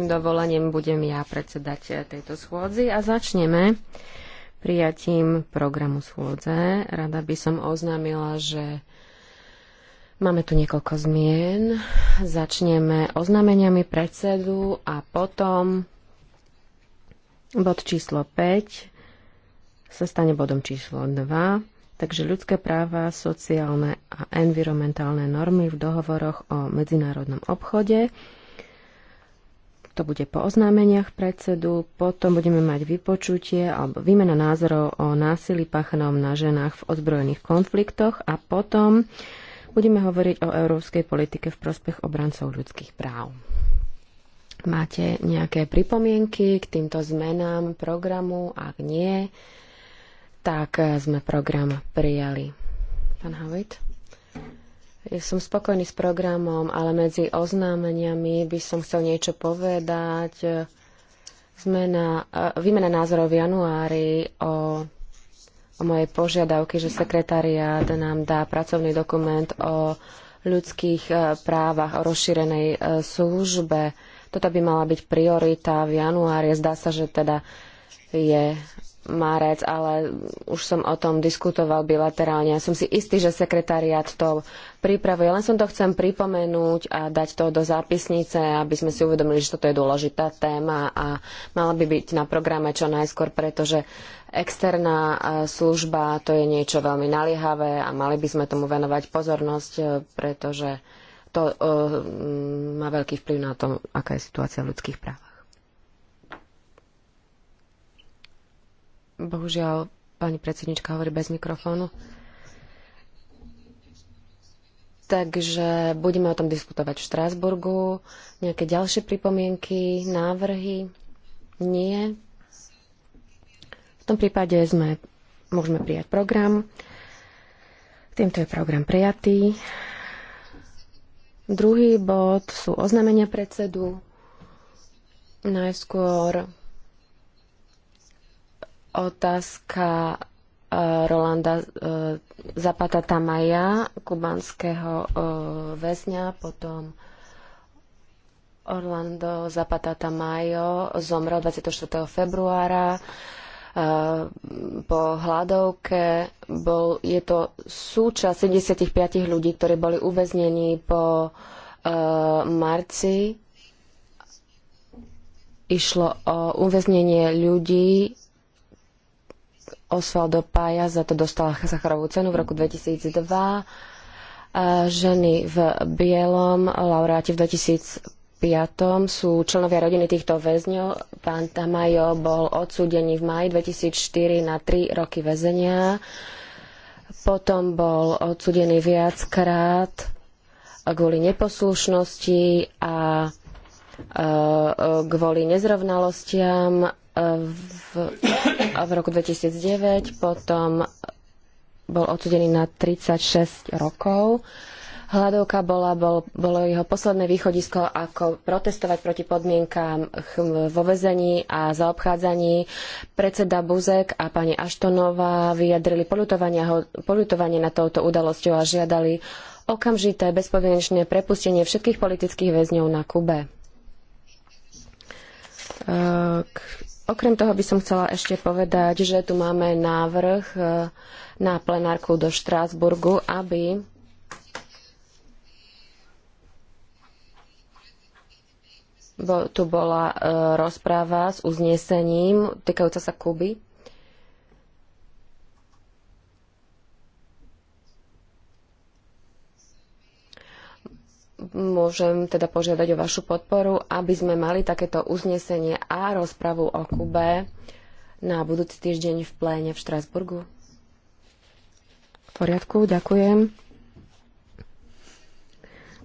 dovolením budem ja predsedať eh, tejto schôdzi a začneme prijatím programu schôdze. Rada by som oznámila, že máme tu niekoľko zmien. Začneme oznámeniami predsedu a potom bod číslo 5 sa stane bodom číslo 2. Takže ľudské práva, sociálne a environmentálne normy v dohovoroch o medzinárodnom obchode. To bude po oznámeniach predsedu, potom budeme mať vypočutie alebo výmena názorov o násilí páchanom na ženách v ozbrojených konfliktoch a potom budeme hovoriť o európskej politike v prospech obrancov ľudských práv. Máte nejaké pripomienky k týmto zmenám programu? Ak nie, tak sme program prijali. Pán Havit? Ja som spokojný s programom, ale medzi oznámeniami by som chcel niečo povedať. Zmena, eh, výmena názorov v januári o, o mojej požiadavky, že sekretariát nám dá pracovný dokument o ľudských eh, právach, o rozšírenej eh, službe. Toto by mala byť priorita v januári. Zdá sa, že teda je marec, ale už som o tom diskutoval bilaterálne. Ja som si istý, že sekretariat to pripravuje. Len som to chcem pripomenúť a dať to do zápisnice, aby sme si uvedomili, že toto je dôležitá téma a mala by byť na programe čo najskôr, pretože externá e, služba to je niečo veľmi naliehavé a mali by sme tomu venovať pozornosť, e, pretože to e, má veľký vplyv na to, aká je situácia v ľudských právach. Bohužiaľ, pani predsednička hovorí bez mikrofónu. Takže budeme o tom diskutovať v Štrásburgu. Nejaké ďalšie pripomienky, návrhy? Nie. V tom prípade sme, môžeme prijať program. Týmto je program prijatý. Druhý bod sú oznámenia predsedu. Najskôr Otázka e, Rolanda e, Zapata Tamaja, kubanského e, väzňa, potom Orlando Zapata Tamayo zomrel 24. februára po hladovke. Bol, je to súčasť 75 ľudí, ktorí boli uväznení po uh, marci. Išlo o uväznenie ľudí, Osvaldo Pája za to dostala Sacharovú cenu v roku 2002. Ženy v bielom, laureáti v 2005 sú členovia rodiny týchto väzňov. Pán Tamajo bol odsúdený v maji 2004 na 3 roky väzenia. Potom bol odsudený viackrát kvôli neposlušnosti a e, e, kvôli nezrovnalostiam v v, roku 2009, potom bol odsudený na 36 rokov. Hladovka bola, bol, bolo jeho posledné východisko, ako protestovať proti podmienkám vo vezení a zaobchádzaní. Predseda Buzek a pani Aštonová vyjadrili poľutovanie nad touto udalosťou a žiadali okamžité bezpovienečné prepustenie všetkých politických väzňov na Kube. Okrem toho by som chcela ešte povedať, že tu máme návrh e, na plenárku do Štrásburgu, aby tu bola e, rozpráva s uznesením týkajúca sa Kuby. môžem teda požiadať o vašu podporu, aby sme mali takéto uznesenie a rozpravu o Kube na budúci týždeň v pléne v Štrasburgu. V poriadku, ďakujem.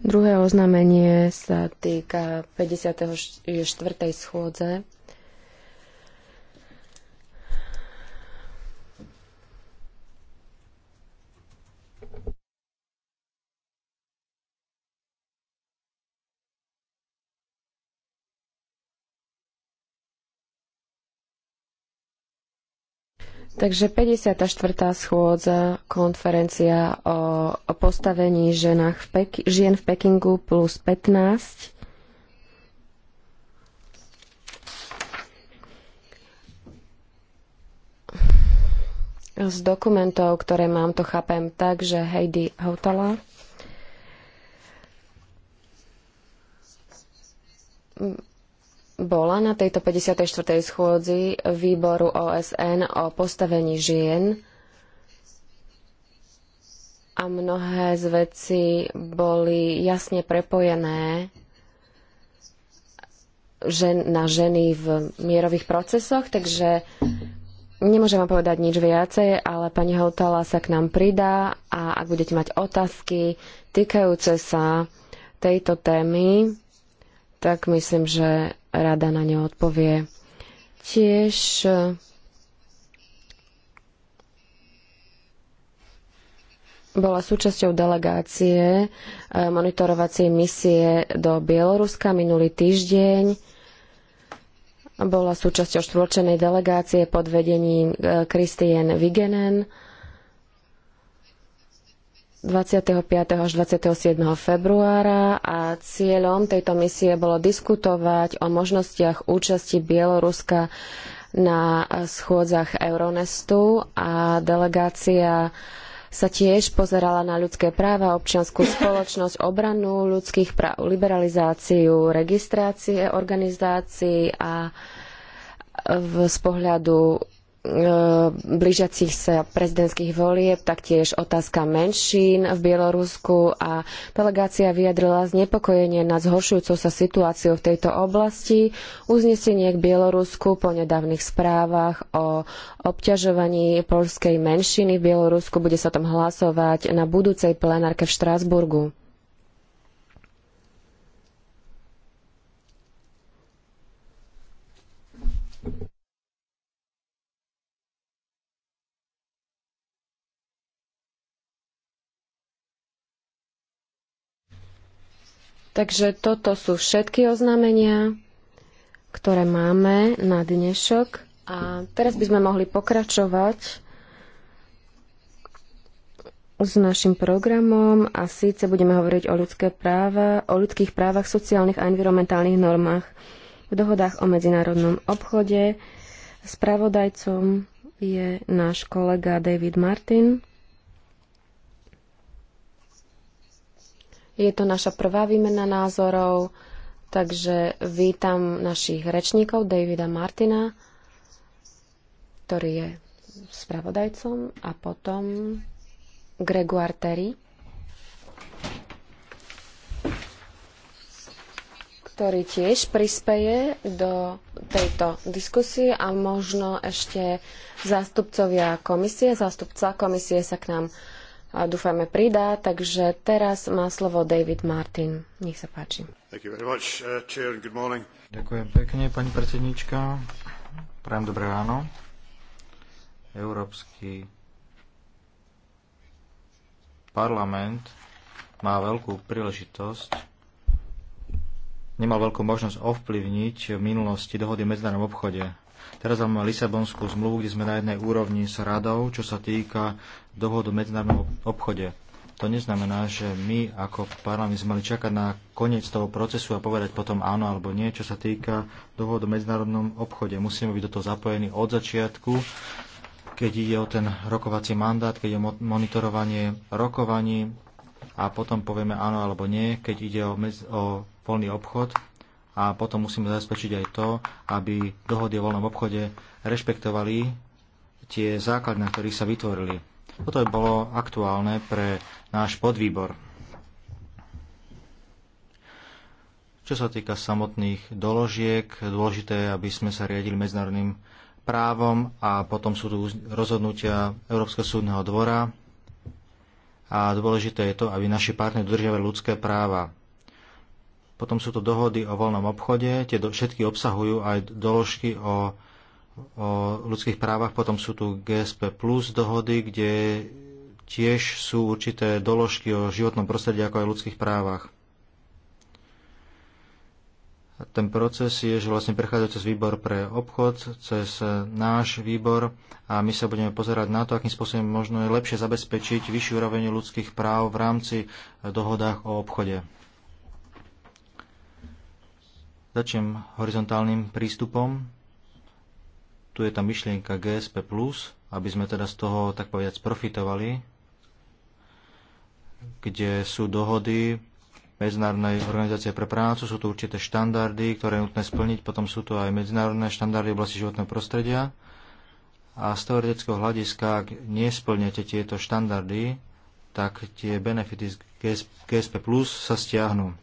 Druhé oznámenie sa týka 54. schôdze Takže 54. schôdza, konferencia o, o postavení ženách v Pek- žien v Pekingu plus 15. Z dokumentov, ktoré mám, to chápem tak, že Heidi Hautala bola na tejto 54. schôdzi výboru OSN o postavení žien a mnohé z vecí boli jasne prepojené žen, na ženy v mierových procesoch, takže nemôžem vám povedať nič viacej, ale pani Houtala sa k nám pridá a ak budete mať otázky týkajúce sa tejto témy, tak myslím, že rada na ne odpovie. Tiež e, bola súčasťou delegácie e, monitorovacej misie do Bieloruska minulý týždeň. Bola súčasťou štvorčenej delegácie pod vedením Kristien e, Vigenen. 25. až 27. februára a cieľom tejto misie bolo diskutovať o možnostiach účasti Bieloruska na schôdzach Euronestu a delegácia sa tiež pozerala na ľudské práva, občiansku spoločnosť, obranu ľudských práv, liberalizáciu, registrácie organizácií a v, z pohľadu E, blížiacich sa prezidentských volieb, taktiež otázka menšín v Bielorusku a delegácia vyjadrila znepokojenie nad zhoršujúcou sa situáciou v tejto oblasti, uznesenie k Bielorusku po nedávnych správach o obťažovaní poľskej menšiny v Bielorusku. Bude sa tam hlasovať na budúcej plenárke v Štrásburgu. Takže toto sú všetky oznámenia, ktoré máme na dnešok. A teraz by sme mohli pokračovať s našim programom a síce budeme hovoriť o, ľudské práva, o ľudských právach, sociálnych a environmentálnych normách v dohodách o medzinárodnom obchode. Spravodajcom je náš kolega David Martin. Je to naša prvá výmena názorov, takže vítam našich rečníkov Davida Martina, ktorý je spravodajcom a potom Gregoire Terry, ktorý tiež prispeje do tejto diskusie a možno ešte zástupcovia komisie, zástupca komisie sa k nám dúfajme pridá. Takže teraz má slovo David Martin. Nech sa páči. Much, uh, Ďakujem pekne, pani predsednička. Prajem dobré ráno. Európsky parlament má veľkú príležitosť nemal veľkú možnosť ovplyvniť v minulosti dohody v medzinárodnom obchode. Teraz máme Lisabonskú zmluvu, kde sme na jednej úrovni s radou, čo sa týka dohodu o medzinárodnom obchode. To neznamená, že my ako parlament sme mali čakať na koniec toho procesu a povedať potom áno alebo nie, čo sa týka dohodu o medzinárodnom obchode. Musíme byť do toho zapojení od začiatku, keď ide o ten rokovací mandát, keď je o monitorovanie rokovaní a potom povieme áno alebo nie, keď ide o, medz- o voľný obchod a potom musíme zabezpečiť aj to, aby dohody o voľnom obchode rešpektovali tie základy, na ktorých sa vytvorili. Toto je bolo aktuálne pre náš podvýbor. Čo sa týka samotných doložiek, dôležité je, aby sme sa riadili medzinárodným právom a potom sú tu rozhodnutia Európskeho súdneho dvora a dôležité je to, aby naši partneri dodržiavali ľudské práva. Potom sú to dohody o voľnom obchode, tie do, všetky obsahujú aj doložky o o ľudských právach, potom sú tu GSP plus dohody, kde tiež sú určité doložky o životnom prostredí ako aj ľudských právach. A ten proces je, že vlastne prechádza cez výbor pre obchod, cez náš výbor a my sa budeme pozerať na to, akým spôsobom možno je lepšie zabezpečiť vyššiu úroveň ľudských práv v rámci dohodách o obchode. Začnem horizontálnym prístupom tu je tá myšlienka GSP+, aby sme teda z toho, tak povedať, profitovali, kde sú dohody Medzinárodnej organizácie pre prácu, sú tu určité štandardy, ktoré je nutné splniť, potom sú tu aj medzinárodné štandardy v oblasti životného prostredia. A z teoretického hľadiska, ak nesplňate tieto štandardy, tak tie benefity z GSP Plus sa stiahnu.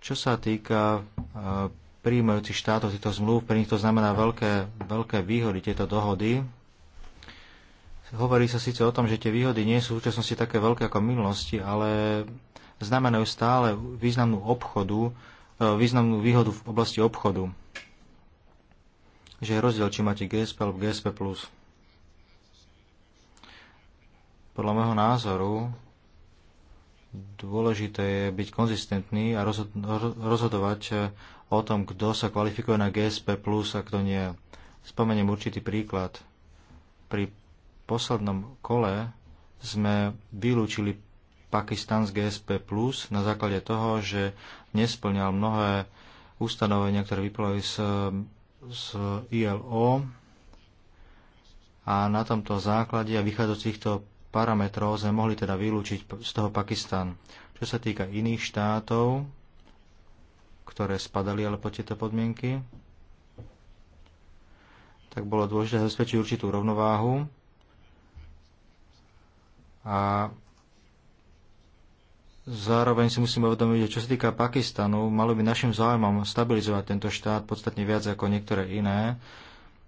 Čo sa týka e, príjmajúcich štátov týchto zmluv, pre nich to znamená veľké, veľké výhody tieto dohody. Hovorí sa síce o tom, že tie výhody nie sú v súčasnosti také veľké ako v minulosti, ale znamenajú stále významnú obchodu, e, významnú výhodu v oblasti obchodu. Že je rozdiel, či máte GSP alebo GSP+. Podľa môjho názoru dôležité je byť konzistentný a rozhodovať e, o tom, kto sa kvalifikuje na GSP+, a kto nie. Spomeniem určitý príklad. Pri poslednom kole sme vylúčili Pakistan z GSP+, na základe toho, že nesplňal mnohé ustanovenia, ktoré vyplali z, z ILO a na tomto základe a vychádzať z týchto parametrov sme mohli teda vylúčiť z toho Pakistan. Čo sa týka iných štátov, ktoré spadali ale po tieto podmienky, tak bolo dôležité zabezpečiť určitú rovnováhu a zároveň si musíme uvedomiť, že čo sa týka Pakistanu, malo by našim záujmom stabilizovať tento štát podstatne viac ako niektoré iné,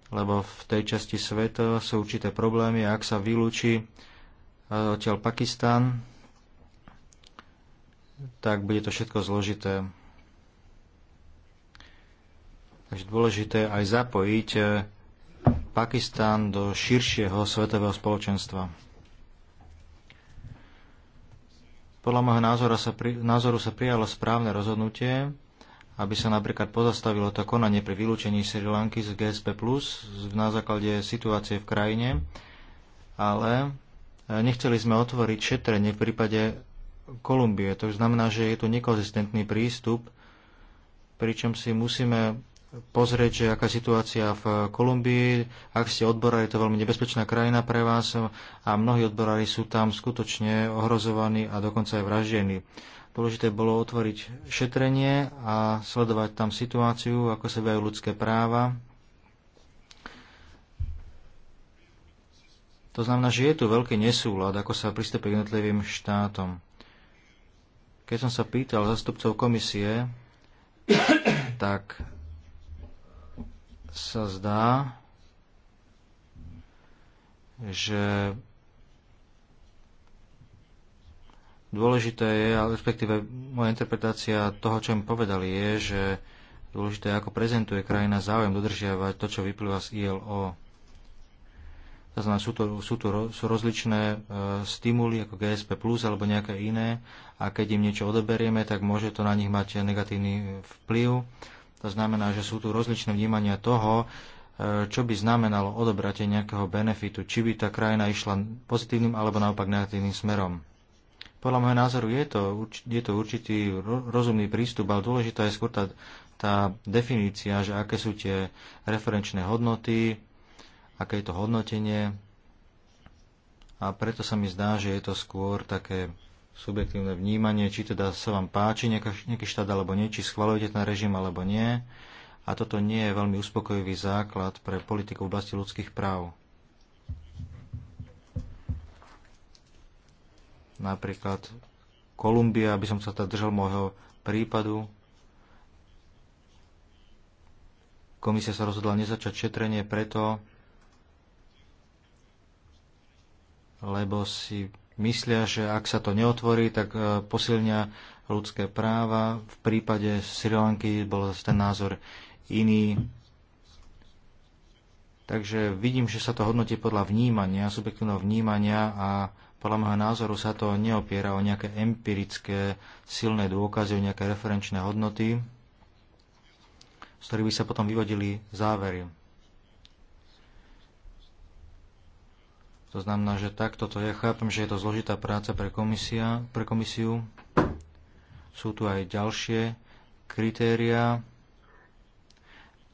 lebo v tej časti sveta sú určité problémy a ak sa vylúči e, odtiaľ Pakistan, tak bude to všetko zložité. Takže dôležité aj zapojiť e, Pakistan do širšieho svetového spoločenstva. Podľa môjho názoru sa, pri, názoru sa prijalo správne rozhodnutie, aby sa napríklad pozastavilo to konanie pri vylúčení Sri Lanky z GSP+, na základe situácie v krajine, ale e, nechceli sme otvoriť šetrenie v prípade Kolumbie. To znamená, že je tu nekonzistentný prístup, pričom si musíme pozrieť, že aká situácia v Kolumbii. Ak ste odborári, je to veľmi nebezpečná krajina pre vás a mnohí odborári sú tam skutočne ohrozovaní a dokonca aj vraždení. Dôležité bolo otvoriť šetrenie a sledovať tam situáciu, ako sa vyjajú ľudské práva. To znamená, že je tu veľký nesúlad, ako sa pristúpi k jednotlivým štátom. Keď som sa pýtal zastupcov komisie, tak sa zdá, že dôležité je, respektíve moja interpretácia toho, čo im povedali, je, že dôležité je, ako prezentuje krajina záujem dodržiavať to, čo vyplýva z ILO. To znamená, sú, to, sú, to, sú rozličné e, stimuly ako GSP plus alebo nejaké iné a keď im niečo odoberieme, tak môže to na nich mať negatívny vplyv. To znamená, že sú tu rozličné vnímania toho, e, čo by znamenalo odobratie nejakého benefitu, či by tá krajina išla pozitívnym alebo naopak negatívnym smerom. Podľa môjho názoru je to, je to určitý rozumný prístup, ale dôležitá je skôr tá, tá definícia, že aké sú tie referenčné hodnoty, aké je to hodnotenie. A preto sa mi zdá, že je to skôr také subjektívne vnímanie, či teda sa vám páči nejaký štát alebo nie, či schvalujete ten režim alebo nie. A toto nie je veľmi uspokojivý základ pre politiku v oblasti ľudských práv. Napríklad Kolumbia, aby som sa teda držal môjho prípadu, komisia sa rozhodla nezačať šetrenie preto, lebo si myslia, že ak sa to neotvorí, tak e, posilnia ľudské práva. V prípade Sri Lanky bol ten názor iný. Takže vidím, že sa to hodnotí podľa vnímania, subjektívneho vnímania a podľa môjho názoru sa to neopiera o nejaké empirické silné dôkazy, o nejaké referenčné hodnoty, z ktorých by sa potom vyvodili závery. To znamená, že takto to ja chápem, že je to zložitá práca pre, komisia, pre komisiu. Sú tu aj ďalšie kritéria.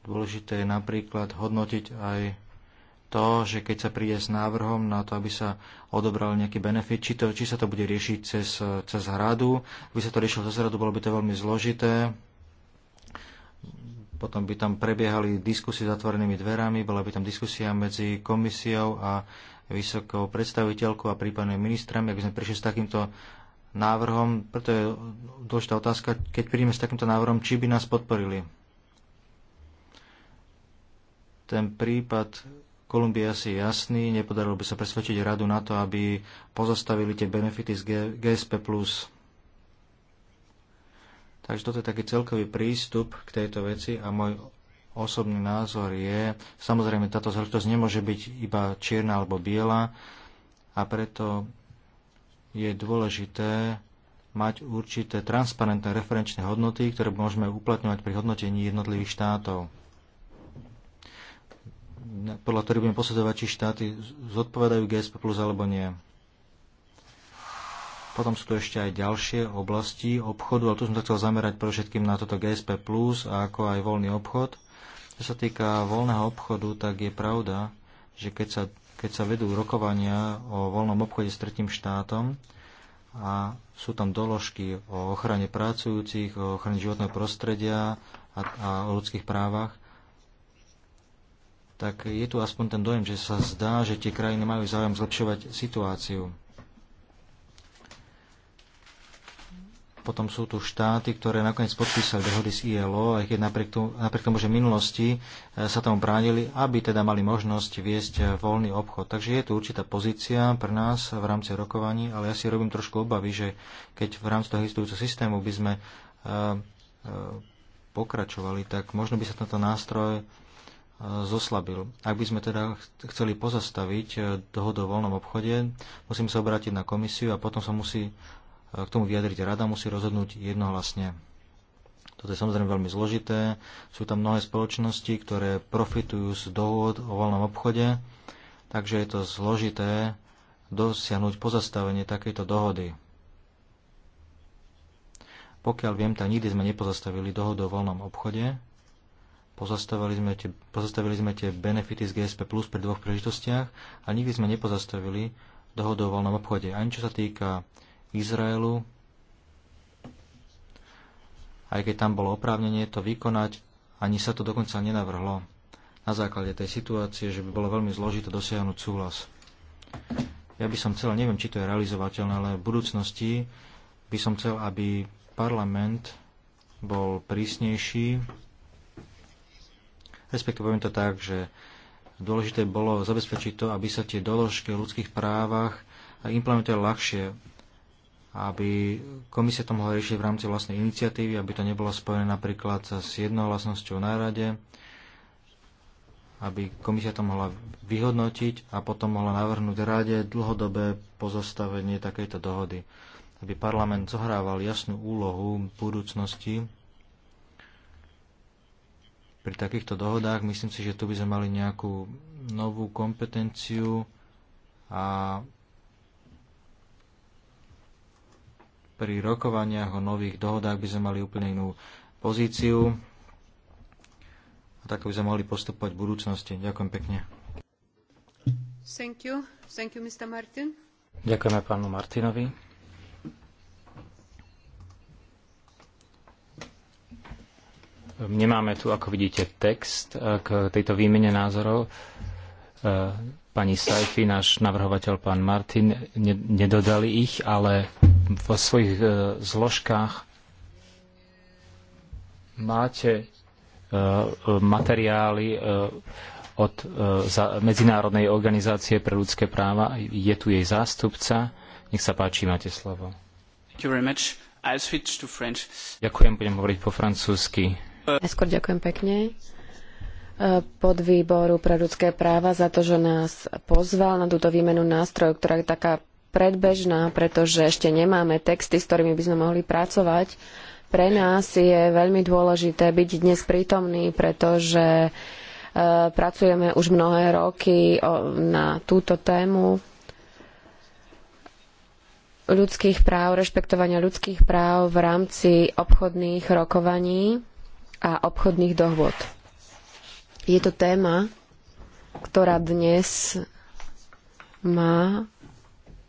Dôležité je napríklad hodnotiť aj to, že keď sa príde s návrhom na to, aby sa odobral nejaký benefit, či, to, či sa to bude riešiť cez, cez hradu. By sa to riešilo cez hradu, bolo by to veľmi zložité. Potom by tam prebiehali diskusie s zatvorenými dverami, bola by tam diskusia medzi komisiou a vysokou predstaviteľkou a prípadne ministrami, aby sme prišli s takýmto návrhom. Preto je dôležitá otázka, keď prídeme s takýmto návrhom, či by nás podporili. Ten prípad Kolumbia asi jasný, nepodarilo by sa presvedčiť radu na to, aby pozastavili tie benefity z GSP+. Takže toto je taký celkový prístup k tejto veci a môj osobný názor je, samozrejme táto zhrtosť nemôže byť iba čierna alebo biela a preto je dôležité mať určité transparentné referenčné hodnoty, ktoré môžeme uplatňovať pri hodnotení jednotlivých štátov podľa ktorých budeme posledovať, či štáty zodpovedajú GSP plus alebo nie. Potom sú tu ešte aj ďalšie oblasti obchodu, ale tu som sa chcel zamerať pre všetkým na toto GSP plus a ako aj voľný obchod. Čo sa týka voľného obchodu, tak je pravda, že keď sa, keď sa vedú rokovania o voľnom obchode s tretím štátom a sú tam doložky o ochrane pracujúcich, o ochrane životného prostredia a, a o ľudských právach, tak je tu aspoň ten dojem, že sa zdá, že tie krajiny majú záujem zlepšovať situáciu. Potom sú tu štáty, ktoré nakoniec podpísali dohody s ILO, aj keď napriek tomu, napriek tomu že v minulosti e, sa tomu bránili, aby teda mali možnosť viesť e, voľný obchod. Takže je tu určitá pozícia pre nás v rámci rokovaní, ale ja si robím trošku obavy, že keď v rámci toho existujúceho systému by sme e, pokračovali, tak možno by sa tento nástroj zoslabil. Ak by sme teda chceli pozastaviť dohodu o voľnom obchode, musím sa obrátiť na komisiu a potom sa musí k tomu vyjadriť rada, musí rozhodnúť jednohlasne. Toto je samozrejme veľmi zložité. Sú tam mnohé spoločnosti, ktoré profitujú z dohôd o voľnom obchode, takže je to zložité dosiahnuť pozastavenie takejto dohody. Pokiaľ viem, tak nikdy sme nepozastavili dohodu o voľnom obchode. Pozastavili sme tie, pozastavili sme tie benefity z GSP Plus pri dvoch príležitostiach a nikdy sme nepozastavili dohodu o voľnom obchode. Ani čo sa týka Izraelu, aj keď tam bolo oprávnenie to vykonať, ani sa to dokonca nenavrhlo na základe tej situácie, že by bolo veľmi zložité dosiahnuť súhlas. Ja by som chcel, neviem, či to je realizovateľné, ale v budúcnosti by som chcel, aby parlament bol prísnejší, respektíve poviem to tak, že dôležité bolo zabezpečiť to, aby sa tie doložky o ľudských právach implementovali ľahšie aby komisia to mohla riešiť v rámci vlastnej iniciatívy, aby to nebolo spojené napríklad s jednohlasnosťou na rade, aby komisia to mohla vyhodnotiť a potom mohla navrhnúť rade dlhodobé pozostavenie takejto dohody. Aby parlament zohrával jasnú úlohu v budúcnosti pri takýchto dohodách. Myslím si, že tu by sme mali nejakú novú kompetenciu a pri rokovaniach o nových dohodách by sme mali úplne inú pozíciu a tak by sme mohli postupovať v budúcnosti. Ďakujem pekne. Thank you. Thank you, Mr. Martin. Ďakujeme pánu Martinovi. Nemáme tu, ako vidíte, text e, k tejto výmene názorov. E, pani Sajfi, náš navrhovateľ pán Martin, nedodali ich, ale vo svojich e, zložkách máte e, e, materiály od Medzinárodnej organizácie pre ľudské práva. Je tu jej zástupca. Nech sa páči, máte slovo. Ďakujem, budem hovoriť po francúzsky. Neskôr ďakujem pekne pod výboru pre ľudské práva za to, že nás pozval na túto výmenu nástrojov, ktorá je taká predbežná, pretože ešte nemáme texty, s ktorými by sme mohli pracovať. Pre nás je veľmi dôležité byť dnes prítomný, pretože e, pracujeme už mnohé roky na túto tému ľudských práv, rešpektovania ľudských práv v rámci obchodných rokovaní a obchodných dohôd. Je to téma, ktorá dnes má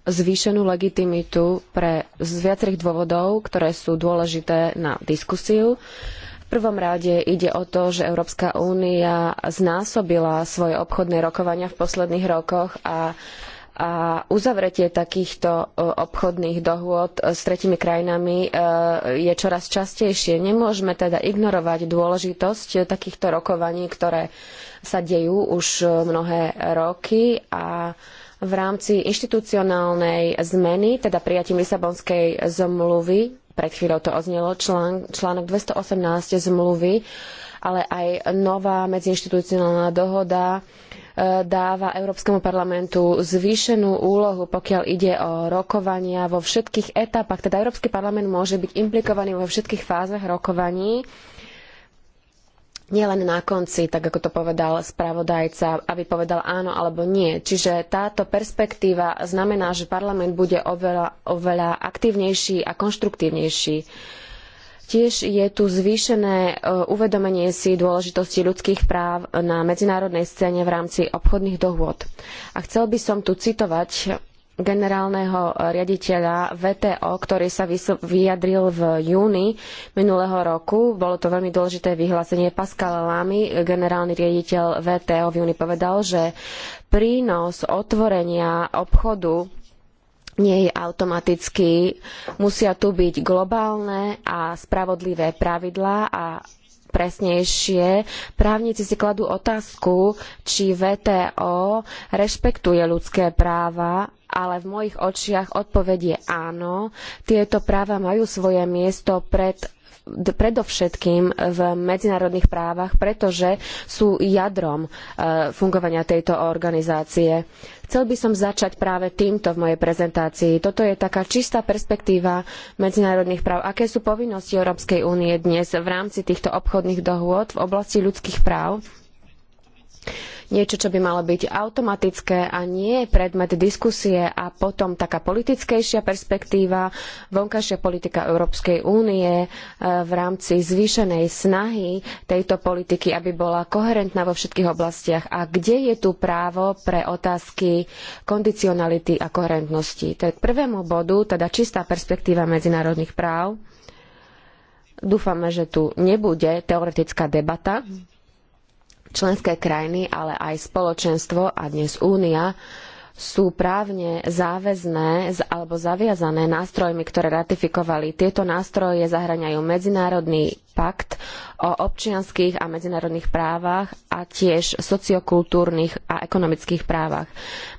zvýšenú legitimitu pre z viacerých dôvodov, ktoré sú dôležité na diskusiu. V prvom rade ide o to, že Európska únia znásobila svoje obchodné rokovania v posledných rokoch a a uzavretie takýchto e, obchodných dohôd e, s tretimi krajinami e, je čoraz častejšie. Nemôžeme teda ignorovať dôležitosť takýchto rokovaní, ktoré sa dejú už mnohé roky a v rámci inštitucionálnej zmeny, teda prijatím Lisabonskej zmluvy, pred chvíľou to oznelo, člán, článok 218 zmluvy, ale aj nová medziinštitucionálna dohoda e, dáva Európskemu parlamentu zvýšenú úlohu, pokiaľ ide o rokovania vo všetkých etapách. Teda Európsky parlament môže byť implikovaný vo všetkých fázach rokovaní nielen na konci, tak ako to povedal spravodajca, aby povedal áno alebo nie. Čiže táto perspektíva znamená, že parlament bude oveľa, oveľa aktívnejší a konštruktívnejší. Tiež je tu zvýšené e, uvedomenie si dôležitosti ľudských práv na medzinárodnej scéne v rámci obchodných dohôd. A chcel by som tu citovať generálneho e, riaditeľa VTO, ktorý sa vyjadril v júni minulého roku. Bolo to veľmi dôležité vyhlásenie. Pascal Lamy, generálny riaditeľ VTO v júni povedal, že prínos otvorenia obchodu nie je automatický. Musia tu byť globálne a spravodlivé pravidlá a presnejšie, právnici si kladú otázku, či VTO rešpektuje ľudské práva, ale v mojich očiach odpoveď je áno. Tieto práva majú svoje miesto pred predovšetkým v medzinárodných právach, pretože sú jadrom e, fungovania tejto organizácie. Chcel by som začať práve týmto v mojej prezentácii. Toto je taká čistá perspektíva medzinárodných práv. Aké sú povinnosti Európskej únie dnes v rámci týchto obchodných dohôd v oblasti ľudských práv? niečo, čo by malo byť automatické a nie predmet diskusie a potom taká politickejšia perspektíva, vonkajšia politika Európskej únie e, v rámci zvýšenej snahy tejto politiky, aby bola koherentná vo všetkých oblastiach a kde je tu právo pre otázky kondicionality a koherentnosti. To je k prvému bodu, teda čistá perspektíva medzinárodných práv. Dúfame, že tu nebude teoretická debata. Členské krajiny, ale aj spoločenstvo a dnes únia sú právne záväzné alebo zaviazané nástrojmi, ktoré ratifikovali. Tieto nástroje zahraňajú Medzinárodný pakt o občianskych a medzinárodných právach a tiež sociokultúrnych a ekonomických právach.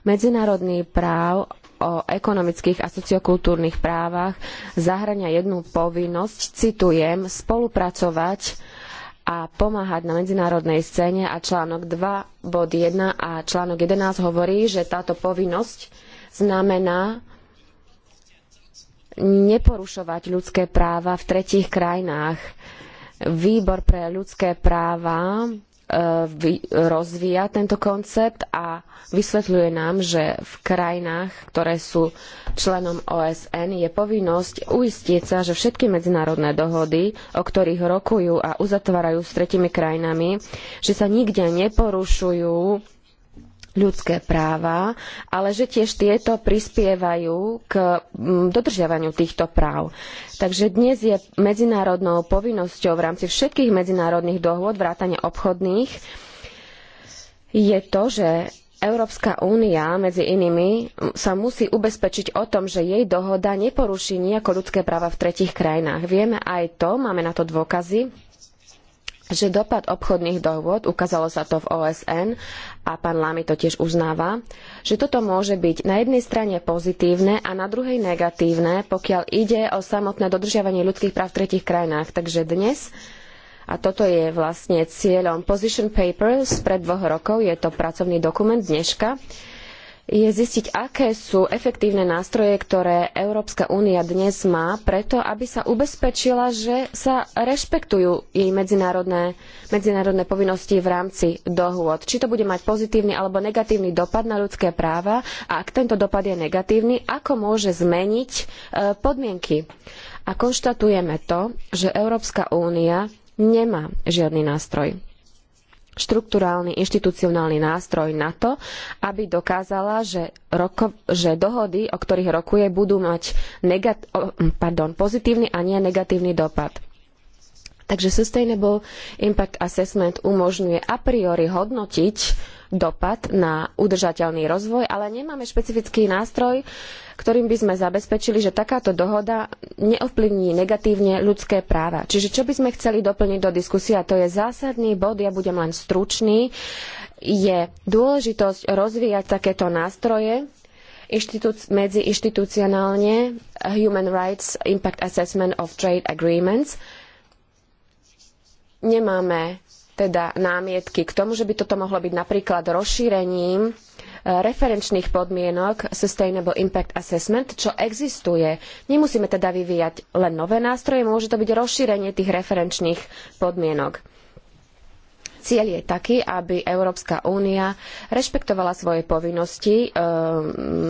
Medzinárodný práv o ekonomických a sociokultúrnych právach zahŕňa jednu povinnosť, citujem, spolupracovať a pomáhať na medzinárodnej scéne a článok 2 bod 1 a článok 11 hovorí, že táto povinnosť znamená neporušovať ľudské práva v tretích krajinách. Výbor pre ľudské práva E, rozvíja tento koncept a vysvetľuje nám, že v krajinách, ktoré sú členom OSN, je povinnosť uistieť sa, že všetky medzinárodné dohody, o ktorých rokujú a uzatvárajú s tretimi krajinami, že sa nikde neporušujú ľudské práva, ale že tiež tieto prispievajú k mm, dodržiavaniu týchto práv. Takže dnes je medzinárodnou povinnosťou v rámci všetkých medzinárodných dohôd, vrátane obchodných, je to, že Európska únia, medzi inými, sa musí ubezpečiť o tom, že jej dohoda neporuší nejako ľudské práva v tretích krajinách. Vieme aj to, máme na to dôkazy, že dopad obchodných dohôd, ukázalo sa to v OSN a pán Lamy to tiež uznáva, že toto môže byť na jednej strane pozitívne a na druhej negatívne, pokiaľ ide o samotné dodržiavanie ľudských práv v tretich krajinách. Takže dnes a toto je vlastne cieľom Position papers z pred dvoch rokov, je to pracovný dokument dneška, uh, je zistiť, aké sú efektívne nástroje, ktoré Európska únia dnes má, preto aby sa ubezpečila, že sa rešpektujú jej medzinárodné, medzinárodné povinnosti v rámci dohôd. Či to bude mať pozitívny alebo negatívny dopad na ľudské práva a ak tento dopad je negatívny, ako môže zmeniť e, podmienky. A konštatujeme to, že Európska únia nemá žiadny nástroj štrukturálny inštitucionálny nástroj na to, aby dokázala, že, roko, že dohody, o ktorých rokuje, budú mať negat, pardon, pozitívny a nie negatívny dopad. Takže Sustainable Impact Assessment umožňuje a priori hodnotiť dopad na udržateľný rozvoj, ale nemáme špecifický nástroj, ktorým by sme zabezpečili, že takáto dohoda neovplyvní negatívne ľudské práva. Čiže čo by sme chceli doplniť do diskusie, a to je zásadný bod, ja budem len stručný, je dôležitosť rozvíjať takéto nástroje, Inštitúc, medziinštitucionálne Human Rights Impact Assessment of Trade Agreements. Nemáme teda námietky k tomu, že by toto mohlo byť napríklad rozšírením referenčných podmienok Sustainable Impact Assessment, čo existuje. Nemusíme teda vyvíjať len nové nástroje, môže to byť rozšírenie tých referenčných podmienok. Cieľ je taký, aby Európska únia rešpektovala svoje povinnosti eh,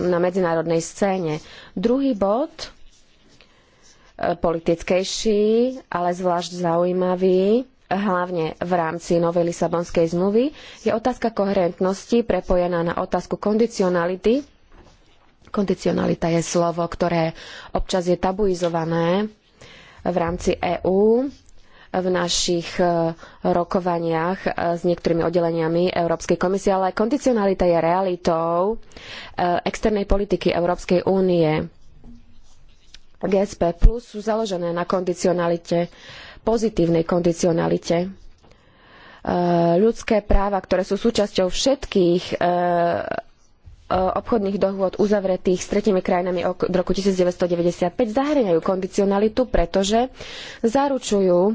na medzinárodnej scéne. Druhý bod, eh, politickejší, ale zvlášť zaujímavý, hlavne v rámci novej Lisabonskej zmluvy, je otázka koherentnosti prepojená na otázku kondicionality. Kondicionalita je slovo, ktoré občas je tabuizované v rámci EÚ v našich e, rokovaniach e, s niektorými oddeleniami Európskej komisie, ale kondicionalita je realitou e, externej politiky Európskej únie. GSP plus sú založené na kondicionalite pozitívnej kondicionalite. E, ľudské práva, ktoré sú súčasťou všetkých e, e, obchodných dohôd uzavretých s tretimi krajinami od roku 1995 zahŕňajú kondicionalitu, pretože zaručujú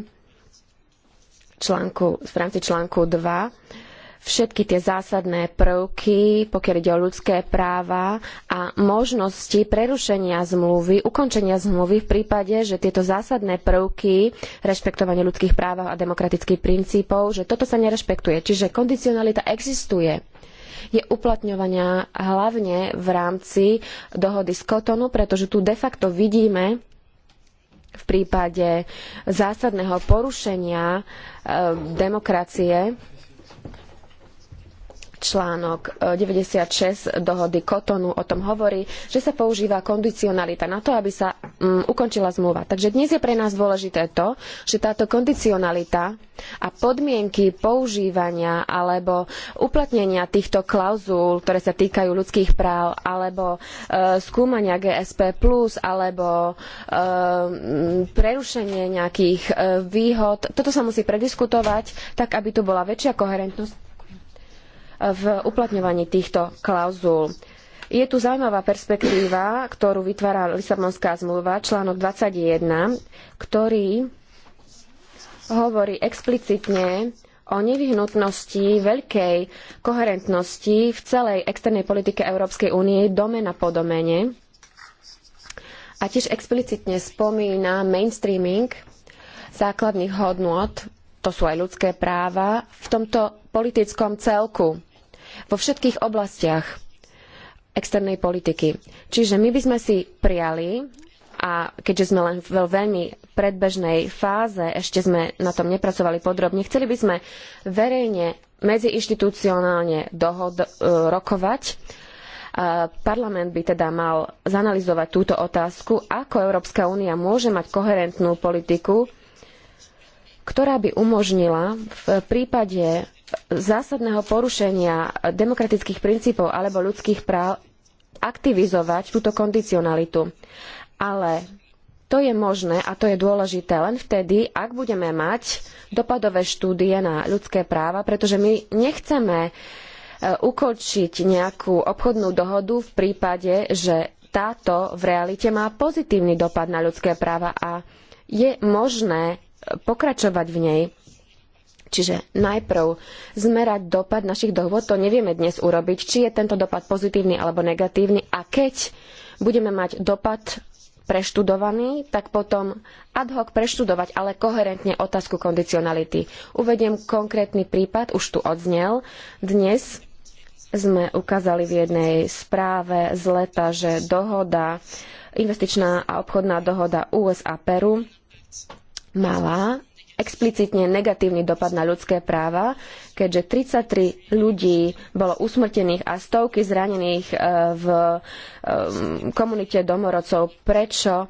článku, v rámci článku 2 všetky tie zásadné prvky, pokiaľ ide o ľudské práva a možnosti prerušenia zmluvy, ukončenia zmluvy v prípade, že tieto zásadné prvky, rešpektovanie ľudských práv a demokratických princípov, že toto sa nerešpektuje. Čiže kondicionalita existuje je uplatňovania hlavne v rámci dohody z Kotonu, pretože tu de facto vidíme v prípade zásadného porušenia e, demokracie Článok 96 e, dohody Kotonu o tom hovorí, že sa používa kondicionalita na to, aby sa um, ukončila zmluva. Takže dnes je pre nás dôležité to, že táto kondicionalita a podmienky používania alebo uplatnenia týchto klauzúl, ktoré sa týkajú ľudských práv, alebo uh, skúmania GSP+, alebo uh, prerušenie nejakých uh, výhod, toto sa musí prediskutovať tak, aby tu bola väčšia koherentnosť v uplatňovaní týchto klauzul. Je tu zaujímavá perspektíva, ktorú vytvára Lisabonská zmluva, článok 21, ktorý hovorí explicitne o nevyhnutnosti veľkej koherentnosti v celej externej politike Európskej únie domena po domene a tiež explicitne spomína mainstreaming základných hodnôt, to sú aj ľudské práva, v tomto politickom celku vo všetkých oblastiach externej politiky. Čiže my by sme si prijali, a keďže sme len vo veľmi predbežnej fáze, ešte sme na tom nepracovali podrobne, chceli by sme verejne medziinštitucionálne dohod, e, rokovať. E, parlament by teda mal zanalizovať túto otázku, ako Európska únia môže mať koherentnú politiku, ktorá by umožnila v prípade zásadného porušenia demokratických princípov alebo ľudských práv aktivizovať túto kondicionalitu. Ale to je možné a to je dôležité len vtedy, ak budeme mať dopadové štúdie na ľudské práva, pretože my nechceme e, ukončiť nejakú obchodnú dohodu v prípade, že táto v realite má pozitívny dopad na ľudské práva a je možné pokračovať v nej Čiže najprv zmerať dopad našich dohôd, to nevieme dnes urobiť, či je tento dopad pozitívny alebo negatívny. A keď budeme mať dopad preštudovaný, tak potom ad hoc preštudovať, ale koherentne otázku kondicionality. Uvediem konkrétny prípad, už tu odznel. Dnes sme ukázali v jednej správe z leta, že dohoda, investičná a obchodná dohoda USA-Peru mala explicitne negatívny dopad na ľudské práva, keďže 33 ľudí bolo usmrtených a stovky zranených e, v e, komunite domorodcov. Prečo?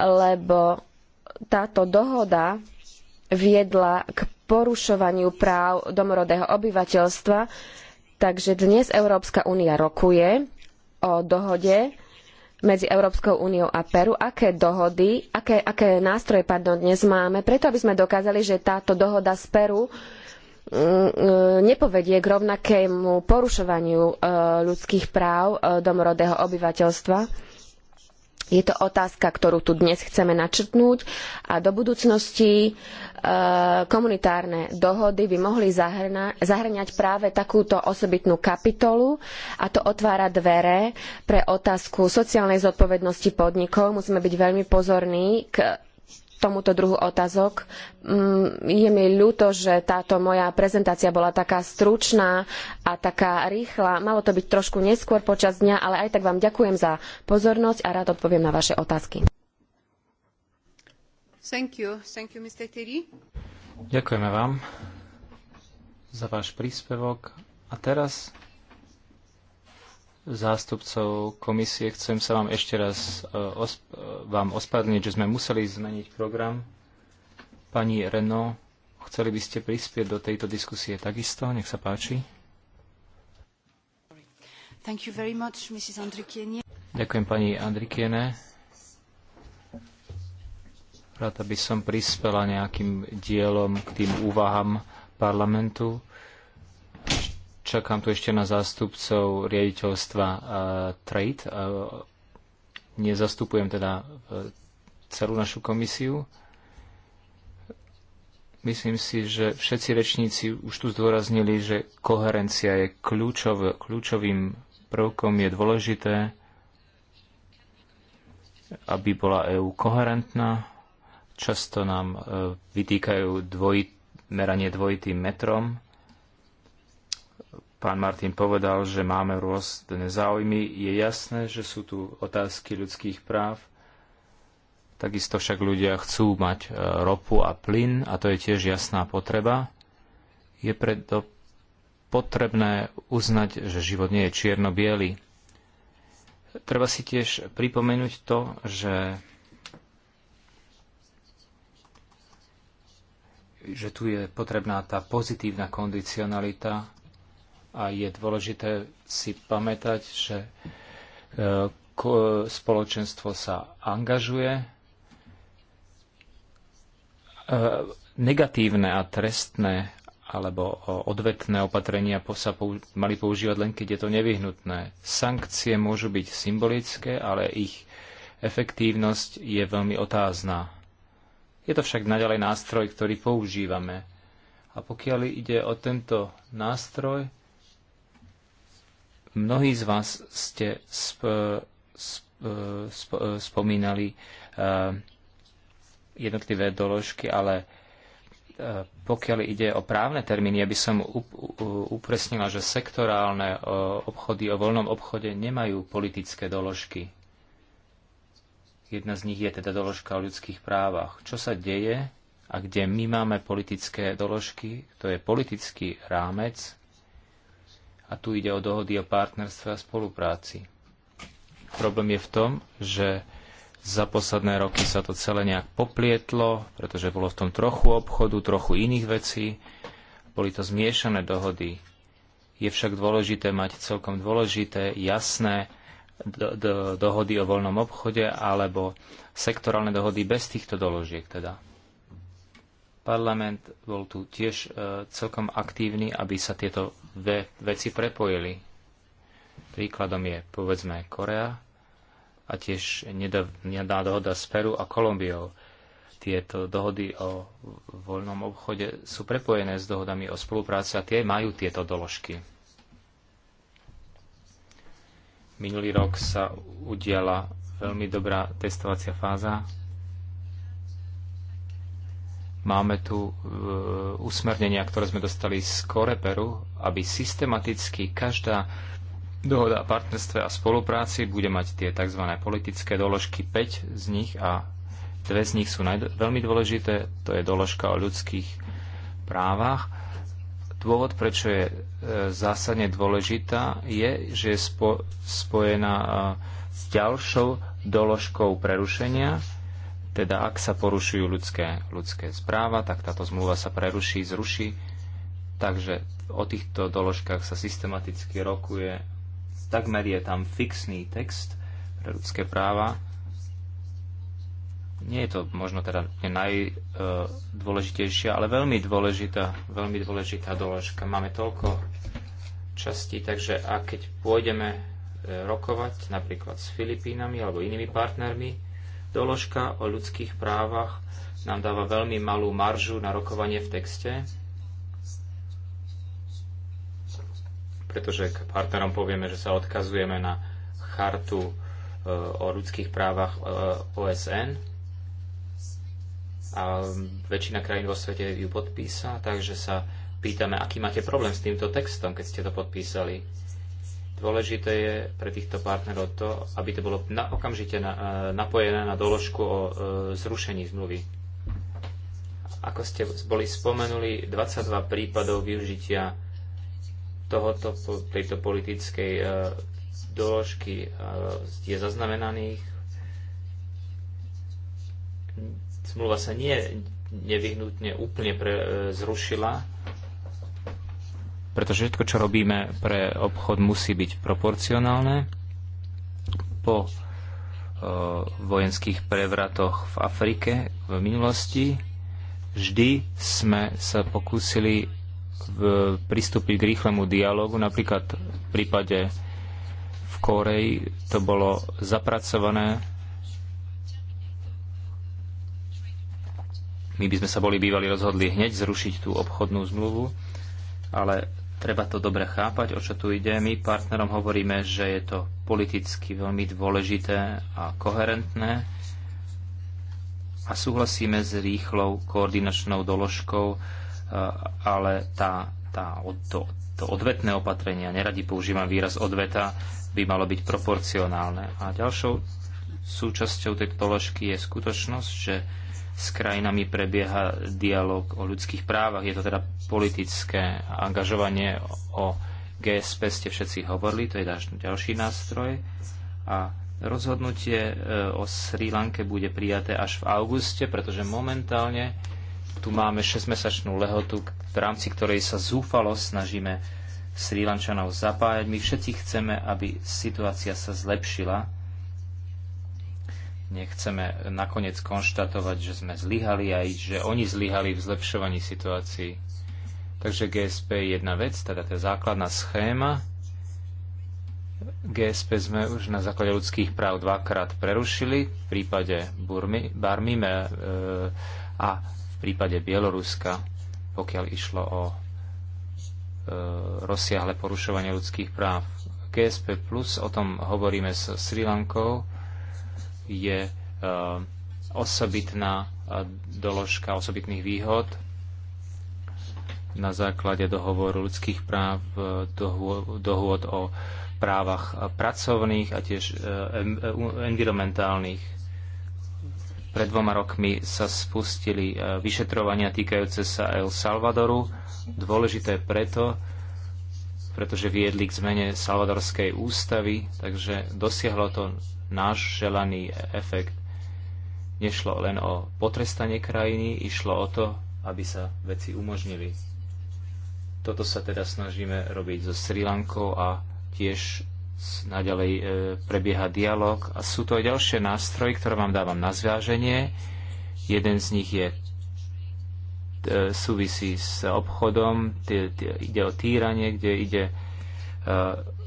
Lebo táto dohoda viedla k porušovaniu práv domorodého obyvateľstva, takže dnes Európska únia rokuje o dohode, medzi Európskou úniou a Peru, aké dohody, aké, aké nástroje pardon, dnes máme, preto aby sme dokázali, že táto dohoda z Peru mm, mm, nepovedie k rovnakému porušovaniu e, ľudských práv e, domorodého obyvateľstva je to otázka, ktorú tu dnes chceme načrtnúť a do budúcnosti e, komunitárne dohody by mohli zahrna, zahrňať práve takúto osobitnú kapitolu a to otvára dvere pre otázku sociálnej zodpovednosti podnikov. Musíme byť veľmi pozorní k tomuto druhu otázok. Mm, je mi ľúto, že táto moja prezentácia bola taká stručná a taká rýchla. Malo to byť trošku neskôr počas dňa, ale aj tak vám ďakujem za pozornosť a rád odpoviem na vaše otázky. Thank you. Thank you, Ďakujeme vám za váš príspevok. A teraz zástupcov komisie. Chcem sa vám ešte raz e, osp- e, vám ospravedlniť, že sme museli zmeniť program. Pani Reno, chceli by ste prispieť do tejto diskusie takisto? Nech sa páči. Much, Ďakujem pani Andrikiene. Rada by som prispela nejakým dielom k tým úvahám parlamentu Čakám tu ešte na zástupcov riaditeľstva uh, Trade. Uh, nezastupujem teda uh, celú našu komisiu. Myslím si, že všetci rečníci už tu zdôraznili, že koherencia je kľúčov, kľúčovým prvkom, je dôležité, aby bola EÚ koherentná. Často nám vytýkajú dvoj, meranie dvojitým metrom Pán Martin povedal, že máme rôzne záujmy. Je jasné, že sú tu otázky ľudských práv. Takisto však ľudia chcú mať e, ropu a plyn a to je tiež jasná potreba. Je preto potrebné uznať, že život nie je čierno-biely. Treba si tiež pripomenúť to, že že tu je potrebná tá pozitívna kondicionalita, a je dôležité si pamätať, že e, spoločenstvo sa angažuje. E, negatívne a trestné alebo odvetné opatrenia sa mali používať len, keď je to nevyhnutné. Sankcie môžu byť symbolické, ale ich efektívnosť je veľmi otázná. Je to však naďalej nástroj, ktorý používame. A pokiaľ ide o tento nástroj, Mnohí z vás ste sp, sp, sp, spomínali eh, jednotlivé doložky, ale eh, pokiaľ ide o právne termíny, ja by som upresnila, že sektorálne eh, obchody o voľnom obchode nemajú politické doložky. Jedna z nich je teda doložka o ľudských právach. Čo sa deje a kde my máme politické doložky, to je politický rámec, a tu ide o dohody o partnerstve a spolupráci. Problém je v tom, že za posledné roky sa to celé nejak poplietlo, pretože bolo v tom trochu obchodu, trochu iných vecí. Boli to zmiešané dohody. Je však dôležité mať celkom dôležité, jasné do, do, dohody o voľnom obchode alebo sektorálne dohody bez týchto doložiek teda. Parlament bol tu tiež e, celkom aktívny, aby sa tieto dve veci prepojili. Príkladom je, povedzme, Korea a tiež nedá dohoda s Peru a Kolumbiou. Tieto dohody o voľnom obchode sú prepojené s dohodami o spolupráci a tie majú tieto doložky. Minulý rok sa udiala veľmi dobrá testovacia fáza Máme tu e, usmernenia, ktoré sme dostali z Koreperu, aby systematicky každá dohoda o partnerstve a spolupráci bude mať tie tzv. politické doložky, 5 z nich a dve z nich sú veľmi dôležité, to je doložka o ľudských právach. Dôvod, prečo je e, zásadne dôležitá, je, že je spo, spojená e, s ďalšou doložkou prerušenia teda ak sa porušujú ľudské, ľudské správa, tak táto zmluva sa preruší, zruší. Takže o týchto doložkách sa systematicky rokuje. Takmer je tam fixný text pre ľudské práva. Nie je to možno teda najdôležitejšia, ale veľmi dôležitá, veľmi dôležitá doložka. Máme toľko častí, takže a keď pôjdeme e, rokovať napríklad s Filipínami alebo inými partnermi, doložka o ľudských právach nám dáva veľmi malú maržu na rokovanie v texte, pretože k partnerom povieme, že sa odkazujeme na chartu e, o ľudských právach e, OSN a väčšina krajín vo svete ju podpísa, takže sa pýtame, aký máte problém s týmto textom, keď ste to podpísali Dôležité je pre týchto partnerov to, aby to bolo na, okamžite na, e, napojené na doložku o e, zrušení zmluvy. Ako ste boli spomenuli, 22 prípadov využitia tohoto, tejto politickej e, doložky e, je zaznamenaných. Zmluva sa nie nevyhnutne úplne pre, e, zrušila, pretože všetko, čo robíme pre obchod, musí byť proporcionálne. Po e, vojenských prevratoch v Afrike v minulosti vždy sme sa pokúsili v, e, pristúpiť k rýchlemu dialogu. Napríklad v prípade v Koreji to bolo zapracované. My by sme sa boli bývali rozhodli hneď zrušiť tú obchodnú zmluvu, ale Treba to dobre chápať, o čo tu ide. My partnerom hovoríme, že je to politicky veľmi dôležité a koherentné a súhlasíme s rýchlou koordinačnou doložkou, e, ale tá, tá, to, to odvetné opatrenie neradi používam výraz odveta, by malo byť proporcionálne. A ďalšou súčasťou tejto doložky je skutočnosť, že s krajinami prebieha dialog o ľudských právach. Je to teda politické angažovanie o GSP, ste všetci hovorili, to je ďalší nástroj. A rozhodnutie e, o Sri Lanke bude prijaté až v auguste, pretože momentálne tu máme 6-mesačnú lehotu, v rámci ktorej sa zúfalo snažíme Sri Lančanov zapájať. My všetci chceme, aby situácia sa zlepšila nechceme nakoniec konštatovať, že sme zlyhali aj, že oni zlyhali v zlepšovaní situácií. Takže GSP je jedna vec, teda tá základná schéma. GSP sme už na základe ľudských práv dvakrát prerušili v prípade Burmy, Barmime e, a v prípade Bieloruska, pokiaľ išlo o e, rozsiahle porušovanie ľudských práv. GSP plus, o tom hovoríme s Sri Lankou, je eh, osobitná eh, doložka osobitných výhod na základe dohovoru ľudských práv, eh, dohôd o právach pracovných a tiež environmentálnych. Pred dvoma rokmi sa spustili vyšetrovania týkajúce sa El Salvadoru. Dôležité preto, pretože viedli k zmene salvadorskej ústavy, takže dosiahlo to náš želaný efekt. Nešlo len o potrestanie krajiny, išlo o to, aby sa veci umožnili. Toto sa teda snažíme robiť so Sri Lankou a tiež naďalej e, prebieha dialog. A sú to aj ďalšie nástroje, ktoré vám dávam na zváženie. Jeden z nich je e, súvisí s obchodom, ide o týranie, kde ide e,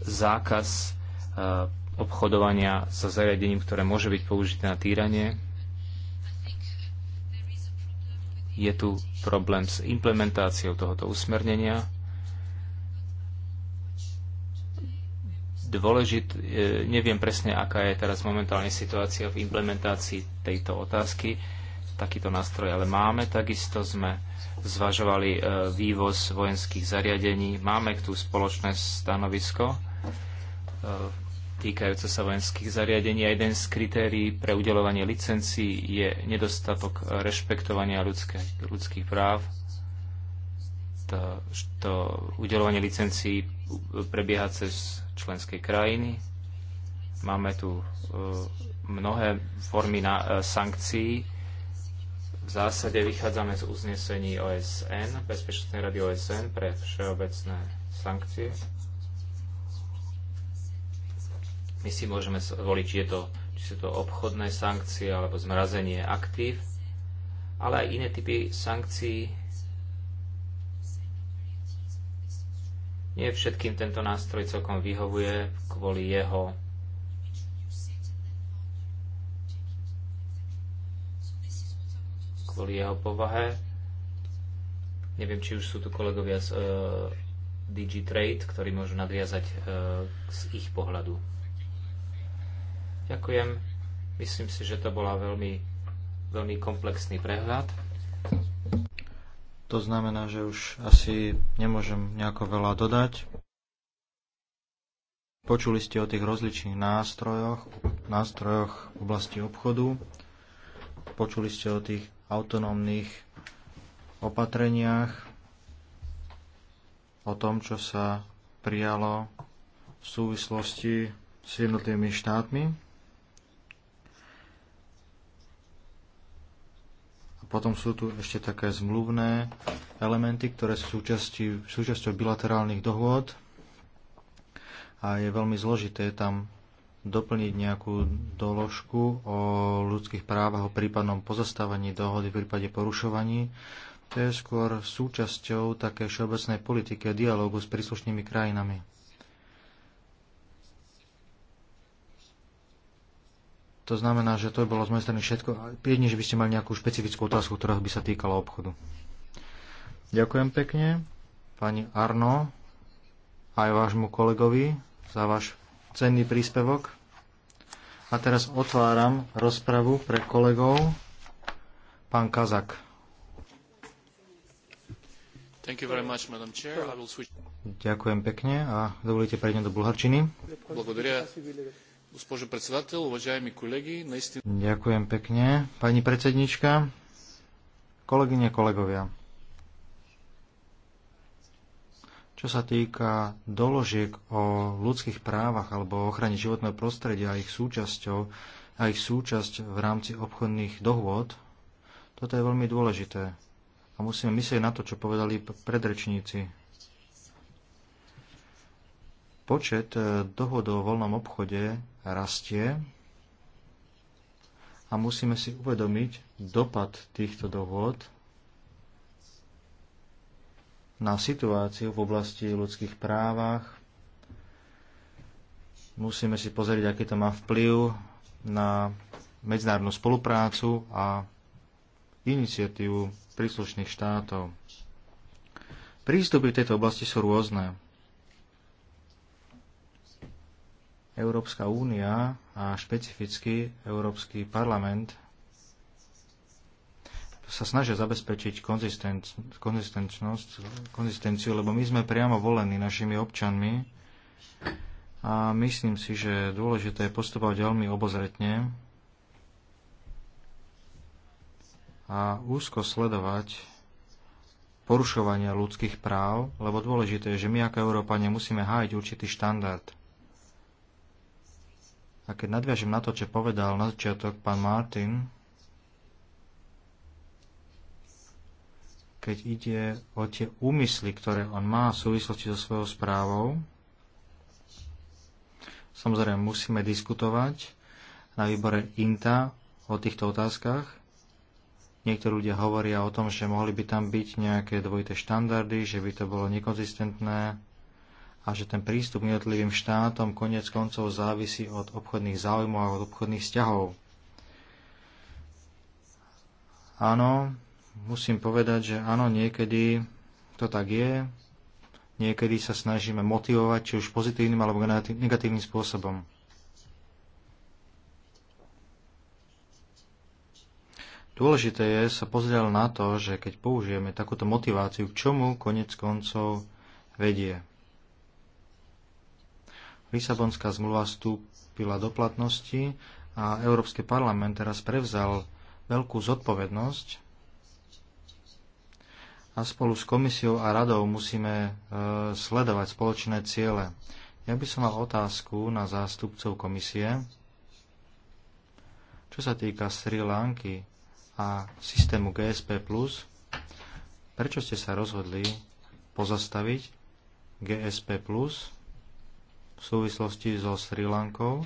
zákaz e, obchodovania so zariadením, ktoré môže byť použité na týranie. Je tu problém s implementáciou tohoto usmernenia. Dôležit, e, neviem presne, aká je teraz momentálne situácia v implementácii tejto otázky. Takýto nástroj ale máme. Takisto sme zvažovali e, vývoz vojenských zariadení. Máme tu spoločné stanovisko e, týkajúce sa vojenských zariadení. A jeden z kritérií pre udelovanie licencií je nedostatok rešpektovania ľudské, ľudských práv. To, to udelovanie licencií prebieha cez členské krajiny. Máme tu e, mnohé formy na, e, sankcií. V zásade vychádzame z uznesení OSN, Bezpečnostnej rady OSN pre všeobecné sankcie My si môžeme voliť, či, je to, či sú to obchodné sankcie alebo zmrazenie aktív, ale aj iné typy sankcií. Nie všetkým tento nástroj celkom vyhovuje kvôli jeho kvôli jeho povahe. Neviem, či už sú tu kolegovia z uh, eh, DigiTrade, ktorí môžu nadviazať uh, z ich pohľadu. Ďakujem. Myslím si, že to bola veľmi, veľmi komplexný prehľad. To znamená, že už asi nemôžem nejako veľa dodať. Počuli ste o tých rozličných nástrojoch, nástrojoch v oblasti obchodu. Počuli ste o tých autonómnych opatreniach, o tom, čo sa prijalo v súvislosti s jednotlivými štátmi. Potom sú tu ešte také zmluvné elementy, ktoré sú súčasťou, súčasťou bilaterálnych dohôd a je veľmi zložité tam doplniť nejakú doložku o ľudských právach, o prípadnom pozastávaní dohody v prípade porušovaní. To je skôr súčasťou také všeobecnej politiky a dialógu s príslušnými krajinami. To znamená, že to bolo z mojej strany všetko. Piedne, že by ste mali nejakú špecifickú otázku, ktorá by sa týkala obchodu. Ďakujem pekne. Pani Arno, aj vášmu kolegovi za váš cenný príspevok. A teraz otváram rozpravu pre kolegov. Pán Kazak. Much, switch... Ďakujem pekne a dovolíte prejdem do bulharčiny. Благодаря госпожо председател, уважаеми колеги, наистина... Ďakujem pekne. Pani predsednička, kolegyne, kolegovia. Čo sa týka doložiek o ľudských právach alebo ochrane životného prostredia a ich súčasťou, a ich súčasť v rámci obchodných dohôd, toto je veľmi dôležité. A musíme myslieť na to, čo povedali predrečníci Počet e, dohod o voľnom obchode rastie a musíme si uvedomiť dopad týchto dohod na situáciu v oblasti ľudských právach. Musíme si pozrieť, aký to má vplyv na medzinárodnú spoluprácu a iniciatívu príslušných štátov. Prístupy v tejto oblasti sú rôzne. Európska únia a špecificky Európsky parlament sa snažia zabezpečiť konzistenciu, lebo my sme priamo volení našimi občanmi a myslím si, že dôležité je postupovať veľmi obozretne a úzko sledovať porušovania ľudských práv, lebo dôležité je, že my ako Európania musíme hájiť určitý štandard – a keď nadviažím na to, čo povedal na začiatok pán Martin, keď ide o tie úmysly, ktoré on má v súvislosti so svojou správou, samozrejme musíme diskutovať na výbore INTA o týchto otázkach. Niektorí ľudia hovoria o tom, že mohli by tam byť nejaké dvojité štandardy, že by to bolo nekonzistentné, a že ten prístup k jednotlivým štátom konec koncov závisí od obchodných záujmov a od obchodných vzťahov. Áno, musím povedať, že áno, niekedy to tak je. Niekedy sa snažíme motivovať či už pozitívnym alebo negatívnym spôsobom. Dôležité je sa pozrieť na to, že keď použijeme takúto motiváciu, k čomu konec koncov vedie. Lisabonská zmluva vstúpila do platnosti a Európsky parlament teraz prevzal veľkú zodpovednosť a spolu s komisiou a radou musíme e, sledovať spoločné ciele. Ja by som mal otázku na zástupcov komisie, čo sa týka Sri Lanky a systému GSP+. Prečo ste sa rozhodli pozastaviť GSP+, v súvislosti so Sri Lankou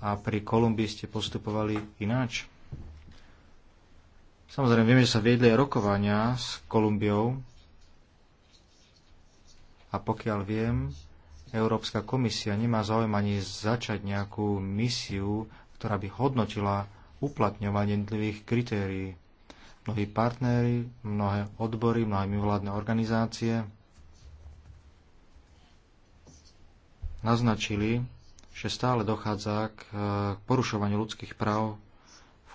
a pri Kolumbii ste postupovali ináč? Samozrejme, vieme, že sa viedli rokovania s Kolumbiou a pokiaľ viem, Európska komisia nemá záujem ani začať nejakú misiu, ktorá by hodnotila uplatňovanie jednotlivých kritérií. Mnohí partnery, mnohé odbory, mnohé mimovládne organizácie naznačili, že stále dochádza e, k porušovaniu ľudských práv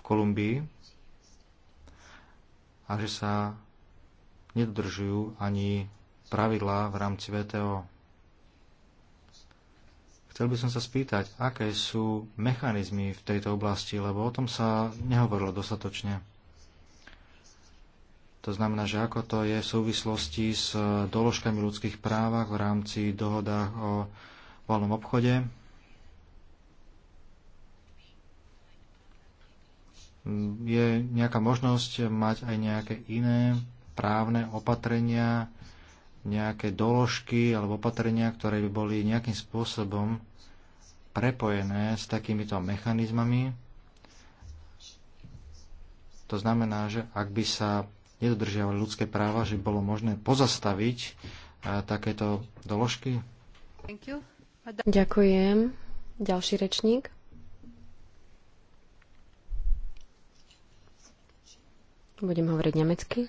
v Kolumbii a že sa nedodržujú ani pravidlá v rámci VTO. Chcel by som sa spýtať, aké sú mechanizmy v tejto oblasti, lebo o tom sa nehovorilo dostatočne. To znamená, že ako to je v súvislosti s doložkami ľudských právach v rámci dohodách o voľnom obchode. Je nejaká možnosť mať aj nejaké iné právne opatrenia, nejaké doložky alebo opatrenia, ktoré by boli nejakým spôsobom prepojené s takýmito mechanizmami. To znamená, že ak by sa nedodržiavali ľudské práva, že bolo možné pozastaviť eh, takéto doložky. Thank you. Ďakujem. Ďalší rečník. Budem hovoriť nemecky.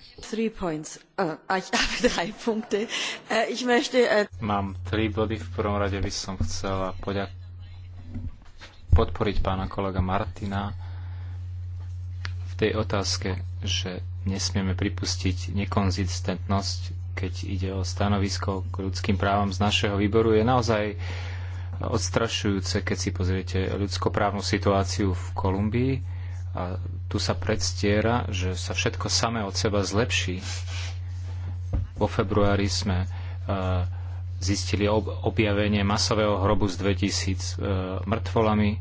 Mám tri body. V prvom rade by som chcela podporiť pána kolega Martina v tej otázke, že nesmieme pripustiť nekonzistentnosť keď ide o stanovisko k ľudským právam z našeho výboru, je naozaj odstrašujúce, keď si pozriete ľudskoprávnu situáciu v Kolumbii. A tu sa predstiera, že sa všetko samé od seba zlepší. Vo februári sme e, zistili objavenie masového hrobu s 2000 e, mŕtvolami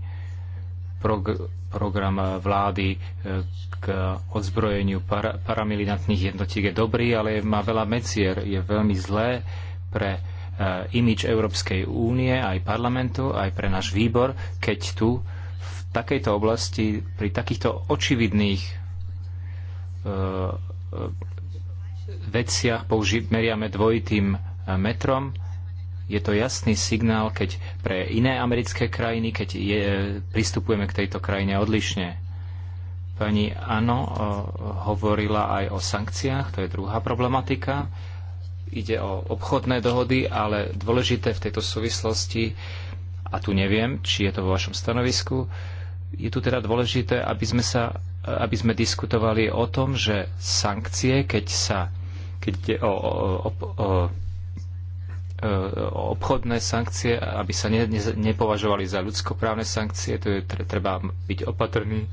prog- program vlády e, k odzbrojeniu para- paramilitantných jednotiek je dobrý, ale má veľa medzier. Je veľmi zlé pre e, imič Európskej únie, aj parlamentu, aj pre náš výbor, keď tu v takejto oblasti, pri takýchto očividných uh, veciach použi- meriame dvojitým metrom je to jasný signál, keď pre iné americké krajiny, keď je, pristupujeme k tejto krajine odlišne. Pani Ano eh, hovorila aj o sankciách, to je druhá problematika. Ide o obchodné dohody, ale dôležité v tejto súvislosti, a tu neviem, či je to vo vašom stanovisku, je tu teda dôležité, aby sme, sa, eh, aby sme diskutovali o tom, že sankcie, keď sa keď ide o, o, o, o E, obchodné sankcie, aby sa ne, ne, nepovažovali za ľudskoprávne sankcie, to je treba byť opatrný.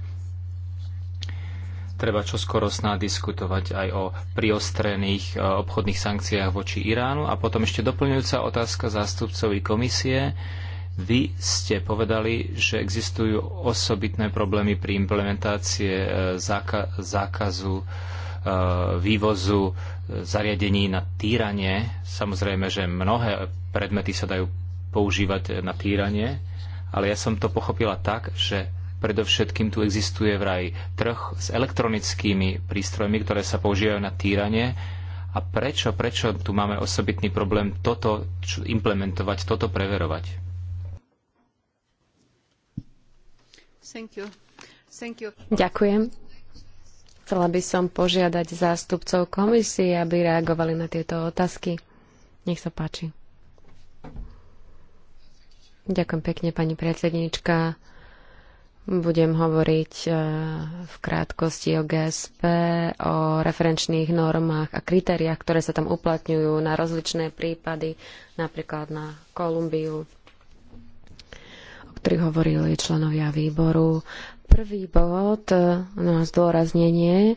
Treba čoskoro snáď diskutovať aj o priostrených e, obchodných sankciách voči Iránu. A potom ešte doplňujúca otázka zástupcovi komisie. Vy ste povedali, že existujú osobitné problémy pri implementácie zákazu Eh, vývozu eh, zariadení na týranie. Samozrejme, že mnohé predmety sa dajú používať eh, na týranie, ale ja som to pochopila tak, že predovšetkým tu existuje vraj trh s elektronickými prístrojmi, ktoré sa používajú na týranie. A prečo, prečo tu máme osobitný problém toto implementovať, toto preverovať? Thank you. Thank you. Ďakujem. Chcela by som požiadať zástupcov komisie, aby reagovali na tieto otázky. Nech sa páči. Ďakujem pekne, pani predsednička. Budem hovoriť eh, v krátkosti o GSP, o referenčných normách a kritériách, ktoré sa tam uplatňujú na rozličné prípady, napríklad na Kolumbiu, o ktorých hovorili členovia výboru. Prvý bod e, na zdôraznenie.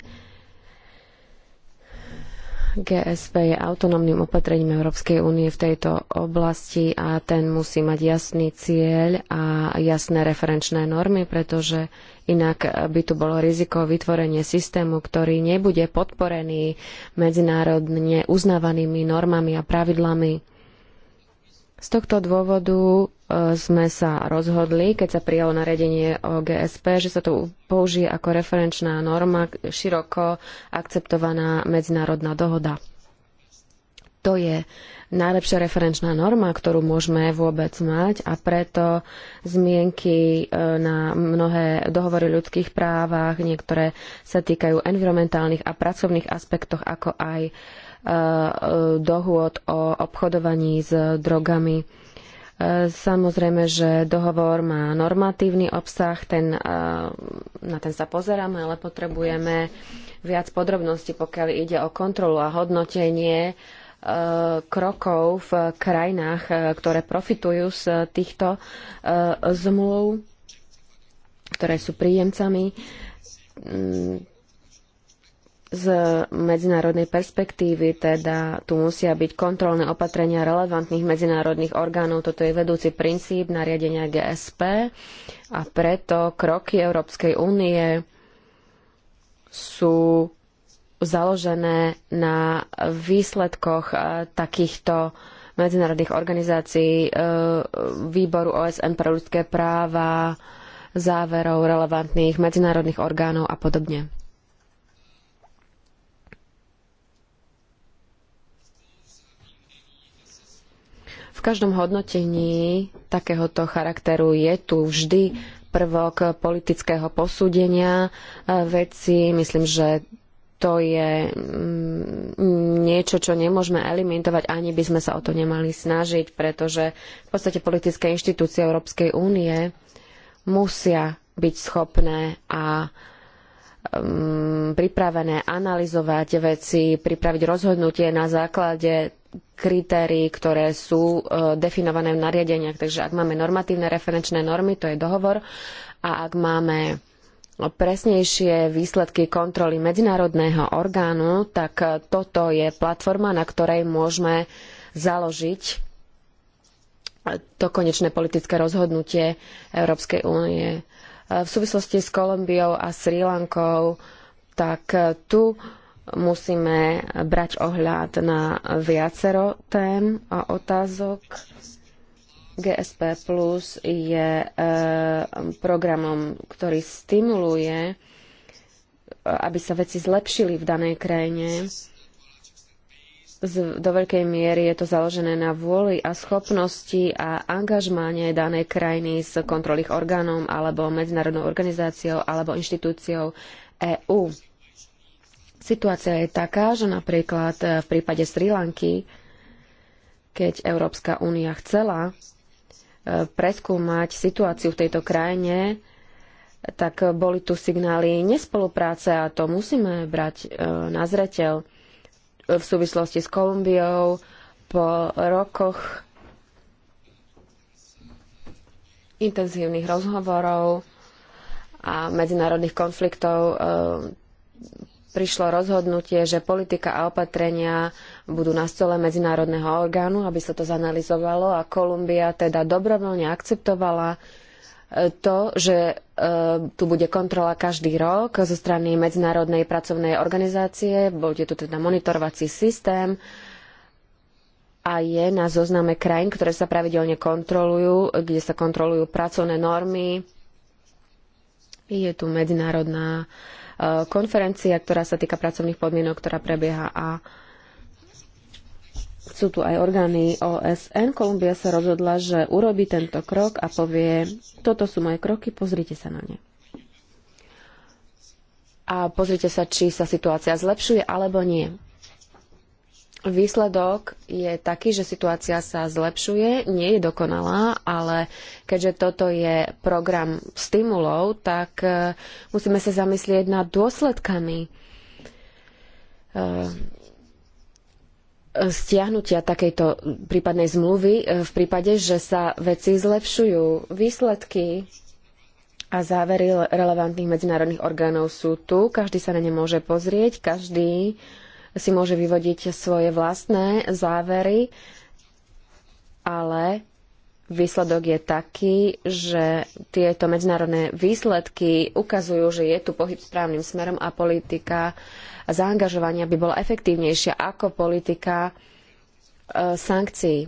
GSP je autonómnym opatrením Európskej únie v tejto oblasti a ten musí mať jasný cieľ a jasné referenčné normy, pretože inak by tu bolo riziko vytvorenie systému, ktorý nebude podporený medzinárodne uznávanými normami a pravidlami. Z tohto dôvodu sme sa rozhodli, keď sa prijalo nariadenie o GSP, že sa to použije ako referenčná norma, široko akceptovaná medzinárodná dohoda. To je najlepšia referenčná norma, ktorú môžeme vôbec mať a preto zmienky e, na mnohé dohovory o ľudských právach, niektoré sa týkajú environmentálnych a pracovných aspektoch, ako aj e, e, dohôd o obchodovaní s drogami Samozrejme, že dohovor má normatívny obsah, ten, e, na ten sa pozeráme, ale potrebujeme viac podrobností, pokiaľ ide o kontrolu a hodnotenie e, krokov v krajinách, e, ktoré profitujú z týchto zmluv, ktoré sú príjemcami mm, z medzinárodnej perspektívy, teda tu musia byť kontrolné opatrenia relevantných medzinárodných orgánov. Toto je vedúci princíp nariadenia GSP a preto kroky Európskej únie sú založené na výsledkoch e, takýchto medzinárodných organizácií, e, výboru OSN pre ľudské práva, záverov relevantných medzinárodných orgánov a podobne. V každom hodnotení takéhoto charakteru je tu vždy prvok politického posúdenia e, veci. Myslím, že to je mm, niečo, čo nemôžeme eliminovať, ani by sme sa o to nemali snažiť, pretože v podstate politické inštitúcie Európskej únie musia byť schopné a mm, pripravené analyzovať veci, pripraviť rozhodnutie na základe kritérií, ktoré sú e, definované v nariadeniach. Takže ak máme normatívne referenčné normy, to je dohovor, a ak máme presnejšie výsledky kontroly medzinárodného orgánu, tak e, toto je platforma, na ktorej môžeme založiť e, to konečné politické rozhodnutie Európskej únie. V súvislosti s Kolumbiou a Sri Lankou, tak tu musíme brať ohľad na viacero tém a otázok. GSP Plus je e, programom, ktorý stimuluje, e, aby sa veci zlepšili v danej krajine do veľkej miery je to založené na vôli a schopnosti a angažmáne danej krajiny s kontrolných orgánom alebo medzinárodnou organizáciou alebo inštitúciou EÚ. Situácia je taká, že napríklad eh, v prípade Sri Lanky, keď Európska únia chcela eh, preskúmať situáciu v tejto krajine, tak boli tu signály nespolupráce a to musíme brať eh, na zreteľ v súvislosti s Kolumbiou po rokoch intenzívnych rozhovorov a medzinárodných konfliktov prišlo rozhodnutie, že politika a opatrenia budú na stole medzinárodného orgánu, aby sa to zanalizovalo a Kolumbia teda dobrovoľne akceptovala e, to, že e, tu bude kontrola každý rok zo strany Medzinárodnej pracovnej organizácie, bude tu teda monitorovací systém a je na zozname krajín, ktoré sa pravidelne kontrolujú, kde sa kontrolujú pracovné normy. Je tu medzinárodná uh, konferencia, ktorá sa týka pracovných podmienok, ktorá prebieha a sú tu aj orgány OSN. Kolumbia sa rozhodla, že urobí tento krok a povie, toto sú moje kroky, pozrite sa na ne. A pozrite sa, či sa situácia zlepšuje alebo nie. Výsledok je taký, že situácia sa zlepšuje, nie je dokonalá, ale keďže toto je program stimulov, tak e, musíme sa zamyslieť nad dôsledkami e, stiahnutia takejto prípadnej zmluvy e, v prípade, že sa veci zlepšujú. Výsledky a závery relevantných medzinárodných orgánov sú tu, každý sa na ne môže pozrieť, každý si môže vyvodiť svoje vlastné závery, ale výsledok je taký, že tieto medzinárodné výsledky ukazujú, že je tu pohyb správnym smerom a politika zaangažovania by bola efektívnejšia ako politika e, sankcií.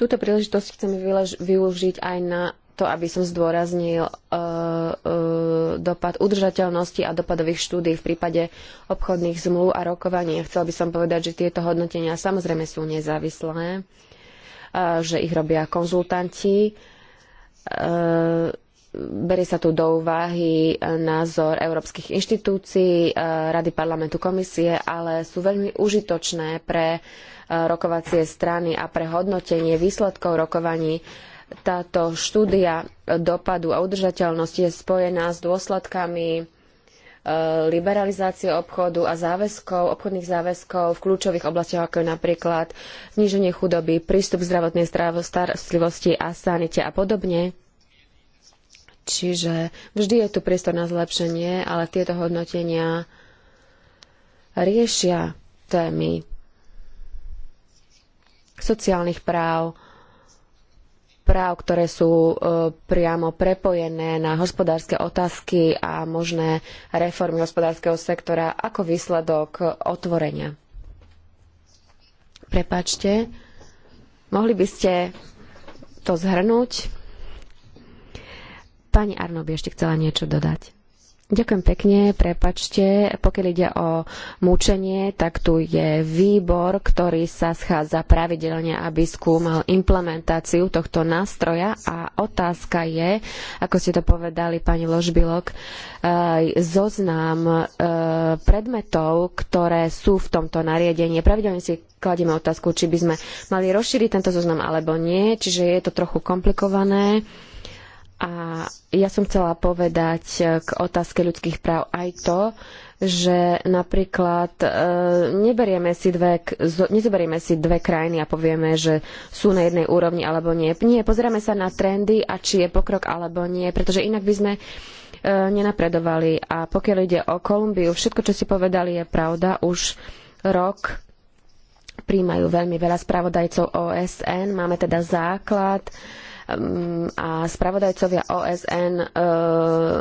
Túto príležitosť chceme využiť aj na to, aby som zdôraznil e, e, dopad udržateľnosti a dopadových štúdí v prípade obchodných zmluv a rokovania. Chcel by som povedať, že tieto hodnotenia samozrejme sú nezávislé, e, že ich robia konzultanti. Berie sa tu do úvahy názor európskych inštitúcií, Rady parlamentu komisie, ale sú veľmi užitočné pre rokovacie strany a pre hodnotenie výsledkov rokovaní táto štúdia dopadu a udržateľnosti je spojená s dôsledkami e, liberalizácie obchodu a záväzkov, obchodných záväzkov v kľúčových oblastiach, ako je napríklad zníženie chudoby, prístup k zdravotnej starostlivosti a sanite a podobne. Čiže vždy je tu priestor na zlepšenie, ale tieto hodnotenia riešia témy sociálnych práv, správ, ktoré sú e, priamo prepojené na hospodárske otázky a možné reformy hospodárskeho sektora ako výsledok otvorenia. Prepačte, mohli by ste to zhrnúť? Pani by ešte chcela niečo dodať. Ďakujem pekne, prepačte. Pokiaľ ide o mučenie, tak tu je výbor, ktorý sa schádza pravidelne, aby skúmal implementáciu tohto nástroja a otázka je, ako ste to povedali, pani Ložbilok, e, zoznam e, predmetov, ktoré sú v tomto nariadení. Pravidelne si kladieme otázku, či by sme mali rozšíriť tento zoznam alebo nie, čiže je to trochu komplikované. A ja som chcela povedať eh, k otázke ľudských práv aj to, že napríklad e, neberieme si dve, nezoberieme si dve krajiny a povieme, že sú na jednej úrovni alebo nie. Nie, pozeráme sa na trendy a či je pokrok alebo nie, pretože inak by sme e, nenapredovali. A pokiaľ ide o Kolumbiu, všetko, čo ste povedali, je pravda. Už rok príjmajú veľmi veľa spravodajcov OSN, máme teda základ. E, Ehm, a spravodajcovia OSN eh,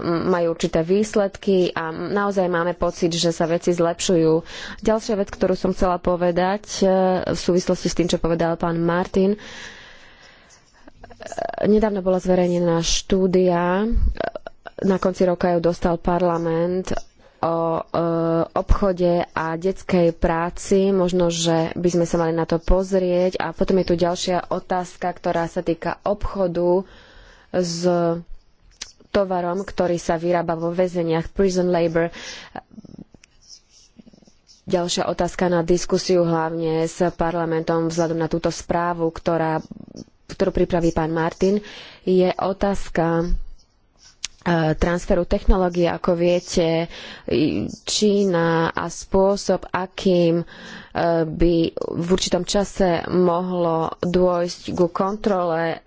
majú určité výsledky a naozaj máme pocit, že sa veci zlepšujú. Ďalšia vec, ktorú som chcela povedať eh, v súvislosti s tým, čo povedal pán Martin, eh, nedávno bola zverejnená štúdia, na konci roka ju dostal parlament o e, obchode a detskej práci. Možno, že by sme sa mali na to pozrieť. A potom je tu ďalšia otázka, ktorá sa týka obchodu s tovarom, ktorý sa vyrába vo väzeniach, prison labor. Ďalšia otázka na diskusiu hlavne s parlamentom vzhľadom na túto správu, ktorá, ktorú pripraví pán Martin, je otázka E, transferu technológií, ako viete, Čína a spôsob, akým e, by v určitom čase mohlo dôjsť ku kontrole e,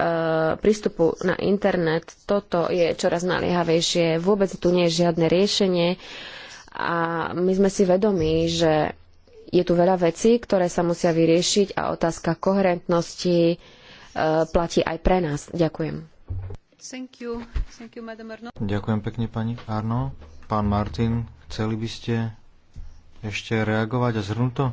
prístupu na internet. Toto je čoraz naliehavejšie. Vôbec tu nie je žiadne riešenie. A my sme si vedomí, že je tu veľa vecí, ktoré sa musia vyriešiť a otázka koherentnosti platí aj pre nás. Ďakujem. Ďakujem pekne, pani Arno. Pán Martin, chceli by ste ešte reagovať a zhrnúť to?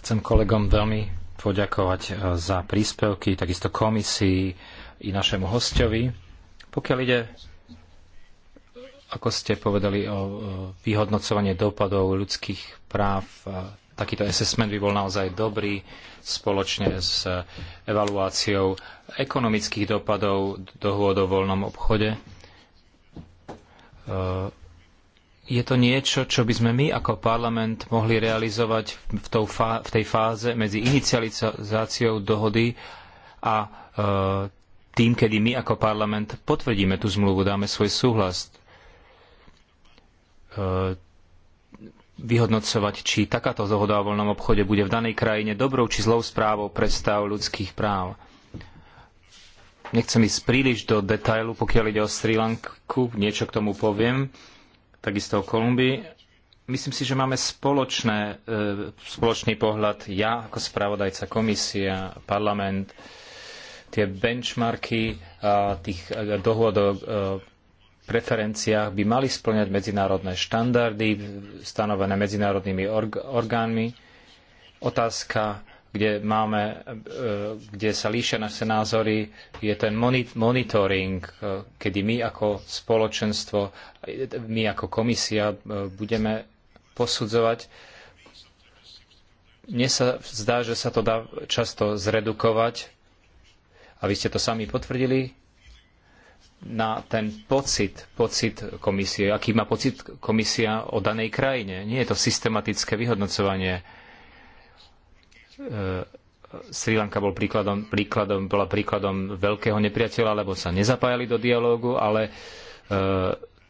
Chcem kolegom veľmi poďakovať eh, za príspevky, takisto komisii i našemu hostovi. Pokiaľ ide, ako ste povedali, o vyhodnocovanie dopadov ľudských práv eh, takýto assessment by bol naozaj dobrý spoločne s eh, evaluáciou ekonomických dopadov dohôd o voľnom obchode. Eh, je to niečo, čo by sme my ako parlament mohli realizovať v, v tej fáze medzi inicializáciou dohody a eh, tým, kedy my ako parlament potvrdíme tú zmluvu, dáme svoj súhlas vyhodnocovať, či takáto dohoda o voľnom obchode bude v danej krajine dobrou či zlou správou pre stav ľudských práv. Nechcem ísť príliš do detailu, pokiaľ ide o Sri Lanku, niečo k tomu poviem, takisto o Kolumbii. Myslím si, že máme spoločné, e, spoločný pohľad, ja ako spravodajca, komisia, parlament, tie benchmarky tých e, dohôd o e, preferenciách by mali splňať medzinárodné štandardy stanovené medzinárodnými org orgánmi. Otázka, kde, máme, e, kde sa líšia naše názory, je ten monitoring, e, kedy my ako spoločenstvo, my ako komisia e, budeme posudzovať. Mne sa zdá, že sa to dá často zredukovať, a vy ste to sami potvrdili, na ten pocit, pocit komisie, aký má pocit komisia o danej krajine. Nie je to systematické vyhodnocovanie. E, Sri Lanka bol príkladom, príkladom, bola príkladom veľkého nepriateľa, lebo sa nezapájali do dialógu, ale e,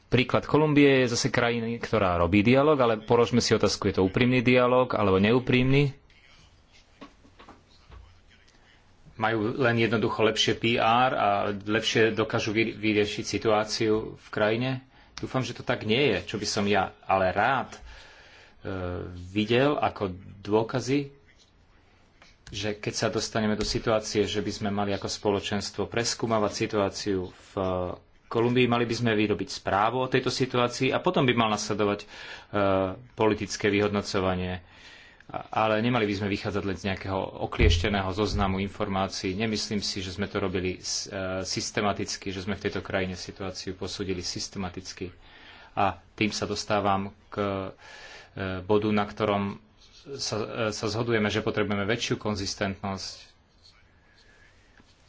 príklad Kolumbie je zase krajiny, ktorá robí dialóg, ale porožme si otázku, je to úprimný dialóg alebo neúprimný majú len jednoducho lepšie PR a lepšie dokážu vyriešiť situáciu v krajine. Dúfam, že to tak nie je, čo by som ja ale rád e, videl ako dôkazy, že keď sa dostaneme do situácie, že by sme mali ako spoločenstvo preskúmavať situáciu v Kolumbii, mali by sme vyrobiť správu o tejto situácii a potom by mal nasledovať e, politické vyhodnocovanie ale nemali by sme vychádzať len z nejakého okliešteného zoznamu informácií. Nemyslím si, že sme to robili e, systematicky, že sme v tejto krajine situáciu posúdili systematicky. A tým sa dostávam k e, bodu, na ktorom sa, e, sa zhodujeme, že potrebujeme väčšiu konzistentnosť.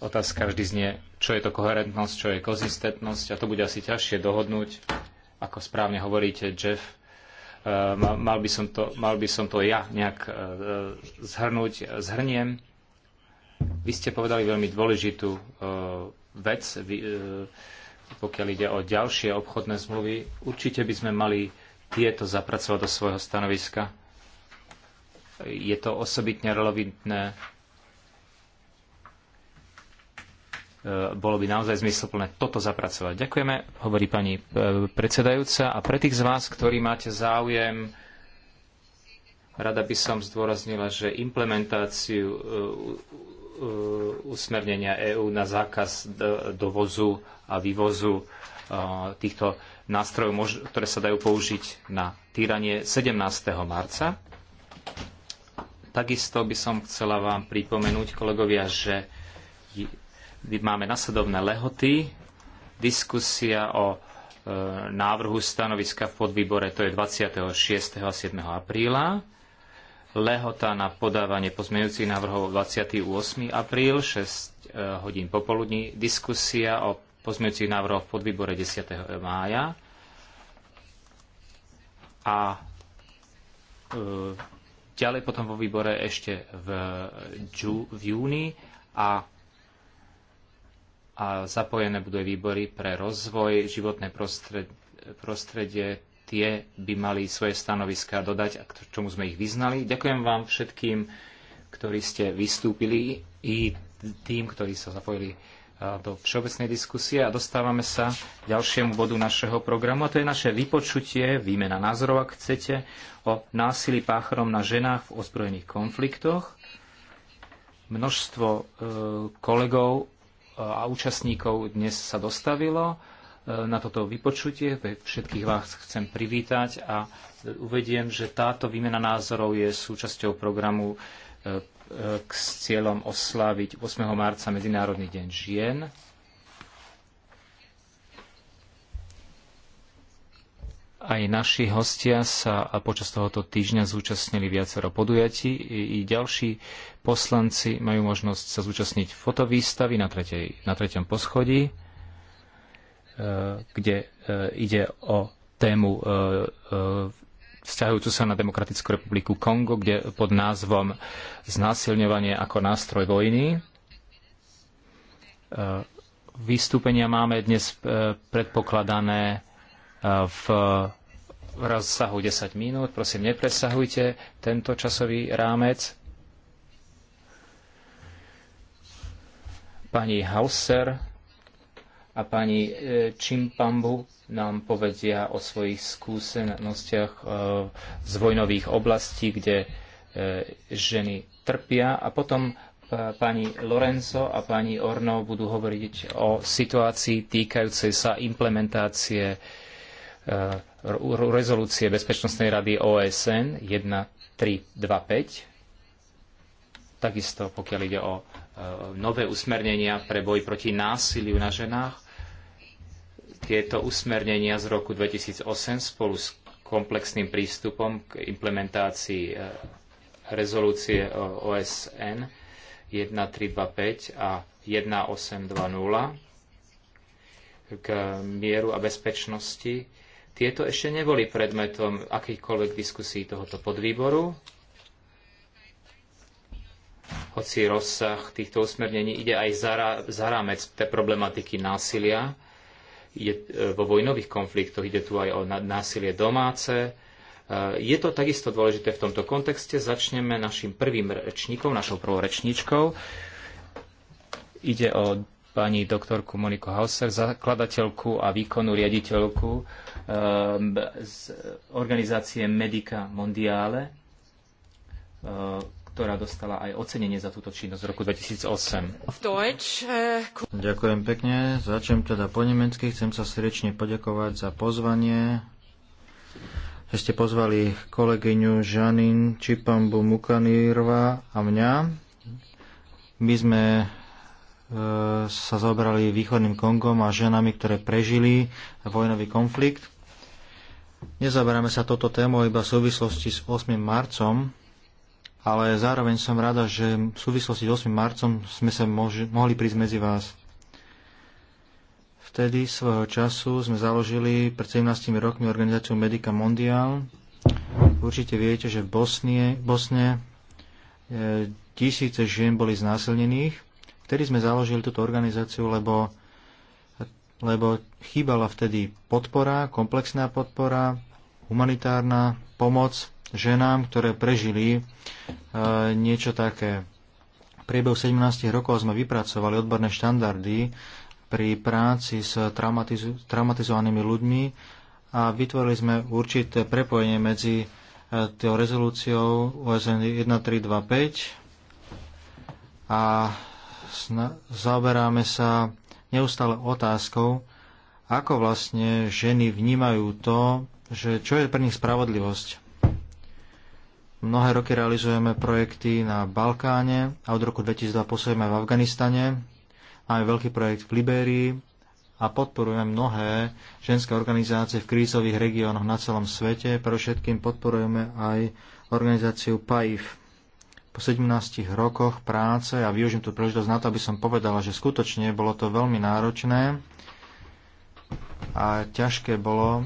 Otázka vždy znie, čo je to koherentnosť, čo je konzistentnosť a to bude asi ťažšie dohodnúť, ako správne hovoríte, Jeff Eh, mal by som to, mal by som to ja nejak eh, zhrnúť, eh, zhrniem. Vy ste povedali veľmi dôležitú vec, pokiaľ ide o ďalšie obchodné zmluvy. Určite by sme mali tieto zapracovať do svojho stanoviska. Je to osobitne relevantné E, bolo by naozaj zmysluplné toto zapracovať. Ďakujeme, hovorí pani e, predsedajúca. A pre tých z vás, ktorí máte záujem, rada by som zdôraznila, že implementáciu e, usmernenia EÚ na zákaz dovozu a vývozu týchto nástrojov, ktoré sa dajú použiť na týranie 17. marca. Takisto by som chcela vám pripomenúť, kolegovia, že máme nasledovné lehoty. Diskusia o e, návrhu stanoviska v podvýbore to je 26. a 7. apríla. Lehota na podávanie pozmeňujúcich návrhov 28. apríl, 6 e, hodín popoludní. Diskusia o pozmeňujúcich návrhoch v podvýbore 10. mája. A e, ďalej potom vo výbore ešte v, v júni a a zapojené budú aj výbory pre rozvoj, životné prostredie, tie by mali svoje stanoviská dodať a k čomu sme ich vyznali. Ďakujem vám všetkým, ktorí ste vystúpili i tým, ktorí sa zapojili e, do všeobecnej diskusie a dostávame sa k ďalšiemu bodu našeho programu a to je naše vypočutie, výmena názorov, ak chcete, o násilí páchanom na ženách v ozbrojených konfliktoch. Množstvo e, kolegov a účastníkov dnes sa dostavilo e, na toto vypočutie. Všetkých vás chcem privítať a uvediem, že táto výmena názorov je súčasťou programu k e, e, s cieľom osláviť 8. marca Medzinárodný deň žien Aj naši hostia sa počas tohoto týždňa zúčastnili viacero podujatí. I ďalší poslanci majú možnosť sa zúčastniť fotovýstavy na, tretej, na treťom poschodí, e, kde e, ide o tému e, vzťahujúcu sa na Demokratickú republiku Kongo, kde pod názvom Znásilňovanie ako nástroj vojny. Vystúpenia máme dnes predpokladané v rozsahu 10 minút. Prosím, nepresahujte tento časový rámec. Pani Hauser a pani Čimpambu e, nám povedia o svojich skúsenostiach e, z vojnových oblastí, kde e, ženy trpia. A potom pani Lorenzo a pani Orno budú hovoriť o situácii týkajúcej sa implementácie E, rezolúcie Bezpečnostnej rady OSN 1325. Takisto pokiaľ ide o e, nové usmernenia pre boj proti násiliu na ženách. Tieto usmernenia z roku 2008 spolu s komplexným prístupom k implementácii e, rezolúcie OSN 1325 a 1820 k mieru a bezpečnosti tieto ešte neboli predmetom akýchkoľvek diskusí tohoto podvýboru, hoci rozsah týchto usmernení ide aj za, rámec tej problematiky násilia. Je, e, vo vojnových konfliktoch ide tu aj o násilie domáce. E, je to takisto dôležité v tomto kontexte. Začneme našim prvým rečníkom, našou prvou rečníčkou. Ide o pani doktorku Moniku Hauser, zakladateľku a výkonnú riaditeľku eh, z organizácie Medica Mondiale, eh, ktorá dostala aj ocenenie za túto činnosť v roku 2008. Eh, Ďakujem pekne. Začnem teda po nemecky. Chcem sa srdečne poďakovať za pozvanie že ste pozvali kolegyňu Žanin Čipambu Mukanirva a mňa. My sme sa zaoberali východným Kongom a ženami, ktoré prežili vojnový konflikt. Nezaberáme sa toto tému iba v súvislosti s 8. marcom, ale zároveň som rada, že v súvislosti s 8. marcom sme sa mohli prísť medzi vás. Vtedy svojho času sme založili pred 17 rokmi organizáciu Medica Mondial. Určite viete, že v Bosnie, Bosne e, tisíce žien boli znásilnených Vtedy sme založili túto organizáciu, lebo, lebo chýbala vtedy podpora, komplexná podpora, humanitárna pomoc ženám, ktoré prežili e, niečo také. V priebehu 17 rokov sme vypracovali odborné štandardy pri práci s traumatizo- traumatizovanými ľuďmi a vytvorili sme určité prepojenie medzi e, tou rezolúciou OSN 1325 a zaoberáme sa neustále otázkou, ako vlastne ženy vnímajú to, že čo je pre nich spravodlivosť. Mnohé roky realizujeme projekty na Balkáne a od roku 2002 pôsobíme v Afganistane. Máme veľký projekt v Libérii a podporujeme mnohé ženské organizácie v krízových regiónoch na celom svete. Pre všetkým podporujeme aj organizáciu PAIF po 17 rokoch práce a využijem tú príležitosť na to, aby som povedala, že skutočne bolo to veľmi náročné a ťažké bolo e,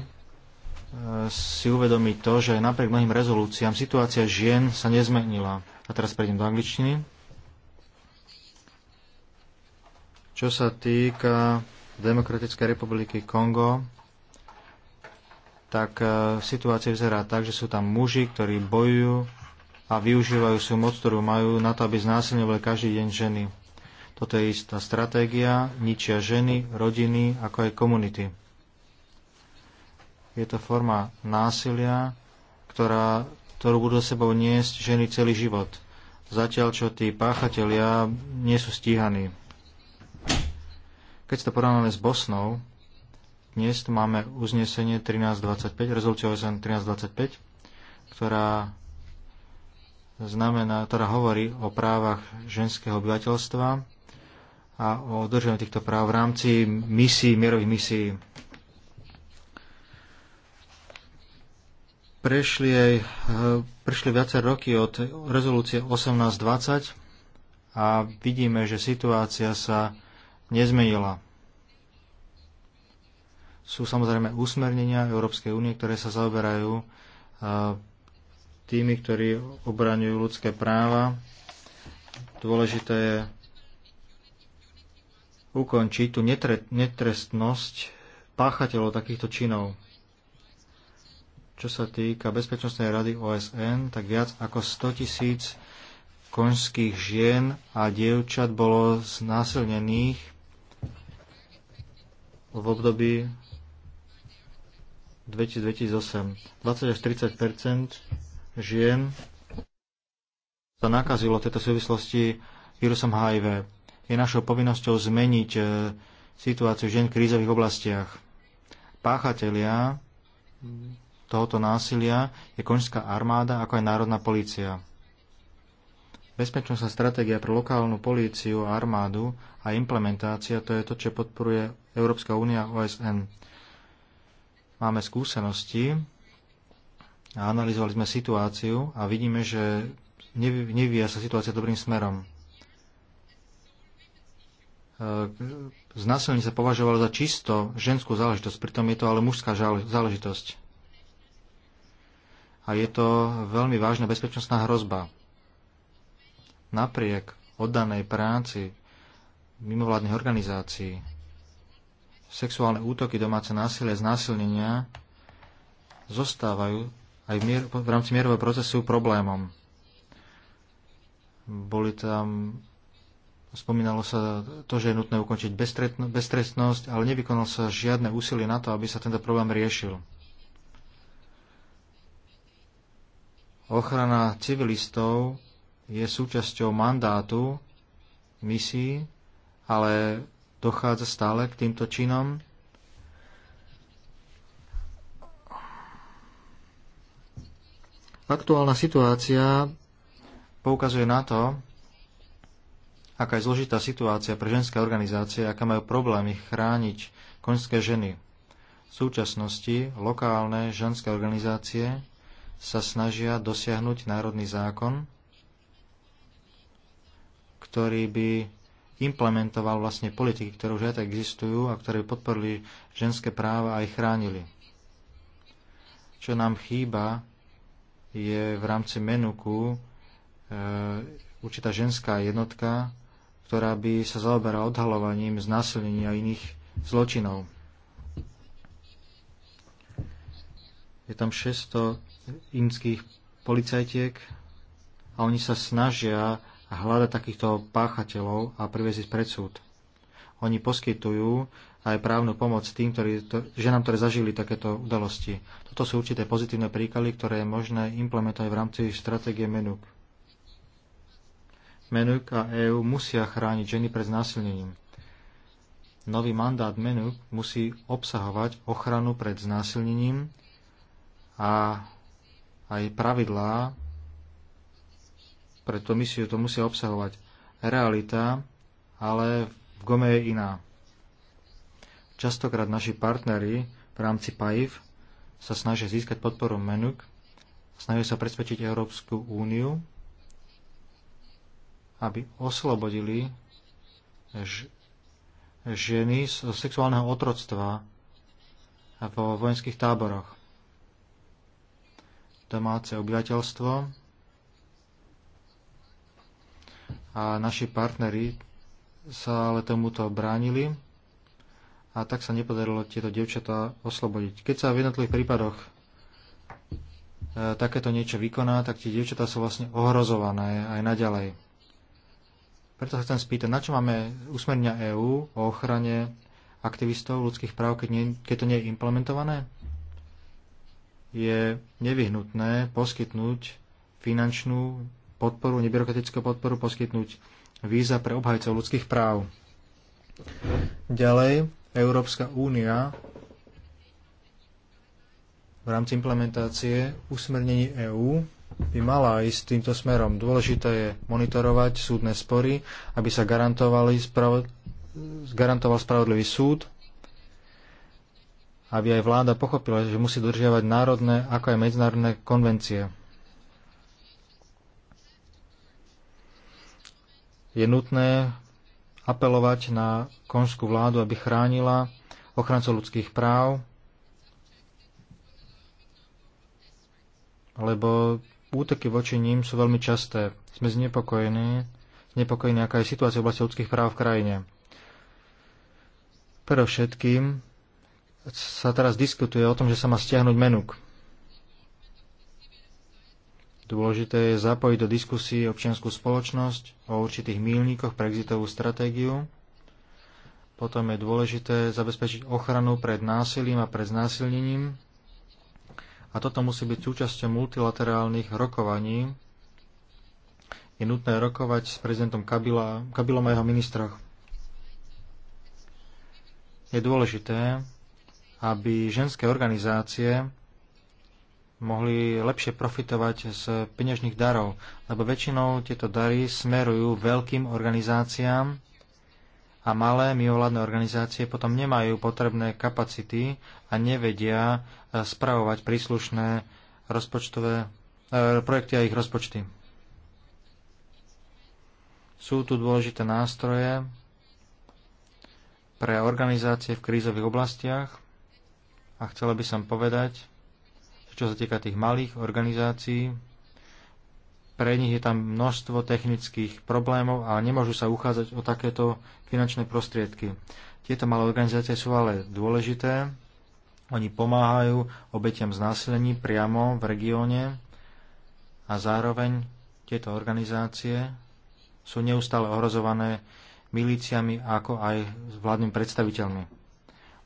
si uvedomiť to, že napriek mnohým rezolúciám situácia žien sa nezmenila. A teraz prejdem do angličtiny. Čo sa týka Demokratickej republiky Kongo, tak e, situácia vyzerá tak, že sú tam muži, ktorí bojujú a využívajú svoju moc, ktorú majú na to, aby znásilňovali každý deň ženy. Toto je istá stratégia, ničia ženy, rodiny, ako aj komunity. Je to forma násilia, ktorá, ktorú budú sebou niesť ženy celý život, zatiaľ čo tí páchatelia nie sú stíhaní. Keď to porovnáme s Bosnou, dnes tu máme uznesenie 1325, rezolúcia OSN 1325, ktorá znamená, teda hovorí o právach ženského obyvateľstva a o dodržovaní týchto práv v rámci misií, mierových misií. Prešli, aj, prešli viacer roky od rezolúcie 1820 a vidíme, že situácia sa nezmenila. Sú samozrejme úsmernenia Európskej únie, ktoré sa zaoberajú eh, tými, ktorí obraňujú ľudské práva. Dôležité je ukončiť tú netrestnosť páchateľov takýchto činov. Čo sa týka Bezpečnostnej rady OSN, tak viac ako 100 tisíc konžských žien a dievčat bolo znásilnených v období 2008. 20 až 30 žien sa nakazilo v tejto súvislosti vírusom HIV. Je našou povinnosťou zmeniť e, situáciu žien v krízových oblastiach. Páchatelia tohoto násilia je konžská armáda ako aj národná polícia. Bezpečnostná stratégia pre lokálnu políciu a armádu a implementácia to je to, čo podporuje Európska únia a OSN. Máme skúsenosti a analyzovali sme situáciu a vidíme, že nevyvíja sa situácia dobrým smerom. E, Znásilnenie sa považovalo za čisto ženskú záležitosť, pritom je to ale mužská záležitosť. A je to veľmi vážna bezpečnostná hrozba. Napriek oddanej práci mimovládnych organizácií, sexuálne útoky, domáce násilie, znásilnenia zostávajú aj v, mier, v rámci mierového procesu problémom. Boli tam, spomínalo sa to, že je nutné ukončiť beztrestnosť, ale nevykonal sa žiadne úsilie na to, aby sa tento problém riešil. Ochrana civilistov je súčasťou mandátu misií, ale dochádza stále k týmto činom Aktuálna situácia poukazuje na to, aká je zložitá situácia pre ženské organizácie, aká majú problémy chrániť konžské ženy. V súčasnosti lokálne ženské organizácie sa snažia dosiahnuť národný zákon, ktorý by implementoval vlastne politiky, ktoré už aj tak existujú a ktoré podporili ženské práva a ich chránili. Čo nám chýba je v rámci Menuku e, určitá ženská jednotka, ktorá by sa zaoberala odhalovaním znásilnenia iných zločinov. Je tam 600 indských policajtiek a oni sa snažia hľadať takýchto páchateľov a priviesť pred súd. Oni poskytujú aj právnu pomoc tým, ktorí, to, ženám, ktoré zažili takéto udalosti. Toto sú určité pozitívne príklady, ktoré je možné implementovať v rámci stratégie MENUK. MENUK a EÚ musia chrániť ženy pred znásilnením. Nový mandát MENUK musí obsahovať ochranu pred znásilnením a aj pravidlá pre to misiu to musia obsahovať. Realita ale v v Gome je iná. Častokrát naši partneri v rámci PAIF sa snažia získať podporu MENUK, snažia sa presvedčiť Európsku úniu, aby oslobodili ženy z sexuálneho otroctva vo vojenských táboroch. Domáce obyvateľstvo a naši partneri sa ale tomuto bránili a tak sa nepodarilo tieto dievčatá oslobodiť. Keď sa v jednotlivých prípadoch e, takéto niečo vykoná, tak tie devčatá sú vlastne ohrozované aj naďalej. Preto sa chcem spýtať, na čo máme usmernia EÚ o ochrane aktivistov ľudských práv, keď, nie, keď to nie je implementované? Je nevyhnutné poskytnúť finančnú podporu, nebyrokratickú podporu, poskytnúť víza pre obhajcov ľudských práv. Ďalej, Európska únia v rámci implementácie usmernení EÚ by mala ísť týmto smerom. Dôležité je monitorovať súdne spory, aby sa garantovali spravo- garantoval spravodlivý súd, aby aj vláda pochopila, že musí dodržiavať národné ako aj medzinárodné konvencie. je nutné apelovať na konžskú vládu, aby chránila ochrancov ľudských práv, lebo útoky voči ním sú veľmi časté. Sme znepokojení, znepokojení, aká je situácia v oblasti ľudských práv v krajine. Predovšetkým sa teraz diskutuje o tom, že sa má stiahnuť menúk. Dôležité je zapojiť do diskusie občianskú spoločnosť o určitých mílnikoch pre exitovú stratégiu. Potom je dôležité zabezpečiť ochranu pred násilím a pred znásilnením. A toto musí byť súčasťou multilaterálnych rokovaní. Je nutné rokovať s prezidentom Kabila, Kabilom a jeho ministroch. Je dôležité, aby ženské organizácie mohli lepšie profitovať z peňažných darov, lebo väčšinou tieto dary smerujú veľkým organizáciám a malé mimovládne organizácie potom nemajú potrebné kapacity a nevedia e, spravovať príslušné rozpočtové e, projekty a ich rozpočty. Sú tu dôležité nástroje pre organizácie v krízových oblastiach a chcela by som povedať, čo sa týka tých malých organizácií, pre nich je tam množstvo technických problémov a nemôžu sa uchádzať o takéto finančné prostriedky. Tieto malé organizácie sú ale dôležité. Oni pomáhajú obetiam znásilení priamo v regióne a zároveň tieto organizácie sú neustále ohrozované milíciami ako aj vládnym predstaviteľmi.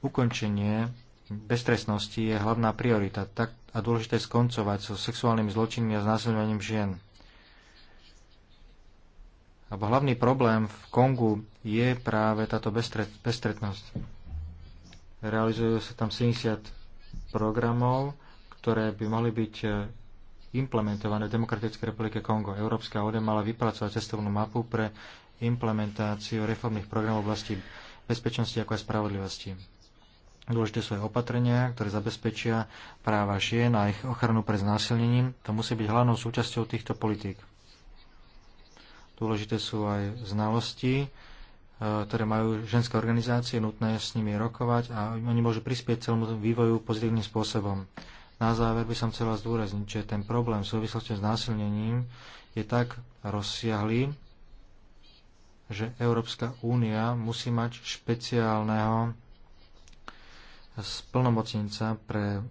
Ukončenie beztrestnosti je hlavná priorita tak a dôležité skoncovať so sexuálnymi zločinmi a znásilňovaním žien. Alebo hlavný problém v Kongu je práve táto bezstretnosť. Realizujú sa tam 70 programov, ktoré by mohli byť e, implementované v Demokratickej republike Kongo. Európska ODE mala vypracovať cestovnú mapu pre implementáciu reformných programov v oblasti bezpečnosti ako aj spravodlivosti. Dôležité sú aj opatrenia, ktoré zabezpečia práva žien a ich ochranu pred znásilnením. To musí byť hlavnou súčasťou týchto politík. Dôležité sú aj znalosti, e, ktoré majú ženské organizácie, nutné s nimi rokovať a oni môžu prispieť celému vývoju pozitívnym spôsobom. Na záver by som chcela zdôrazniť, že ten problém v súvislosti s násilnením je tak rozsiahlý, že Európska únia musí mať špeciálneho splnomocnenca pre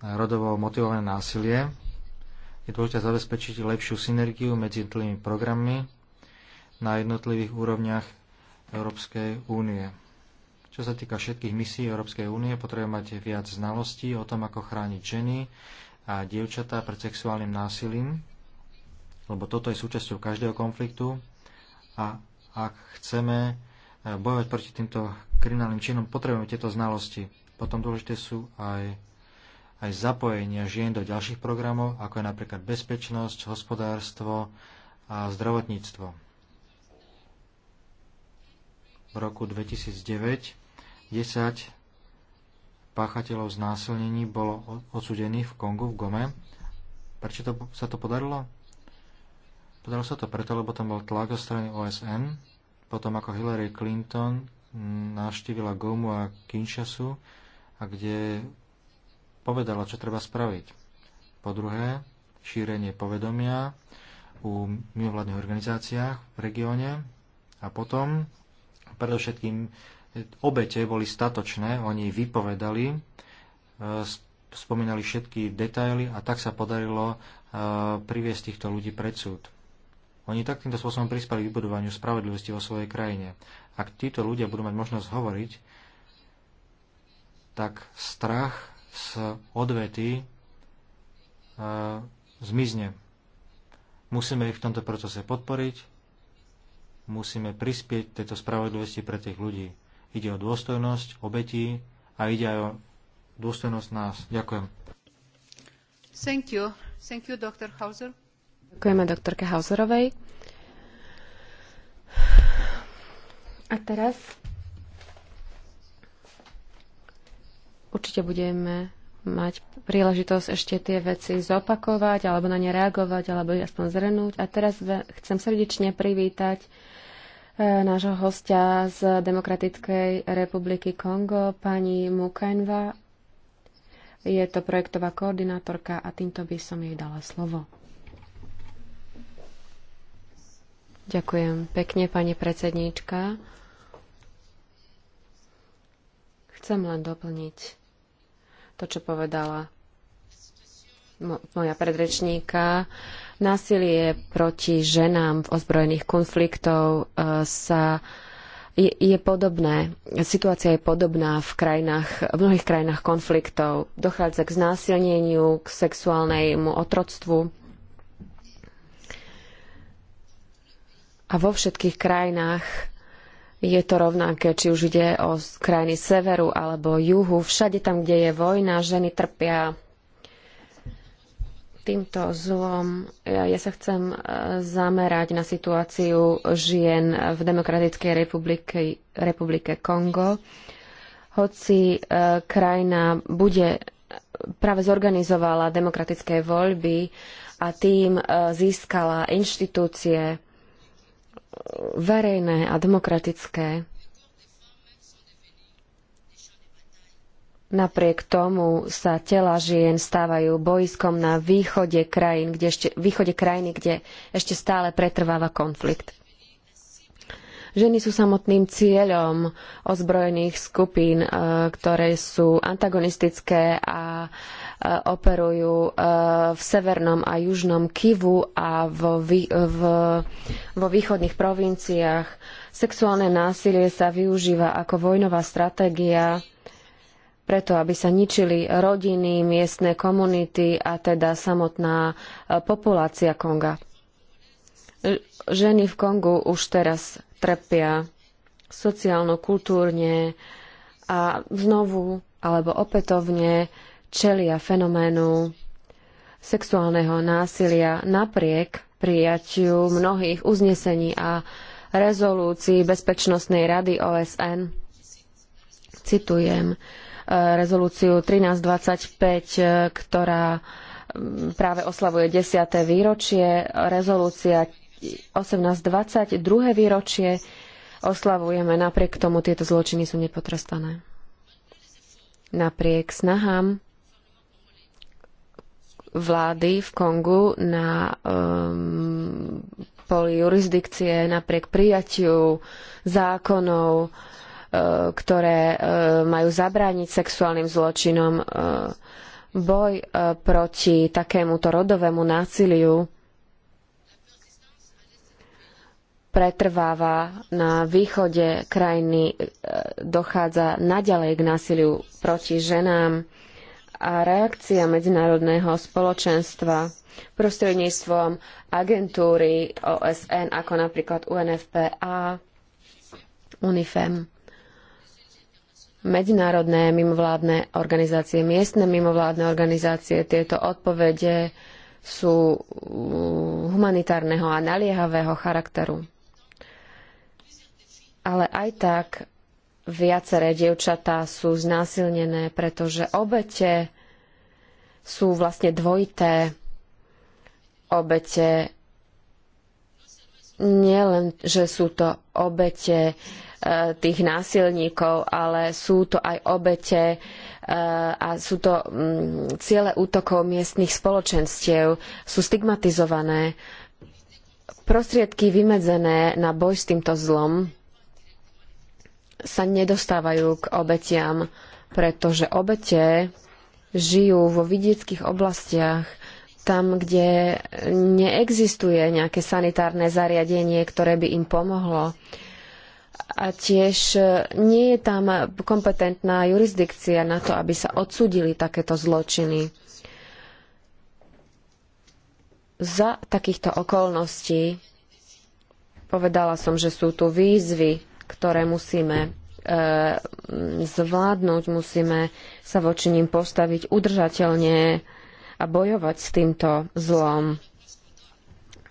rodovo motivované násilie. Je dôležité zabezpečiť lepšiu synergiu medzi jednotlivými programmi na jednotlivých úrovniach Európskej únie. Čo sa týka všetkých misií Európskej únie, potrebujeme mať viac znalostí o tom, ako chrániť ženy a dievčatá pred sexuálnym násilím, lebo toto je súčasťou každého konfliktu a ak chceme bojovať proti týmto kriminálnym činom, potrebujeme tieto znalosti. Potom dôležité sú aj, aj zapojenia žien do ďalších programov, ako je napríklad bezpečnosť, hospodárstvo a zdravotníctvo. V roku 2009 10 páchateľov znásilnení bolo odsudených v Kongu, v Gome. Prečo to, sa to podarilo? Podarilo sa to preto, lebo tam bol tlak zo strany OSN. Potom ako Hillary Clinton navštívila Gomu a Kinshasu, a kde povedala, čo treba spraviť. Po druhé, šírenie povedomia u mimovládnych organizáciách v regióne a potom predovšetkým obete boli statočné, oni vypovedali, e, spomínali všetky detaily a tak sa podarilo e, priviesť týchto ľudí pred súd. Oni tak týmto spôsobom prispali k vybudovaniu spravodlivosti vo svojej krajine. Ak títo ľudia budú mať možnosť hovoriť, tak strach z odvety e, zmizne. Musíme ich v tomto procese podporiť, musíme prispieť tejto spravodlivosti pre tých ľudí. Ide o dôstojnosť obetí a ide aj o dôstojnosť nás. Ďakujem. Thank you. Thank you, Dr. Hauser. Ďakujeme doktorke Hauserovej. A teraz Určite budeme mať príležitosť ešte tie veci zopakovať, alebo na ne reagovať, alebo ich aspoň zrenúť. A teraz chcem srdečne privítať e, nášho hostia z Demokratickej republiky Kongo, pani Mukainva. Je to projektová koordinátorka a týmto by som jej dala slovo. Ďakujem pekne, pani predsedníčka. Chcem len doplniť to, čo povedala moja predrečníka. Násilie proti ženám v ozbrojených konfliktov e, sa je, je podobné. Situácia je podobná v, krajinách, v mnohých krajinách konfliktov. Dochádza k znásilneniu, k sexuálnemu otroctvu. A vo všetkých krajinách je to rovnaké, či už ide o krajiny severu alebo juhu. Všade tam, kde je vojna, ženy trpia týmto zlom. Ja, ja sa chcem e, zamerať na situáciu žien v Demokratickej republike, republike Kongo. Hoci e, krajina bude e, práve zorganizovala demokratické voľby a tým e, získala inštitúcie, verejné a demokratické. Napriek tomu sa tela žien stávajú boiskom na východe, krajín, kde ešte, východe krajiny, kde ešte stále pretrváva konflikt. Ženy sú samotným cieľom ozbrojených skupín, e, ktoré sú antagonistické a Eh, operujú eh, v severnom a južnom Kivu a vo, v, vo východných provinciách. Sexuálne násilie sa využíva ako vojnová stratégia preto, aby sa ničili rodiny, miestne komunity a teda samotná eh, populácia Konga. Ženy v Kongu už teraz trpia sociálno, kultúrne a znovu alebo opätovne čelia fenoménu sexuálneho násilia napriek prijatiu mnohých uznesení a rezolúcií Bezpečnostnej rady OSN. Citujem e, rezolúciu 1325, e, ktorá práve oslavuje 10. výročie, rezolúcia 1820, druhé výročie. Oslavujeme, napriek tomu tieto zločiny sú nepotrestané. Napriek snahám vlády v Kongu na um, poli jurisdikcie napriek prijatiu zákonov, uh, ktoré uh, majú zabrániť sexuálnym zločinom. Uh, boj proti takémuto rodovému násiliu pretrváva na východe krajiny, dochádza naďalej k násiliu proti ženám a reakcia medzinárodného spoločenstva prostredníctvom agentúry OSN ako napríklad UNFPA, UNIFEM, medzinárodné mimovládne organizácie, miestne mimovládne organizácie. Tieto odpovede sú mm, humanitárneho a naliehavého charakteru. Ale aj tak Viaceré dievčatá sú znásilnené, pretože obete sú vlastne dvojité. Obete nielen, že sú to obete e, tých násilníkov, ale sú to aj obete e, a sú to mm, ciele útokov miestnych spoločenstiev, sú stigmatizované. Prostriedky vymedzené na boj s týmto zlom sa nedostávajú k obetiam, pretože obete žijú vo vidieckých oblastiach, tam, kde neexistuje nejaké sanitárne zariadenie, ktoré by im pomohlo. A tiež e, nie je tam kompetentná jurisdikcia na to, aby sa odsudili takéto zločiny. Za takýchto okolností povedala som, že sú tu výzvy ktoré musíme e, zvládnuť, musíme sa voči ním postaviť udržateľne a bojovať s týmto zlom.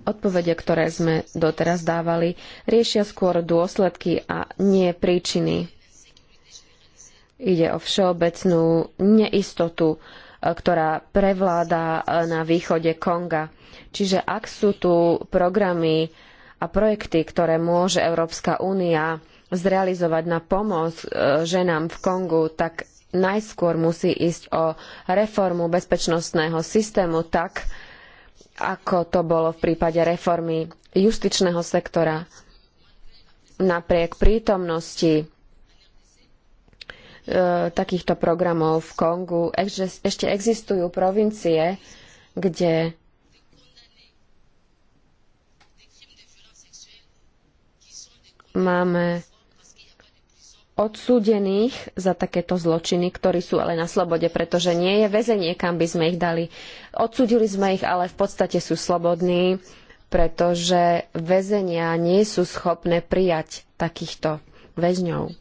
Odpovede, ktoré sme doteraz dávali, riešia skôr dôsledky a nie príčiny. Ide o všeobecnú neistotu, e, ktorá prevláda e, na východe Konga. Čiže ak sú tu programy a projekty, ktoré môže Európska únia zrealizovať na pomoc e, ženám v Kongu, tak najskôr musí ísť o reformu bezpečnostného systému tak, ako to bolo v prípade reformy justičného sektora. Napriek prítomnosti e, takýchto programov v Kongu ešte existujú provincie, kde Máme odsúdených za takéto zločiny, ktorí sú ale na slobode, pretože nie je väzenie, kam by sme ich dali. Odsúdili sme ich, ale v podstate sú slobodní, pretože väzenia nie sú schopné prijať takýchto väzňov.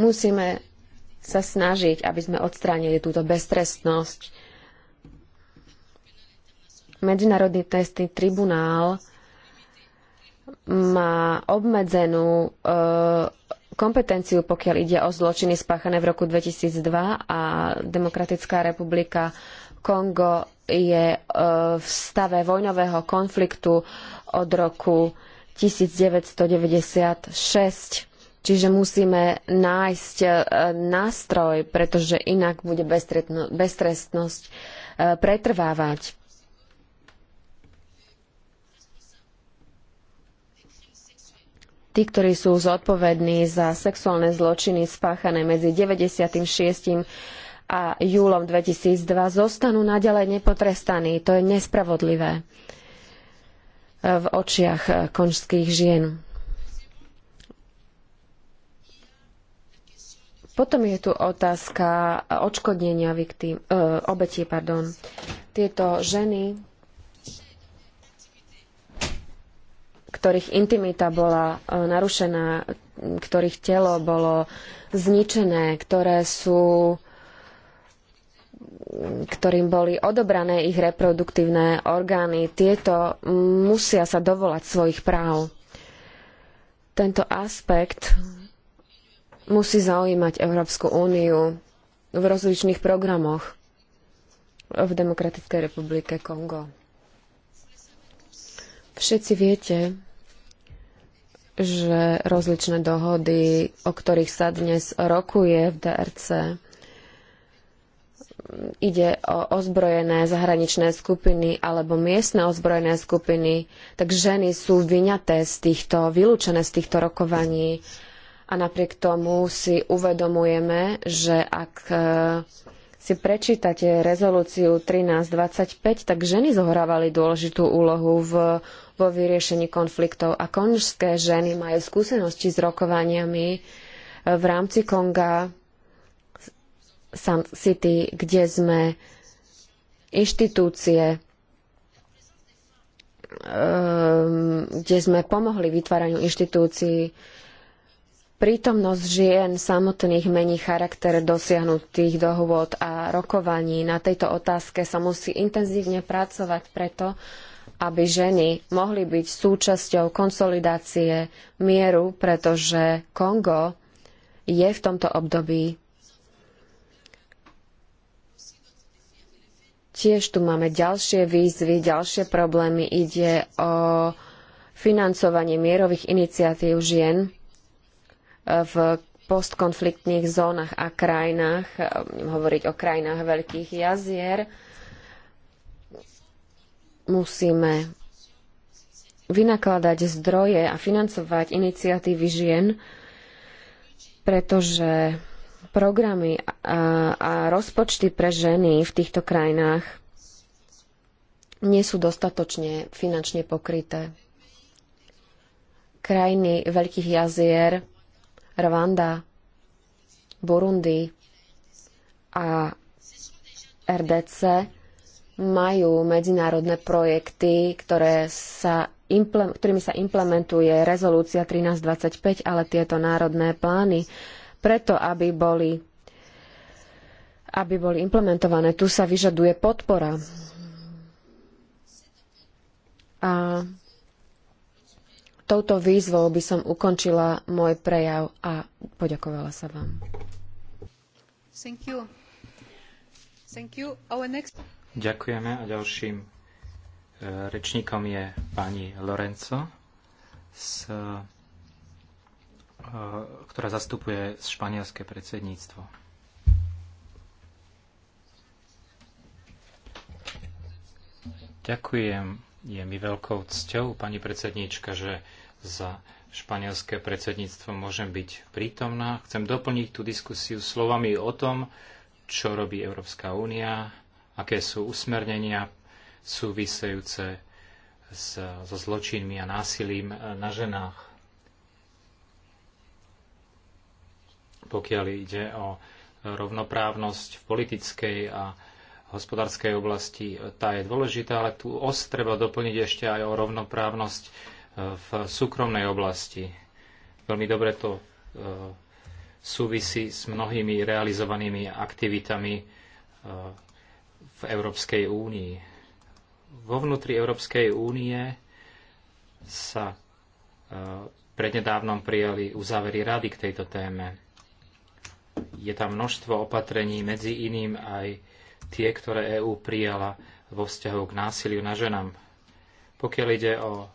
Musíme sa snažiť, aby sme odstránili túto beztrestnosť. Medzinárodný trestný tribunál má obmedzenú e, kompetenciu, pokiaľ ide o zločiny spáchané v roku 2002 a Demokratická republika Kongo je e, v stave vojnového konfliktu od roku 1996. Čiže musíme nájsť e, nástroj, pretože inak bude beztrestnosť pretrvávať. tí, ktorí sú zodpovední za sexuálne zločiny spáchané medzi 96. a júlom 2002, zostanú naďalej nepotrestaní. To je nespravodlivé v očiach konžských žien. Potom je tu otázka odškodnenia e, obetí. Pardon. Tieto ženy ktorých intimita bola e, narušená, ktorých telo bolo zničené, ktoré sú ktorým boli odobrané ich reproduktívne orgány, tieto musia sa dovolať svojich práv. Tento aspekt musí zaujímať Európsku úniu v rozličných programoch v Demokratickej republike Kongo. Všetci viete, že rozličné dohody, o ktorých sa dnes rokuje v DRC, ide o ozbrojené zahraničné skupiny alebo miestne ozbrojené skupiny, tak ženy sú vyňaté z týchto, vylúčené z týchto rokovaní. A napriek tomu si uvedomujeme, že ak e, si prečítate rezolúciu 1325, tak ženy zohrávali dôležitú úlohu v vo vyriešení konfliktov. A konžské ženy majú skúsenosti s rokovaniami eh, v rámci Konga, Sun City, kde sme inštitúcie, ehm, kde sme pomohli vytváraniu inštitúcií. Prítomnosť žien samotných mení charakter dosiahnutých dohôd a rokovaní. Na tejto otázke sa musí intenzívne pracovať preto, aby ženy mohli byť súčasťou konsolidácie mieru, pretože Kongo je v tomto období. Tiež tu máme ďalšie výzvy, ďalšie problémy. Ide o financovanie mierových iniciatív žien e, v postkonfliktných zónach a krajinách, e, hovoriť o krajinách veľkých jazier, musíme vynakladať zdroje a financovať iniciatívy žien, pretože programy a, a rozpočty pre ženy v týchto krajinách nie sú dostatočne finančne pokryté. Krajiny Veľkých jazier, Rwanda, Burundi a RDC majú medzinárodné projekty, ktoré sa ktorými sa implementuje rezolúcia 1325, ale tieto národné plány, preto aby boli, aby boli implementované, tu sa vyžaduje podpora. A touto výzvou by som ukončila môj prejav a poďakovala sa vám. Thank you. Thank you. Ďakujeme a ďalším e, rečníkom je pani Lorenzo, z, e, ktorá zastupuje španielské predsedníctvo. Ďakujem. Je mi veľkou cťou, pani predsedníčka, že za španielské predsedníctvo môžem byť prítomná. Chcem doplniť tú diskusiu slovami o tom, čo robí Európska únia aké sú usmernenia súvisejúce so zločinmi a násilím e, na ženách. Pokiaľ ide o rovnoprávnosť v politickej a hospodárskej oblasti, e, tá je dôležitá, ale tu os treba doplniť ešte aj o rovnoprávnosť e, v súkromnej oblasti. Veľmi dobre to súvisí s mnohými realizovanými aktivitami v Európskej únii. Vo vnútri Európskej únie sa e, prednedávnom prijali uzávery rady k tejto téme. Je tam množstvo opatrení, medzi iným aj tie, ktoré EÚ prijala vo vzťahu k násiliu na ženám. Pokiaľ ide o e,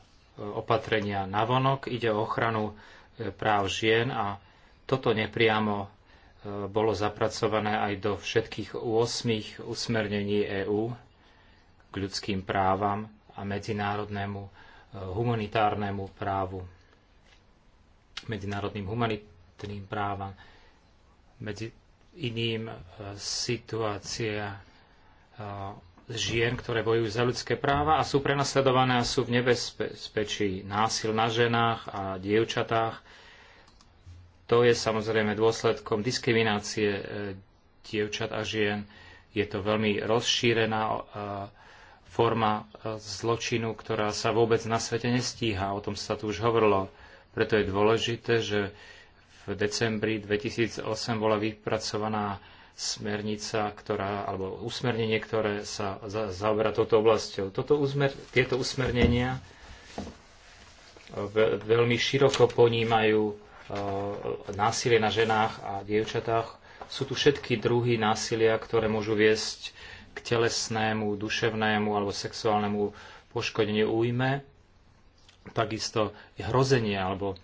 opatrenia navonok, ide o ochranu e, práv žien a toto nepriamo bolo zapracované aj do všetkých 8 usmernení EÚ k ľudským právam a medzinárodnému e, humanitárnemu právu, medzinárodným humanitným právam, medzi iným e, situácia e, žien, ktoré bojujú za ľudské práva a sú prenasledované a sú v nebezpečí násil na ženách a dievčatách, to je samozrejme dôsledkom diskriminácie e, dievčat a žien. Je to veľmi rozšírená e, forma e, zločinu, ktorá sa vôbec na svete nestíha. O tom sa tu už hovorilo. Preto je dôležité, že v decembri 2008 bola vypracovaná smernica, ktorá, alebo usmernenie, ktoré sa za, zaoberá touto oblasťou. Toto usmer, tieto usmernenia veľmi široko ponímajú E, násilie na ženách a dievčatách. Sú tu všetky druhy násilia, ktoré môžu viesť k telesnému, duševnému alebo sexuálnemu poškodeniu újme. Takisto hrozenie alebo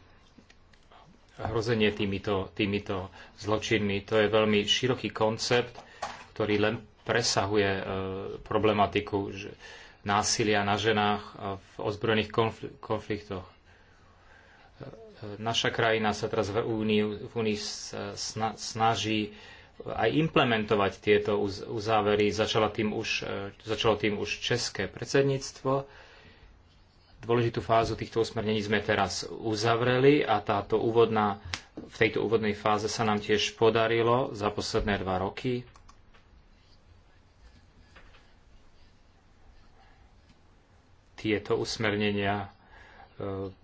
hrozenie týmito, týmito zločinmi. To je veľmi široký koncept, ktorý len presahuje e, problematiku násilia na ženách e, v ozbrojených konfliktoch naša krajina sa teraz v Únii, v Únii snaží aj implementovať tieto uzávery. Začalo tým, už, e, začalo tým už české predsedníctvo. Dôležitú fázu týchto usmernení sme teraz uzavreli a táto úvodná, v tejto úvodnej fáze sa nám tiež podarilo za posledné dva roky tieto usmernenia E,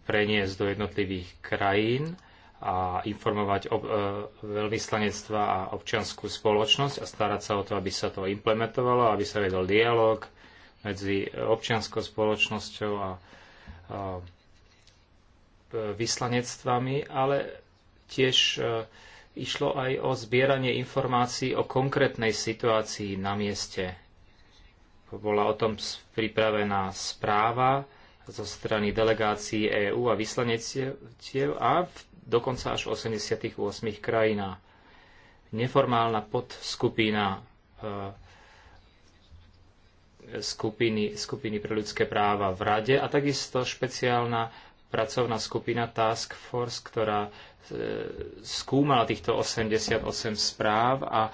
preniesť do jednotlivých krajín a informovať ob, e, veľvyslanectva a občianskú spoločnosť a starať sa o to, aby sa to implementovalo, aby sa vedol dialog medzi občianskou spoločnosťou a, a e, vyslanectvami, ale tiež e, išlo aj o zbieranie informácií o konkrétnej situácii na mieste. Bola o tom pripravená správa, zo strany delegácií EÚ a vyslanectiev a v, dokonca až 88 krajinách. Neformálna podskupina e, skupiny, skupiny pre ľudské práva v Rade a takisto špeciálna pracovná skupina Task Force, ktorá e, skúmala týchto 88 správ a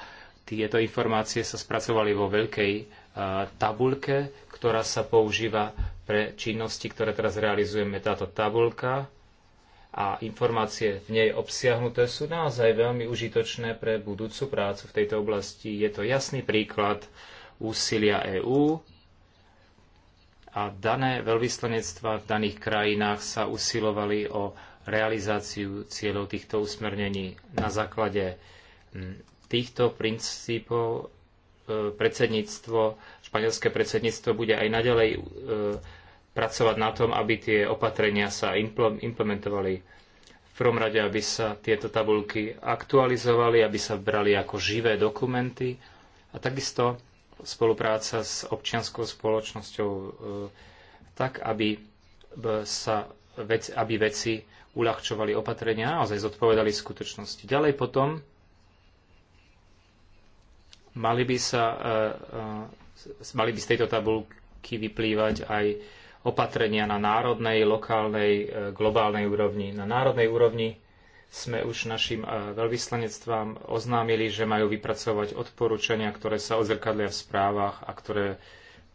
tieto informácie sa spracovali vo veľkej e, tabulke, ktorá sa používa pre činnosti, ktoré teraz realizujeme, táto tabulka a informácie v nej obsiahnuté sú naozaj veľmi užitočné pre budúcu prácu v tejto oblasti. Je to jasný príklad úsilia EÚ a dané veľvyslanectva v daných krajinách sa usilovali o realizáciu cieľov týchto usmernení na základe týchto princípov e, predsedníctvo, španielské predsedníctvo bude aj naďalej e, pracovať na tom, aby tie opatrenia sa implementovali. V prvom rade, aby sa tieto tabulky aktualizovali, aby sa brali ako živé dokumenty a takisto spolupráca s občianskou spoločnosťou e, tak, aby e, sa vec, aby veci uľahčovali opatrenia, a naozaj zodpovedali skutočnosti. Ďalej potom mali by, sa, e, mali by z tejto tabulky vyplývať aj opatrenia na národnej, lokálnej, e, globálnej úrovni. Na národnej úrovni sme už našim e, veľvyslanectvám oznámili, že majú vypracovať odporúčania, ktoré sa odzrkadlia v správach a ktoré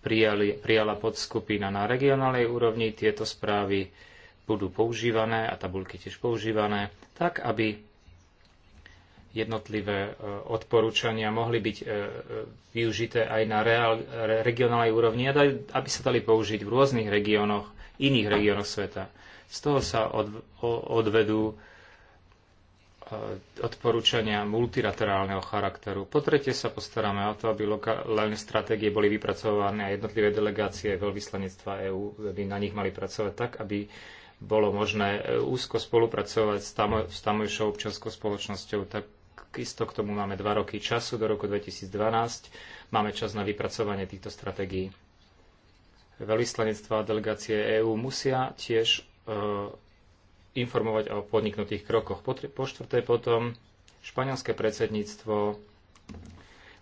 prijali, prijala podskupina na regionálnej úrovni. Tieto správy budú používané a tabulky tiež používané, tak aby jednotlivé e, odporúčania mohli byť e, e, využité aj na reál, regionálnej úrovni, aby sa dali použiť v rôznych regiónoch, iných regiónoch sveta. Z toho sa od, odvedú odporúčania multilaterálneho charakteru. Po tretie sa postaráme o to, aby lokálne stratégie boli vypracované a jednotlivé delegácie veľvyslanectva EÚ by na nich mali pracovať tak, aby bolo možné úzko spolupracovať s, tamojšou občanskou spoločnosťou, tak Takisto k tomu máme dva roky času do roku 2012. Máme čas na vypracovanie týchto stratégií. Veľvyslanectvá a delegácie EÚ musia tiež e, informovať o podniknutých krokoch. Po štvrté potom španielské predsedníctvo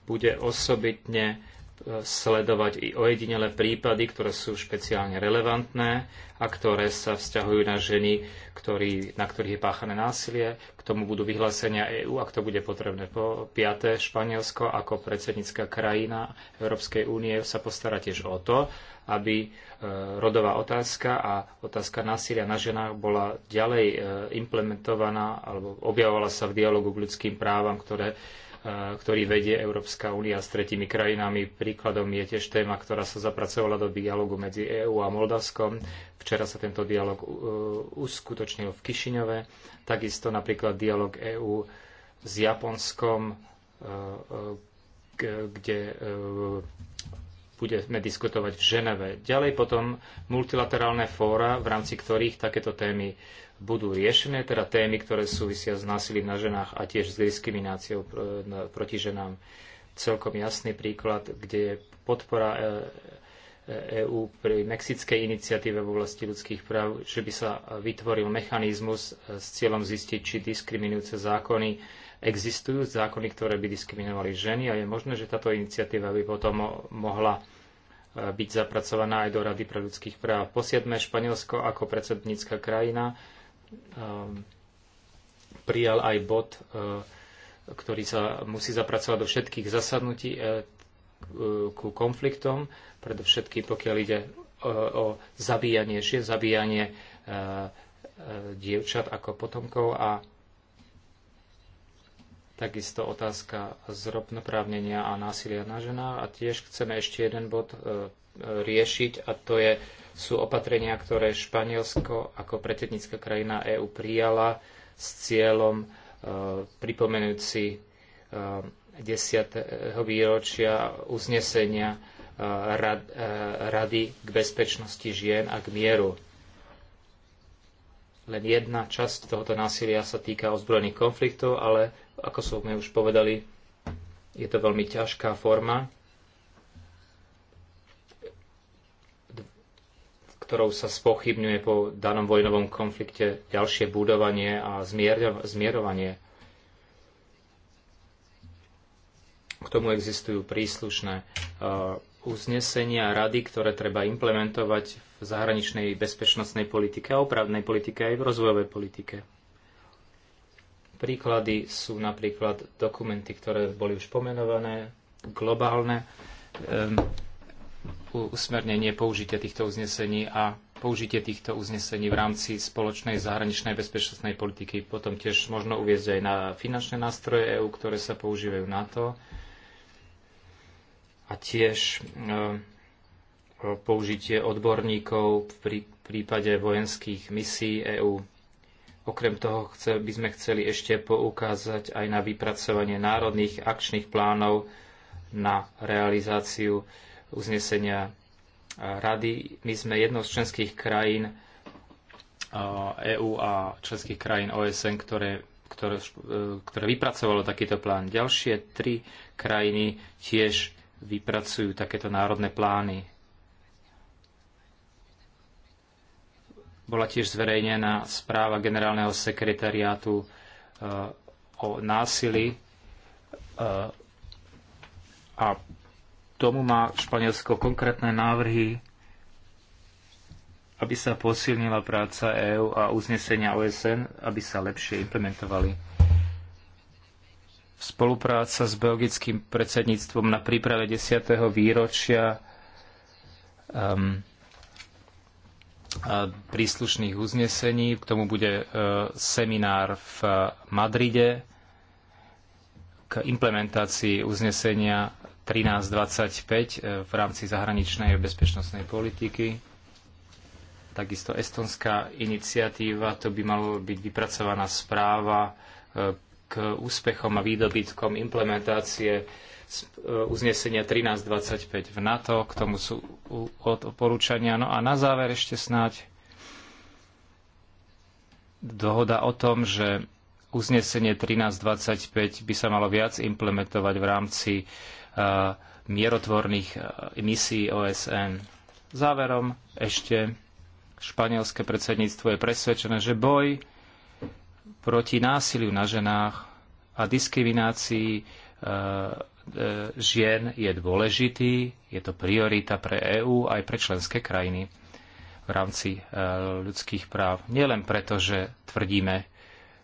bude osobitne sledovať i ojedinele prípady, ktoré sú špeciálne relevantné a ktoré sa vzťahujú na ženy, ktorý, na ktorých je páchané násilie. K tomu budú vyhlásenia EÚ, ak to bude potrebné. Po piaté, Španielsko ako predsednícka krajina Európskej únie sa postará tiež o to, aby e, rodová otázka a otázka násilia na ženách bola ďalej e, implementovaná alebo objavovala sa v dialogu k ľudským právam, ktoré E, ktorý vedie Európska únia s tretimi krajinami. Príkladom je tiež téma, ktorá sa zapracovala do dialogu medzi EÚ a Moldavskom. Včera sa tento dialog e, uskutočnil v Kišiňove. Takisto napríklad dialog EÚ s Japonskom, e, kde budeme diskutovať v Ženeve. Ďalej potom multilaterálne fóra, v rámci ktorých takéto témy budú riešené, teda témy, ktoré súvisia s násilím na ženách a tiež s diskrimináciou proti ženám. Celkom jasný príklad, kde je podpora EÚ e, e pri mexickej iniciatíve v oblasti ľudských práv, že by sa vytvoril mechanizmus e, s cieľom zistiť, či diskriminujúce zákony existujú, zákony, ktoré by diskriminovali ženy a je možné, že táto iniciatíva by potom mohla byť zapracovaná aj do Rady pre ľudských práv. Po siedme Španielsko ako predsednícka krajina Ehm, prijal aj bod, e, ktorý sa musí zapracovať do všetkých zasadnutí e, e, ku konfliktom, predovšetkým pokiaľ ide o, o zabíjanie žien, zabíjanie dievčat ako potomkov a takisto otázka zrovnoprávnenia a násilia na ženách. A tiež chceme ešte jeden bod riešiť a to je sú opatrenia, ktoré Španielsko ako predsednícka krajina EÚ prijala s cieľom e, pripomenúci e, 10. výročia uznesenia e, rad, e, Rady k bezpečnosti žien a k mieru. Len jedna časť tohoto násilia sa týka ozbrojených konfliktov, ale ako sme už povedali, je to veľmi ťažká forma ktorou sa spochybňuje po danom vojnovom konflikte ďalšie budovanie a zmierovanie. K tomu existujú príslušné e, uznesenia rady, ktoré treba implementovať v zahraničnej bezpečnostnej politike a opravnej politike aj v rozvojovej politike. Príklady sú napríklad dokumenty, ktoré boli už pomenované, globálne, e, usmernenie použitia týchto uznesení a použitie týchto uznesení v rámci spoločnej zahraničnej bezpečnostnej politiky. Potom tiež možno uviezť aj na finančné nástroje EÚ, ktoré sa používajú na to. A tiež e, použitie odborníkov v prípade vojenských misií EÚ. Okrem toho by sme chceli ešte poukázať aj na vypracovanie národných akčných plánov na realizáciu uznesenia rady. My sme jednou z členských krajín EÚ a členských krajín OSN, ktoré, ktoré, e, ktoré vypracovalo takýto plán. Ďalšie tri krajiny tiež vypracujú takéto národné plány. Bola tiež zverejnená správa generálneho sekretariátu e, o násilí e, a tomu má Španielsko konkrétne návrhy, aby sa posilnila práca EÚ a uznesenia OSN, aby sa lepšie implementovali. Spolupráca s belgickým predsedníctvom na príprave 10. výročia um, a príslušných uznesení. K tomu bude e, seminár v Madride k implementácii uznesenia 1325 eh, v rámci zahraničnej bezpečnostnej politiky. Takisto estonská iniciatíva, to by malo byť vypracovaná správa eh, k úspechom a výdobytkom implementácie eh, uznesenia 1325 v NATO, k tomu sú odporúčania. No a na záver ešte snáď dohoda o tom, že uznesenie 1325 by sa malo viac implementovať v rámci mierotvorných misií OSN. Záverom ešte španielské predsedníctvo je presvedčené, že boj proti násiliu na ženách a diskriminácii e, žien je dôležitý, je to priorita pre EÚ aj pre členské krajiny v rámci e, ľudských práv. Nielen preto, že tvrdíme,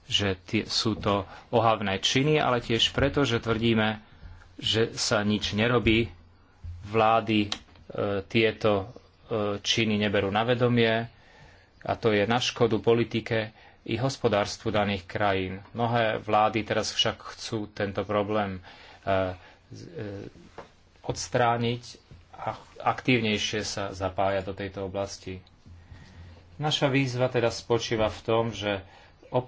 že sú to ohavné činy, ale tiež preto, že tvrdíme, že sa nič nerobí, vlády e, tieto e, činy neberú na vedomie a to je na škodu politike i hospodárstvu daných krajín. Mnohé vlády teraz však chcú tento problém e, e odstrániť a aktívnejšie sa zapája do tejto oblasti. Naša výzva teda spočíva v tom, že e,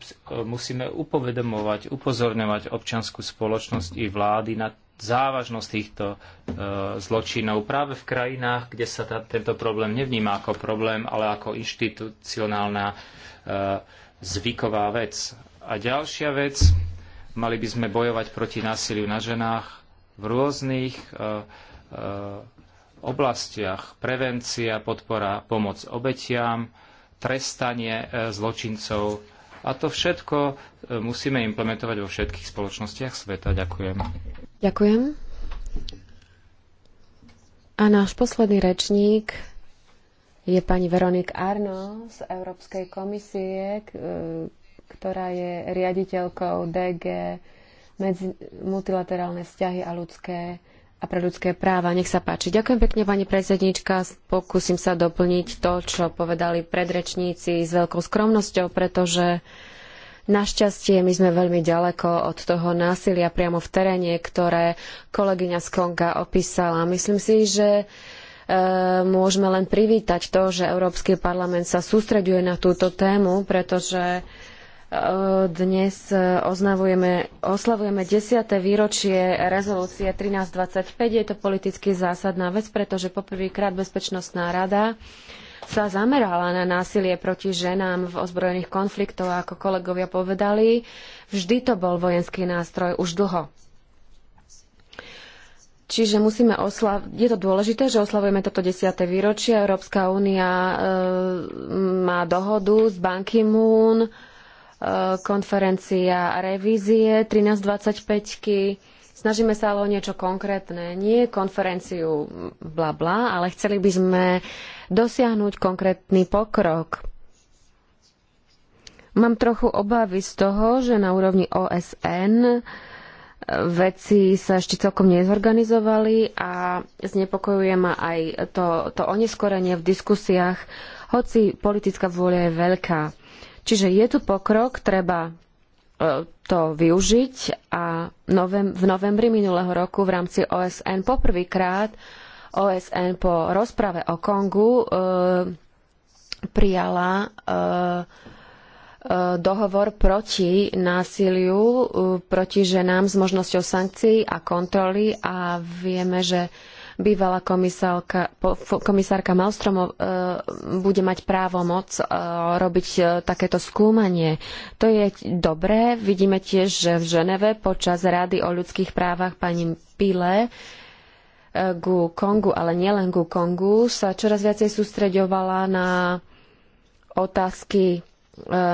musíme upovedomovať, upozorňovať občianskú spoločnosť i vlády na závažnosť týchto e, zločinov práve v krajinách, kde sa tá, tento problém nevníma ako problém, ale ako inštitucionálna e, zvyková vec. A ďalšia vec, mali by sme bojovať proti násiliu na ženách v rôznych e, e oblastiach. Prevencia, podpora, pomoc obetiam, trestanie e, zločincov, a to všetko e, musíme implementovať vo všetkých spoločnostiach sveta. Ďakujem. Ďakujem. A náš posledný rečník je pani Veronik Arno z Európskej komisie, e, ktorá je riaditeľkou DG medzi multilaterálne vzťahy a ľudské a pre ľudské práva. Nech sa páči. Ďakujem pekne, pani predsedníčka. Pokúsim sa doplniť to, čo povedali predrečníci s veľkou skromnosťou, pretože našťastie my sme veľmi ďaleko od toho násilia priamo v teréne, ktoré kolegyňa Skonka opísala. Myslím si, že e, môžeme len privítať to, že Európsky parlament sa sústreďuje na túto tému, pretože dnes e, oznavujeme, oslavujeme 10. výročie rezolúcie 1325. Je to politicky zásadná vec, pretože poprvýkrát Bezpečnostná rada sa zamerala na násilie proti ženám v ozbrojených konfliktoch, ako kolegovia povedali. Vždy to bol vojenský nástroj, už dlho. Čiže musíme oslav... je to dôležité, že oslavujeme toto 10. výročie. Európska únia e, má dohodu s Ban Ki-moon, konferencia revízie 1325-ky. Snažíme sa ale o niečo konkrétne, nie konferenciu bla bla, ale chceli by sme dosiahnuť konkrétny pokrok. Mám trochu obavy z toho, že na úrovni OSN veci sa ešte celkom nezorganizovali a znepokojuje ma aj to, to oneskorenie v diskusiách, hoci politická vôľa je veľká. Čiže je tu pokrok, treba e, to využiť a v novembri minulého roku v rámci OSN poprvýkrát OSN po rozprave o Kongu e, prijala e, dohovor proti násiliu proti ženám s možnosťou sankcií a kontroly a vieme, že Bývalá komisárka, komisárka Malstromov e, bude mať právo moc e, robiť e, takéto skúmanie. To je dobré. Vidíme tiež, že v Ženeve počas Rady o ľudských právach pani Pile ku Kongu, ale nielen ku Kongu, sa čoraz viacej sústreďovala na otázky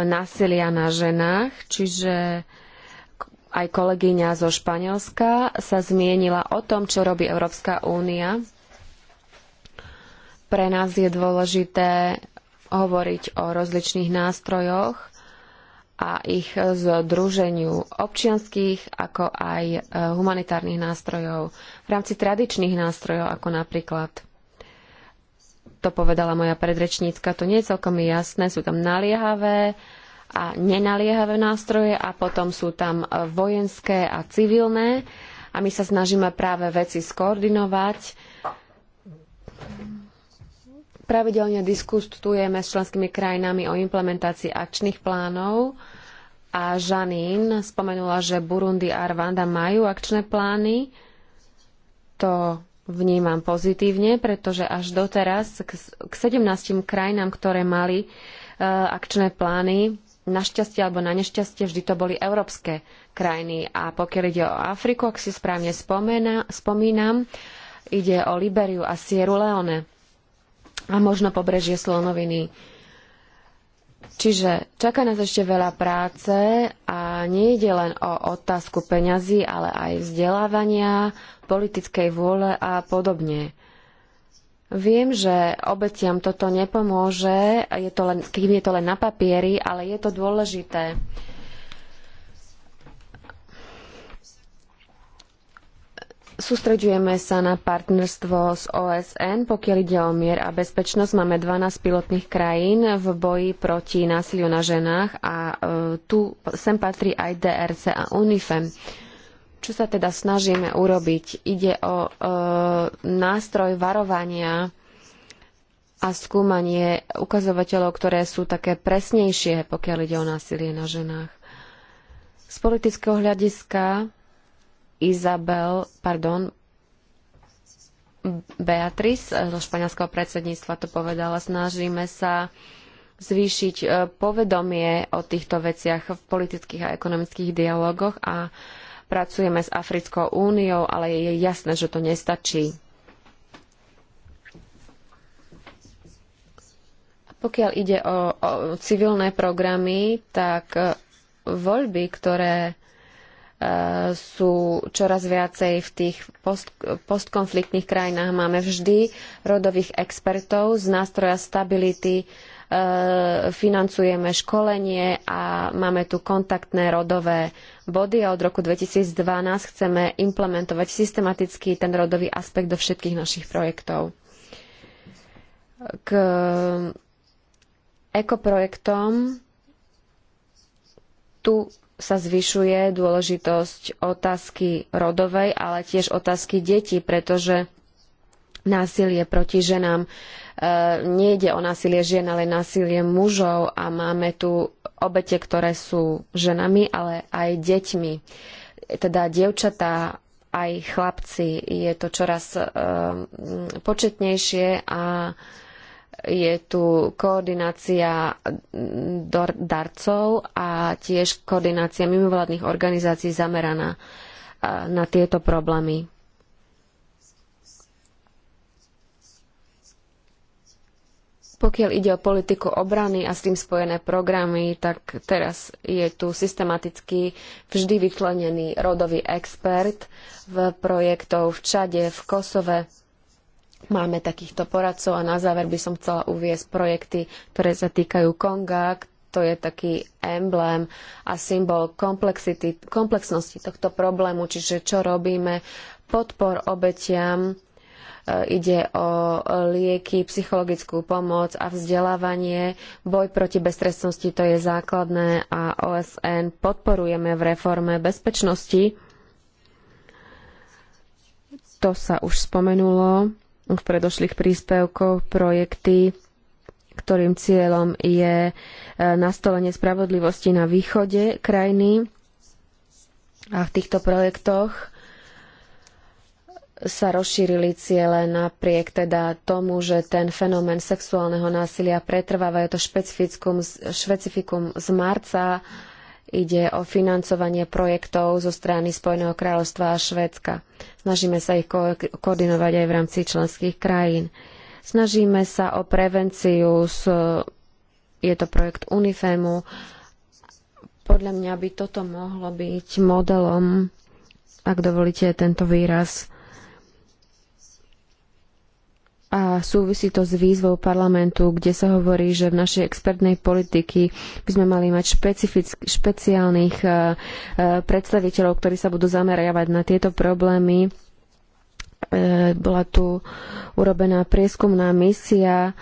násilia na ženách, čiže aj kolegyňa zo Španielska sa zmienila o tom, čo robí Európska únia. Pre nás je dôležité hovoriť o rozličných nástrojoch a ich združeniu občianských ako aj e, humanitárnych nástrojov v rámci tradičných nástrojov ako napríklad to povedala moja predrečnícka, to nie je celkom jasné, sú tam naliehavé a nenaliehavé nástroje a potom sú tam e, vojenské a civilné a my sa snažíme práve veci skoordinovať. Pravidelne diskutujeme s členskými krajinami o implementácii akčných plánov a Žanín spomenula, že Burundi a Rwanda majú akčné plány. To vnímam pozitívne, pretože až doteraz k 17 krajinám, ktoré mali e, akčné plány, našťastie alebo na nešťastie vždy to boli európske krajiny. A pokiaľ ide o Afriku, ak si správne spomínam, ide o Liberiu a Sieru Leone a možno pobrežie Slonoviny. Čiže čaká nás ešte veľa práce a nejde len o otázku peňazí, ale aj vzdelávania, politickej vôle a podobne. Viem, že obetiam toto nepomôže, je to len, kým je to len na papieri, ale je to dôležité. Sústreďujeme sa na partnerstvo s OSN, pokiaľ ide o mier a bezpečnosť. Máme 12 pilotných krajín v boji proti násiliu na ženách a e, tu sem patrí aj DRC a UNIFEM. Čo sa teda snažíme urobiť? Ide o e, nástroj varovania a skúmanie ukazovateľov, ktoré sú také presnejšie, pokiaľ ide o násilie na ženách. Z politického hľadiska Izabel, pardon, Beatrice zo španielského predsedníctva to povedala, snažíme sa zvýšiť e, povedomie o týchto veciach v politických a ekonomických dialogoch a Pracujeme s Africkou úniou, ale je jasné, že to nestačí. Pokiaľ ide o, o civilné programy, tak e, voľby, ktoré e, sú čoraz viacej v tých post, postkonfliktných krajinách. Máme vždy rodových expertov z nástroja stability E, financujeme školenie a máme tu kontaktné rodové body a od roku 2012 chceme implementovať systematicky ten rodový aspekt do všetkých našich projektov. K ekoprojektom tu sa zvyšuje dôležitosť otázky rodovej, ale tiež otázky detí, pretože násilie proti ženám nejde o násilie žien, ale násilie mužov a máme tu obete, ktoré sú ženami, ale aj deťmi. Teda dievčatá aj chlapci. Je to čoraz eh, početnejšie a je tu koordinácia darcov a tiež koordinácia mimovládnych organizácií zameraná eh, na tieto problémy. Pokiaľ ide o politiku obrany a s tým spojené programy, tak teraz je tu systematicky vždy vyčlenený rodový expert v projektov v Čade, v Kosove. Máme takýchto poradcov a na záver by som chcela uviesť projekty, ktoré sa týkajú Konga, to je taký emblém a symbol komplexity, komplexnosti tohto problému, čiže čo robíme, podpor obetiam E, ide o lieky, psychologickú pomoc a vzdelávanie. Boj proti beztrestnosti to je základné a OSN podporujeme v reforme bezpečnosti. To sa už spomenulo v predošlých príspevkoch projekty ktorým cieľom je e, nastolenie spravodlivosti na východe krajiny. A v týchto projektoch sa rozšírili ciele napriek teda tomu, že ten fenomén sexuálneho násilia pretrváva. Je to špecifikum, špecifikum z marca. Ide o financovanie projektov zo strany Spojeného kráľovstva a Švédska. Snažíme sa ich ko- koordinovať aj v rámci členských krajín. Snažíme sa o prevenciu, s, je to projekt Unifemu. Podľa mňa by toto mohlo byť modelom, ak dovolíte tento výraz, a súvisí to s výzvou parlamentu, kde sa hovorí, že v našej expertnej politiky by sme mali mať špeciálnych e, e, predstaviteľov, ktorí sa budú zameriavať na tieto problémy. E, bola tu urobená prieskumná misia,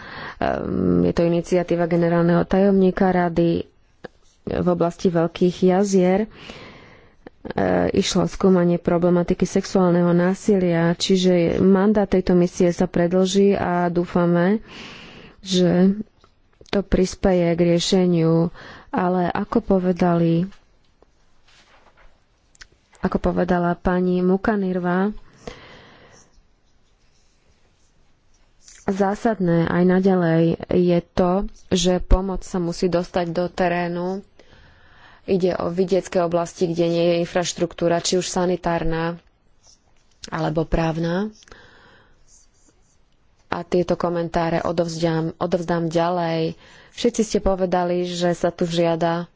je to iniciatíva generálneho tajomníka rady v oblasti veľkých jazier. E, išlo skúmanie problematiky sexuálneho násilia, čiže mandát tejto misie sa predlží a dúfame, že to prispeje k riešeniu, ale ako povedali ako povedala pani Mukanirva, zásadné aj naďalej je to, že pomoc sa musí dostať do terénu Ide o vidiecké oblasti, kde nie je infraštruktúra, či už sanitárna alebo právna. A tieto komentáre odovzdám, odovzdám ďalej. Všetci ste povedali, že sa tu žiada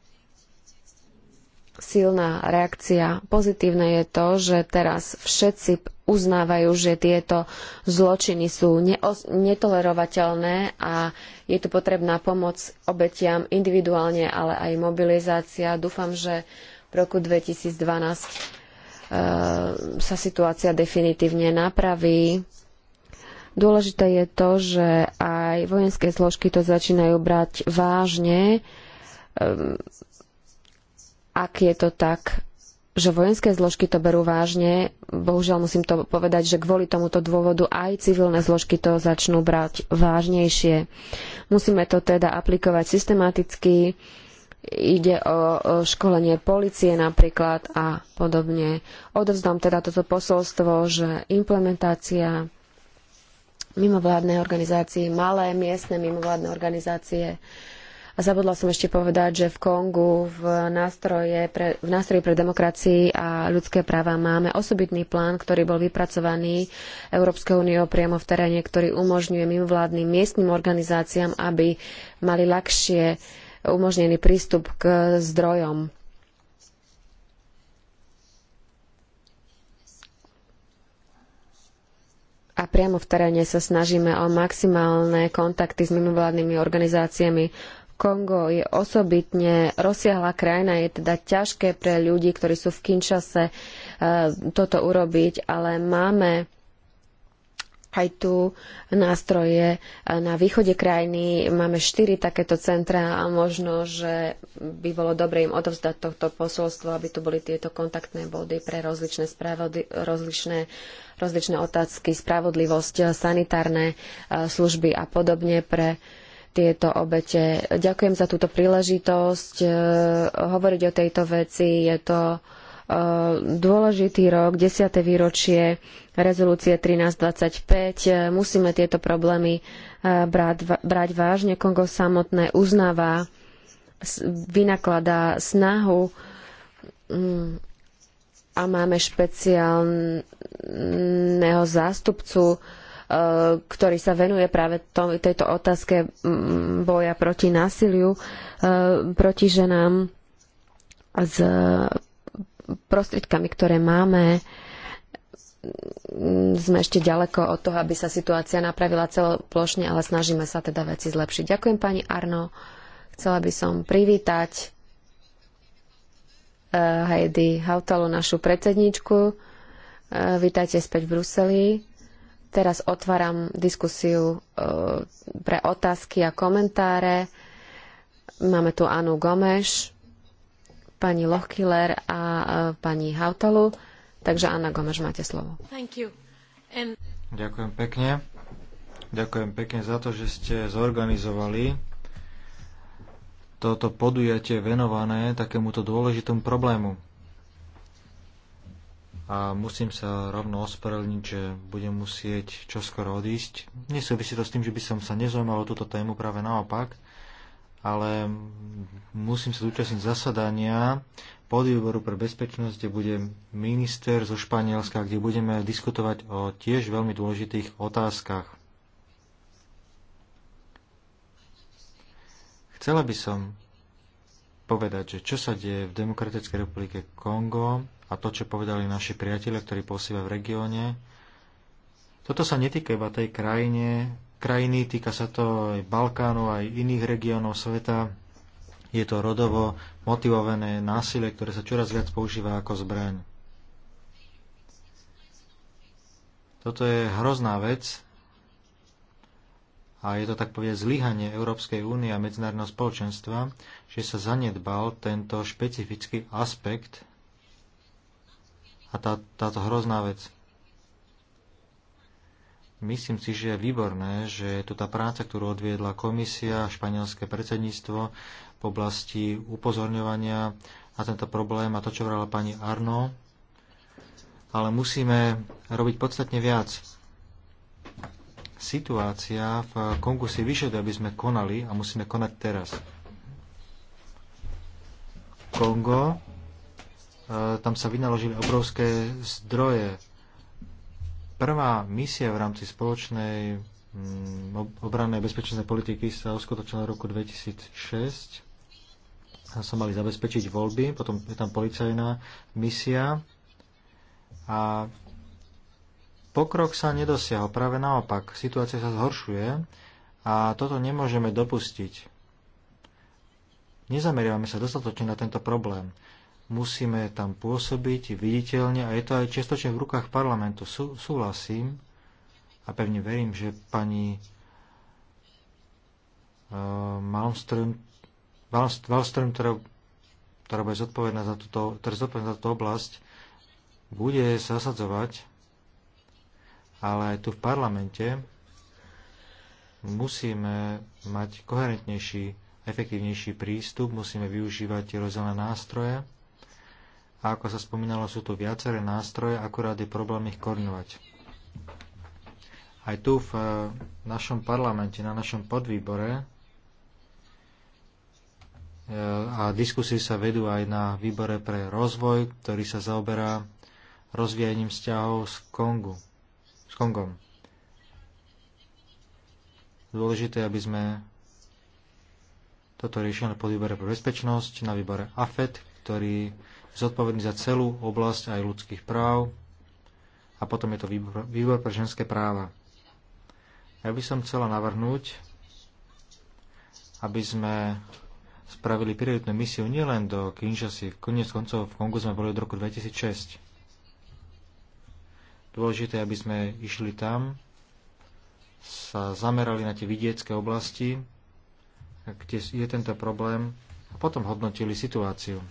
silná reakcia. Pozitívne je to, že teraz všetci uznávajú, že tieto zločiny sú netolerovateľné a je tu potrebná pomoc obetiam individuálne, ale aj mobilizácia. Dúfam, že v roku 2012 e, eh, sa situácia definitívne napraví. Dôležité je to, že aj vojenské zložky to začínajú brať vážne. E, ak je to tak, že vojenské zložky to berú vážne, bohužiaľ musím to povedať, že kvôli tomuto dôvodu aj civilné zložky to začnú brať vážnejšie. Musíme to teda aplikovať systematicky, ide o školenie policie napríklad a podobne. Odovzdám teda toto posolstvo, že implementácia mimovládnej organizácie, malé miestne mimovládne organizácie a zabudla som ešte povedať, že v Kongu v, nástroje pre, v nástroji pre demokracii a ľudské práva máme osobitný plán, ktorý bol vypracovaný Európskou úniou priamo v teréne, ktorý umožňuje mimovládnym miestnym organizáciám, aby mali ľahšie umožnený prístup k zdrojom a priamo v teréne sa snažíme o maximálne kontakty s mimovládnymi organizáciami Kongo je osobitne rozsiahla krajina, je teda ťažké pre ľudí, ktorí sú v Kinshase, e, toto urobiť, ale máme aj tu nástroje e, na východe krajiny. Máme štyri takéto centra a možno, že by bolo dobre im odovzdať tohto posolstvo, aby tu boli tieto kontaktné body pre rozličné, rozličné, rozličné otázky, spravodlivosť, sanitárne e, služby a podobne pre uh, tieto obete. Ďakujem za túto príležitosť eh, hovoriť o tejto veci. Je to eh, dôležitý rok, 10. výročie rezolúcie 1325. Eh, musíme tieto problémy brať, brať vážne. Kongo samotné uznáva, vynakladá snahu mm, a máme špeciálneho zástupcu E, ktorý sa venuje práve tejto otázke boja proti násiliu e, proti ženám s prostriedkami, ktoré máme sme ešte ďaleko od toho, aby sa situácia napravila celoplošne, ale snažíme sa teda veci zlepšiť. Ďakujem pani Arno. Chcela by som privítať e, Heidi Hautalu, našu predsedničku. Vítajte späť v Bruseli. Teraz otváram diskusiu e, pre otázky a komentáre. Máme tu Anu Gomeš, pani Lochkiller a e, pani Hautalu. Takže Anna Gomeš, máte slovo. And... Ďakujem pekne. Ďakujem pekne za to, že ste zorganizovali toto podujatie venované takémuto dôležitému problému a musím sa rovno ospravedlniť, že budem musieť čoskoro odísť. Nesúvisí to s tým, že by som sa nezaujímal o túto tému, práve naopak, ale musím sa zúčastniť zasadania podvýboru pre bezpečnosť, kde bude minister zo Španielska, kde budeme diskutovať o tiež veľmi dôležitých otázkach. Chcela by som povedať, že čo sa deje v Demokratickej republike Kongo a to, čo povedali naši priatelia, ktorí posíva v regióne. Toto sa netýka iba tej krajine, krajiny, týka sa to aj Balkánu, aj iných regiónov sveta. Je to rodovo motivované násilie, ktoré sa čoraz viac používa ako zbraň. Toto je hrozná vec a je to tak povedať zlyhanie Európskej únie a medzinárodného spoločenstva, že sa zanedbal tento špecifický aspekt a tá, táto hrozná vec. Myslím si, že je výborné, že je tu tá práca, ktorú odviedla komisia, a španielské predsedníctvo v oblasti upozorňovania na tento problém a to, čo vrala pani Arno. Ale musíme robiť podstatne viac. Situácia v Kongu si vyžaduje, aby sme konali a musíme konať teraz. Kongo tam sa vynaložili obrovské zdroje. Prvá misia v rámci spoločnej mm, obrannej bezpečnostnej politiky sa uskutočnila v roku 2006. Sa mali zabezpečiť voľby, potom je tam policajná misia a pokrok sa nedosiahol. Práve naopak, situácia sa zhoršuje a toto nemôžeme dopustiť. Nezameriavame sa dostatočne na tento problém musíme tam pôsobiť viditeľne a je to aj čiastočne v rukách parlamentu. Sú, súhlasím a pevne verím, že pani uh, Malmström, ktorá, ktorá bude zodpovedná za túto, ktorá zodpovedná za túto oblasť, bude zasadzovať, ale aj tu v parlamente musíme mať koherentnejší, efektívnejší prístup, musíme využívať rozdielne nástroje, a ako sa spomínalo, sú tu viaceré nástroje, akurát je problém ich koordinovať. Aj tu v eh, našom parlamente, na našom podvýbore eh, a diskusie sa vedú aj na výbore pre rozvoj, ktorý sa zaoberá rozvíjaním vzťahov s, Kongu, s Kongom. Dôležité, aby sme toto riešili na podvýbore pre bezpečnosť, na výbore AFET, ktorý zodpovedný za celú oblasť aj ľudských práv a potom je to výbor, výbor pre ženské práva. Ja by som chcela navrhnúť, aby sme spravili prioritnú misiu nielen do Kinshasy, koniec koncov v Kongu sme boli od roku 2006. Dôležité, aby sme išli tam, sa zamerali na tie vidiecké oblasti, kde je tento problém a potom hodnotili situáciu.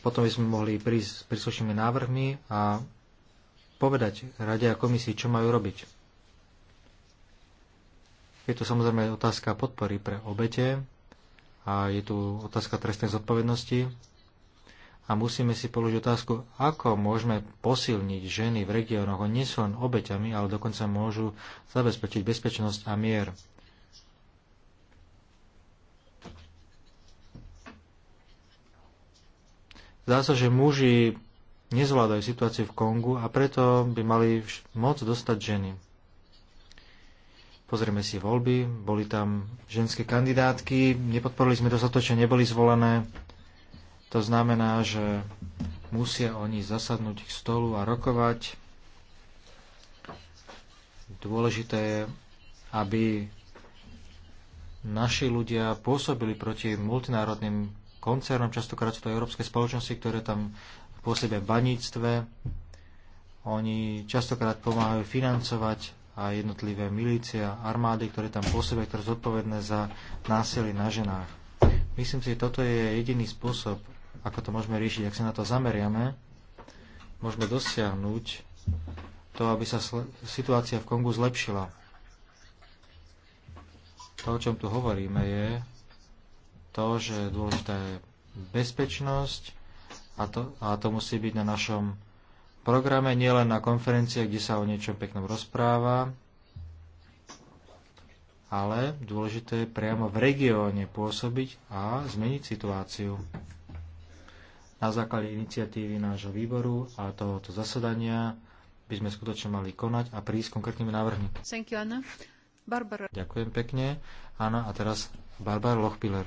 Potom by sme mohli prísť s príslušnými návrhmi a povedať Rade a komisii, čo majú robiť. Je to samozrejme otázka podpory pre obete a je tu otázka trestnej zodpovednosti. A musíme si položiť otázku, ako môžeme posilniť ženy v regiónoch. Oni nie sú len obeťami, ale dokonca môžu zabezpečiť bezpečnosť a mier. Zdá sa, že muži nezvládajú situáciu v Kongu a preto by mali moc dostať ženy. Pozrieme si voľby, boli tam ženské kandidátky, nepodporili sme dostatočne, neboli zvolené. To znamená, že musia oni zasadnúť k stolu a rokovať. Dôležité je, aby naši ľudia pôsobili proti multinárodným koncernom, častokrát sú to európske spoločnosti, ktoré tam pôsobia v baníctve. Oni častokrát pomáhajú financovať a jednotlivé milícia, armády, ktoré tam pôsobia, ktoré sú zodpovedné za násilie na ženách. Myslím si, že toto je jediný spôsob, ako to môžeme riešiť. Ak sa na to zameriame, môžeme dosiahnuť to, aby sa situácia v Kongu zlepšila. To, o čom tu hovoríme, je, to, že dôležitá je bezpečnosť a to, a to musí byť na našom programe, nielen na konferenciách, kde sa o niečom peknom rozpráva, ale dôležité je priamo v regióne pôsobiť a zmeniť situáciu. Na základe iniciatívy nášho výboru a tohoto zasadania by sme skutočne mali konať a prísť konkrétnymi návrhmi. Thank you, Anna. Barbara. Ďakujem pekne. Áno a teraz Barbara Lochpiller.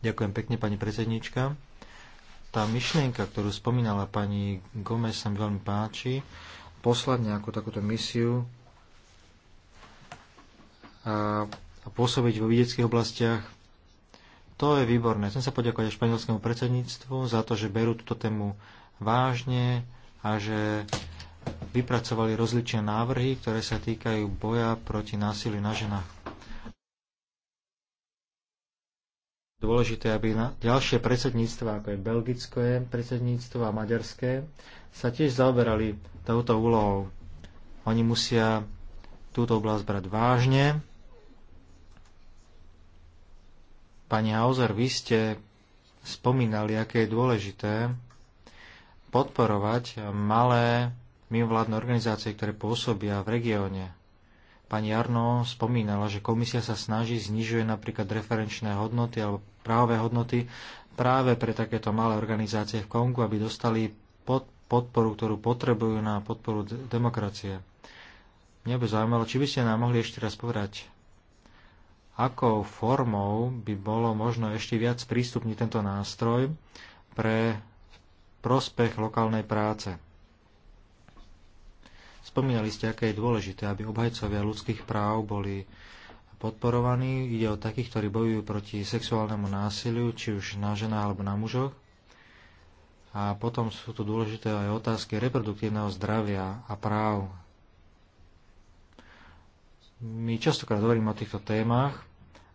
Ďakujem pekne, pani predsednička. Tá myšlienka, ktorú spomínala pani Gomez, sa mi veľmi páči. Poslať nejakú takúto misiu a, a pôsobiť vo vidieckých oblastiach, to je výborné. Chcem sa poďakovať španielskému predsedníctvu za to, že berú túto tému vážne a že vypracovali rozličné návrhy, ktoré sa týkajú boja proti násiliu na ženách dôležité, aby na ďalšie predsedníctva, ako je belgické predsedníctvo a maďarské, sa tiež zaoberali touto úlohou. Oni musia túto oblasť brať vážne. Pani Hauser, vy ste spomínali, aké je dôležité podporovať malé mimovládne organizácie, ktoré pôsobia v regióne. Pani Arno spomínala, že komisia sa snaží, znižuje napríklad referenčné hodnoty alebo právové hodnoty práve pre takéto malé organizácie v Kongu, aby dostali pod podporu, ktorú potrebujú na podporu demokracie. Mňa by zaujímalo, či by ste nám mohli ešte raz povedať, akou formou by bolo možno ešte viac prístupniť tento nástroj pre prospech lokálnej práce. Spomínali ste, aké je dôležité, aby obhajcovia ľudských práv boli podporovaní. Ide o takých, ktorí bojujú proti sexuálnemu násiliu, či už na ženách alebo na mužoch. A potom sú tu dôležité aj otázky reproduktívneho zdravia a práv. My častokrát hovoríme o týchto témach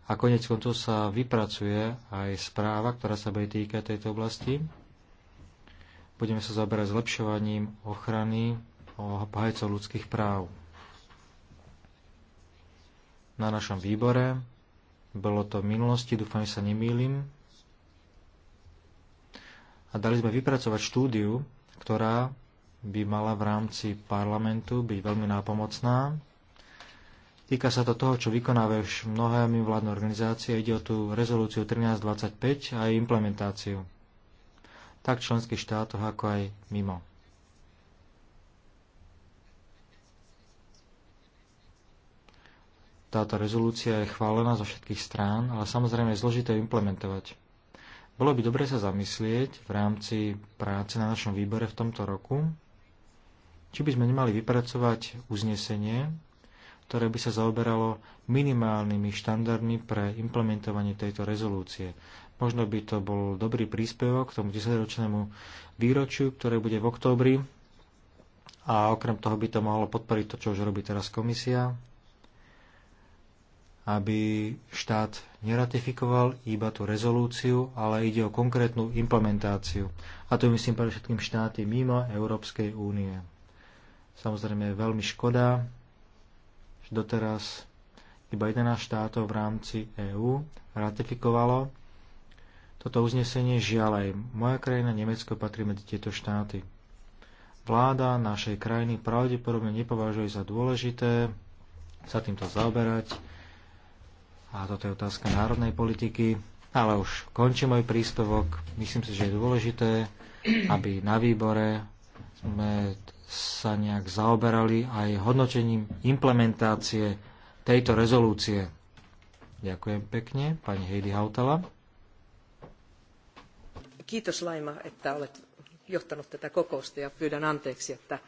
a konec koncov sa vypracuje aj správa, ktorá sa bude týkať tejto oblasti. Budeme sa zaberať zlepšovaním ochrany obhajcov ľudských práv. Na našom výbore, bolo to v minulosti, dúfam, že sa nemýlim, a dali sme vypracovať štúdiu, ktorá by mala v rámci parlamentu byť veľmi nápomocná. Týka sa to toho, čo vykonávajú mnohé mimovládne organizácie. Ide o tú rezolúciu 1325 a jej implementáciu. Tak členských štátoch, ako aj mimo. Táto rezolúcia je chválená zo všetkých strán, ale samozrejme je zložité implementovať. Bolo by dobre sa zamyslieť v rámci práce na našom výbore v tomto roku, či by sme nemali vypracovať uznesenie, ktoré by sa zaoberalo minimálnymi štandardmi pre implementovanie tejto rezolúcie. Možno by to bol dobrý príspevok k tomu 10-ročnému výročiu, ktoré bude v októbri a okrem toho by to mohlo podporiť to, čo už robí teraz komisia aby štát neratifikoval iba tú rezolúciu, ale ide o konkrétnu implementáciu. A to myslím pre všetkým štáty mimo Európskej únie. Samozrejme je veľmi škoda, že doteraz iba 11 štátov v rámci EÚ ratifikovalo toto uznesenie. Žiaľ aj moja krajina, Nemecko, patrí medzi tieto štáty. Vláda našej krajiny pravdepodobne nepovažuje za dôležité sa týmto zaoberať a toto je otázka národnej politiky, ale už končí môj príspevok. Myslím si, že je dôležité, aby na výbore sme sa nejak zaoberali aj hodnotením implementácie tejto rezolúcie. Ďakujem pekne, pani Heidi Hautala. Kiitos Laima, että olet johtanut tätä kokousta ja pyydän anteeksi, että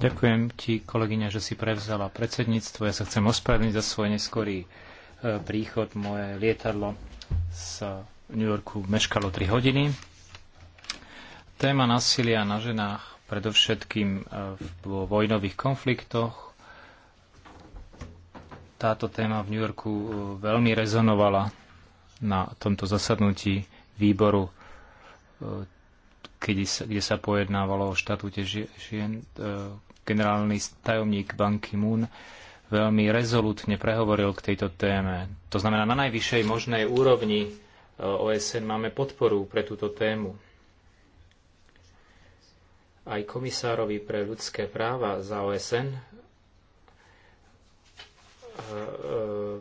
Ďakujem ti, kolegyňa, že si prevzala predsedníctvo. Ja sa chcem ospravedlniť za svoj neskorý e, príchod. Moje lietadlo z New Yorku meškalo 3 hodiny. Téma násilia na ženách, predovšetkým e, vo vojnových konfliktoch. Táto téma v New Yorku e, veľmi rezonovala na tomto zasadnutí výboru kedy sa, kde sa pojednávalo o štatúte žien, e, generálny tajomník Banky Moon veľmi rezolutne prehovoril k tejto téme. To znamená, na najvyššej možnej úrovni e, OSN máme podporu pre túto tému. Aj komisárovi pre ľudské práva za OSN e,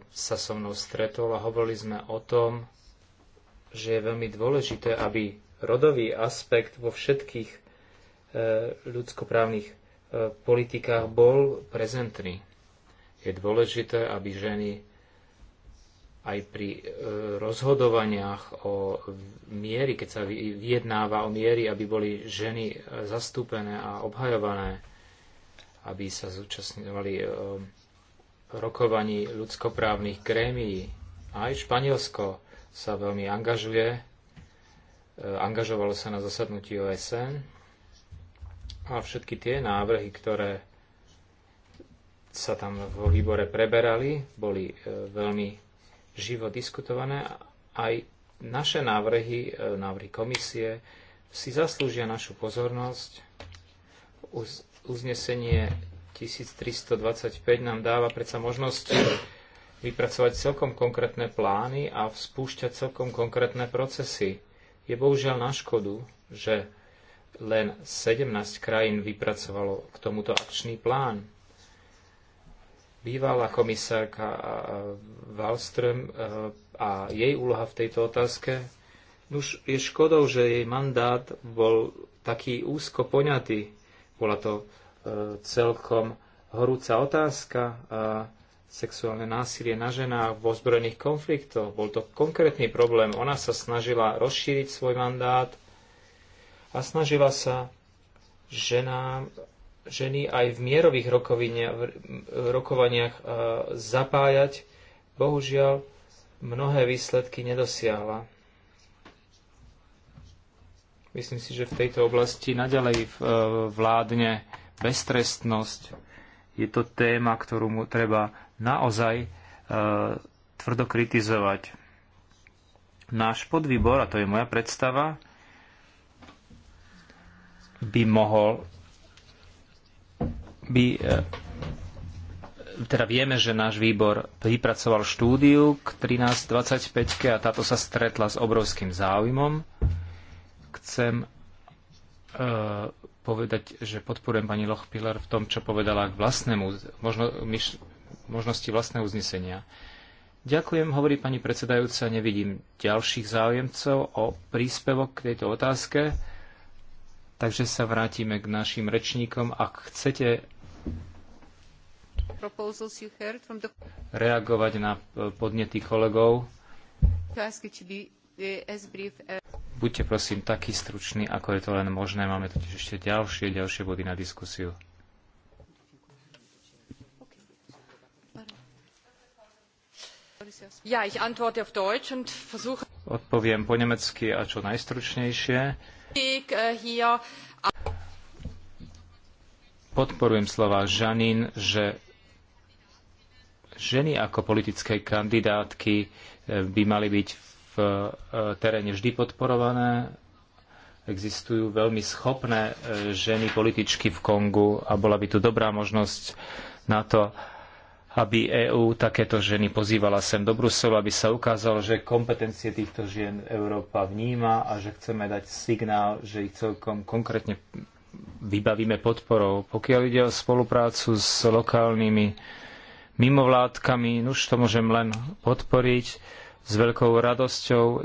sa so mnou stretol a hovorili sme o tom, že je veľmi dôležité, aby rodový aspekt vo všetkých e, ľudskoprávnych e, politikách bol prezentný. Je dôležité, aby ženy aj pri e, rozhodovaniach o miery, keď sa vyjednáva o miery, aby boli ženy zastúpené a obhajované, aby sa zúčastňovali rokovaní ľudskoprávnych krémií Aj Španielsko sa veľmi angažuje E, angažovalo sa na zasadnutí OSN a všetky tie návrhy, ktoré sa tam vo výbore preberali, boli e, veľmi živo diskutované. Aj naše návrhy, e, návrhy komisie, si zaslúžia našu pozornosť. uznesenie 1325 nám dáva predsa možnosť vypracovať celkom konkrétne plány a spúšťať celkom konkrétne procesy. Je bohužiaľ na škodu, že len 17 krajín vypracovalo k tomuto akčný plán. Bývalá komisárka eh, Wallström eh, a jej úloha v tejto otázke už je škodou, že jej mandát bol taký úzko poňatý. Bola to eh, celkom horúca otázka sexuálne násilie na ženách v ozbrojených konfliktoch. Bol to konkrétny problém. Ona sa snažila rozšíriť svoj mandát a snažila sa ženám, ženy aj v mierových rokovaniach e, zapájať. Bohužiaľ, mnohé výsledky nedosiahla. Myslím si, že v tejto oblasti naďalej e, vládne beztrestnosť. Je to téma, ktorú mu treba naozaj e, tvrdo kritizovať. Náš podvýbor, a to je moja predstava, by mohol by e, teda vieme, že náš výbor vypracoval štúdiu k 13.25 a táto sa stretla s obrovským záujmom. Chcem e, povedať, že podporujem pani Lochpiller v tom, čo povedala k vlastnému, možno myš, možnosti vlastného uznesenia. Ďakujem, hovorí pani predsedajúca, nevidím ďalších záujemcov o príspevok k tejto otázke, takže sa vrátime k našim rečníkom. Ak chcete reagovať na e, podnety kolegov, e, buďte prosím taký stručný, ako je to len možné. Máme totiž ešte ďalšie, ďalšie body na diskusiu. Ja, ich antworte auf Deutsch und versuche... Odpoviem po nemecky a čo najstručnejšie. Äh, Podporujem slova Žanin, že ženy ako politické kandidátky äh, by mali byť v äh, teréne vždy podporované. Existujú veľmi schopné ženy političky v Kongu a bola by tu dobrá možnosť na to, aby EÚ takéto ženy pozývala sem do Bruselu, aby sa ukázalo, že kompetencie týchto žien Európa vníma a že chceme dať signál, že ich celkom konkrétne vybavíme podporou. Pokiaľ ide o spoluprácu s lokálnymi mimovládkami, už to môžem len podporiť. S veľkou radosťou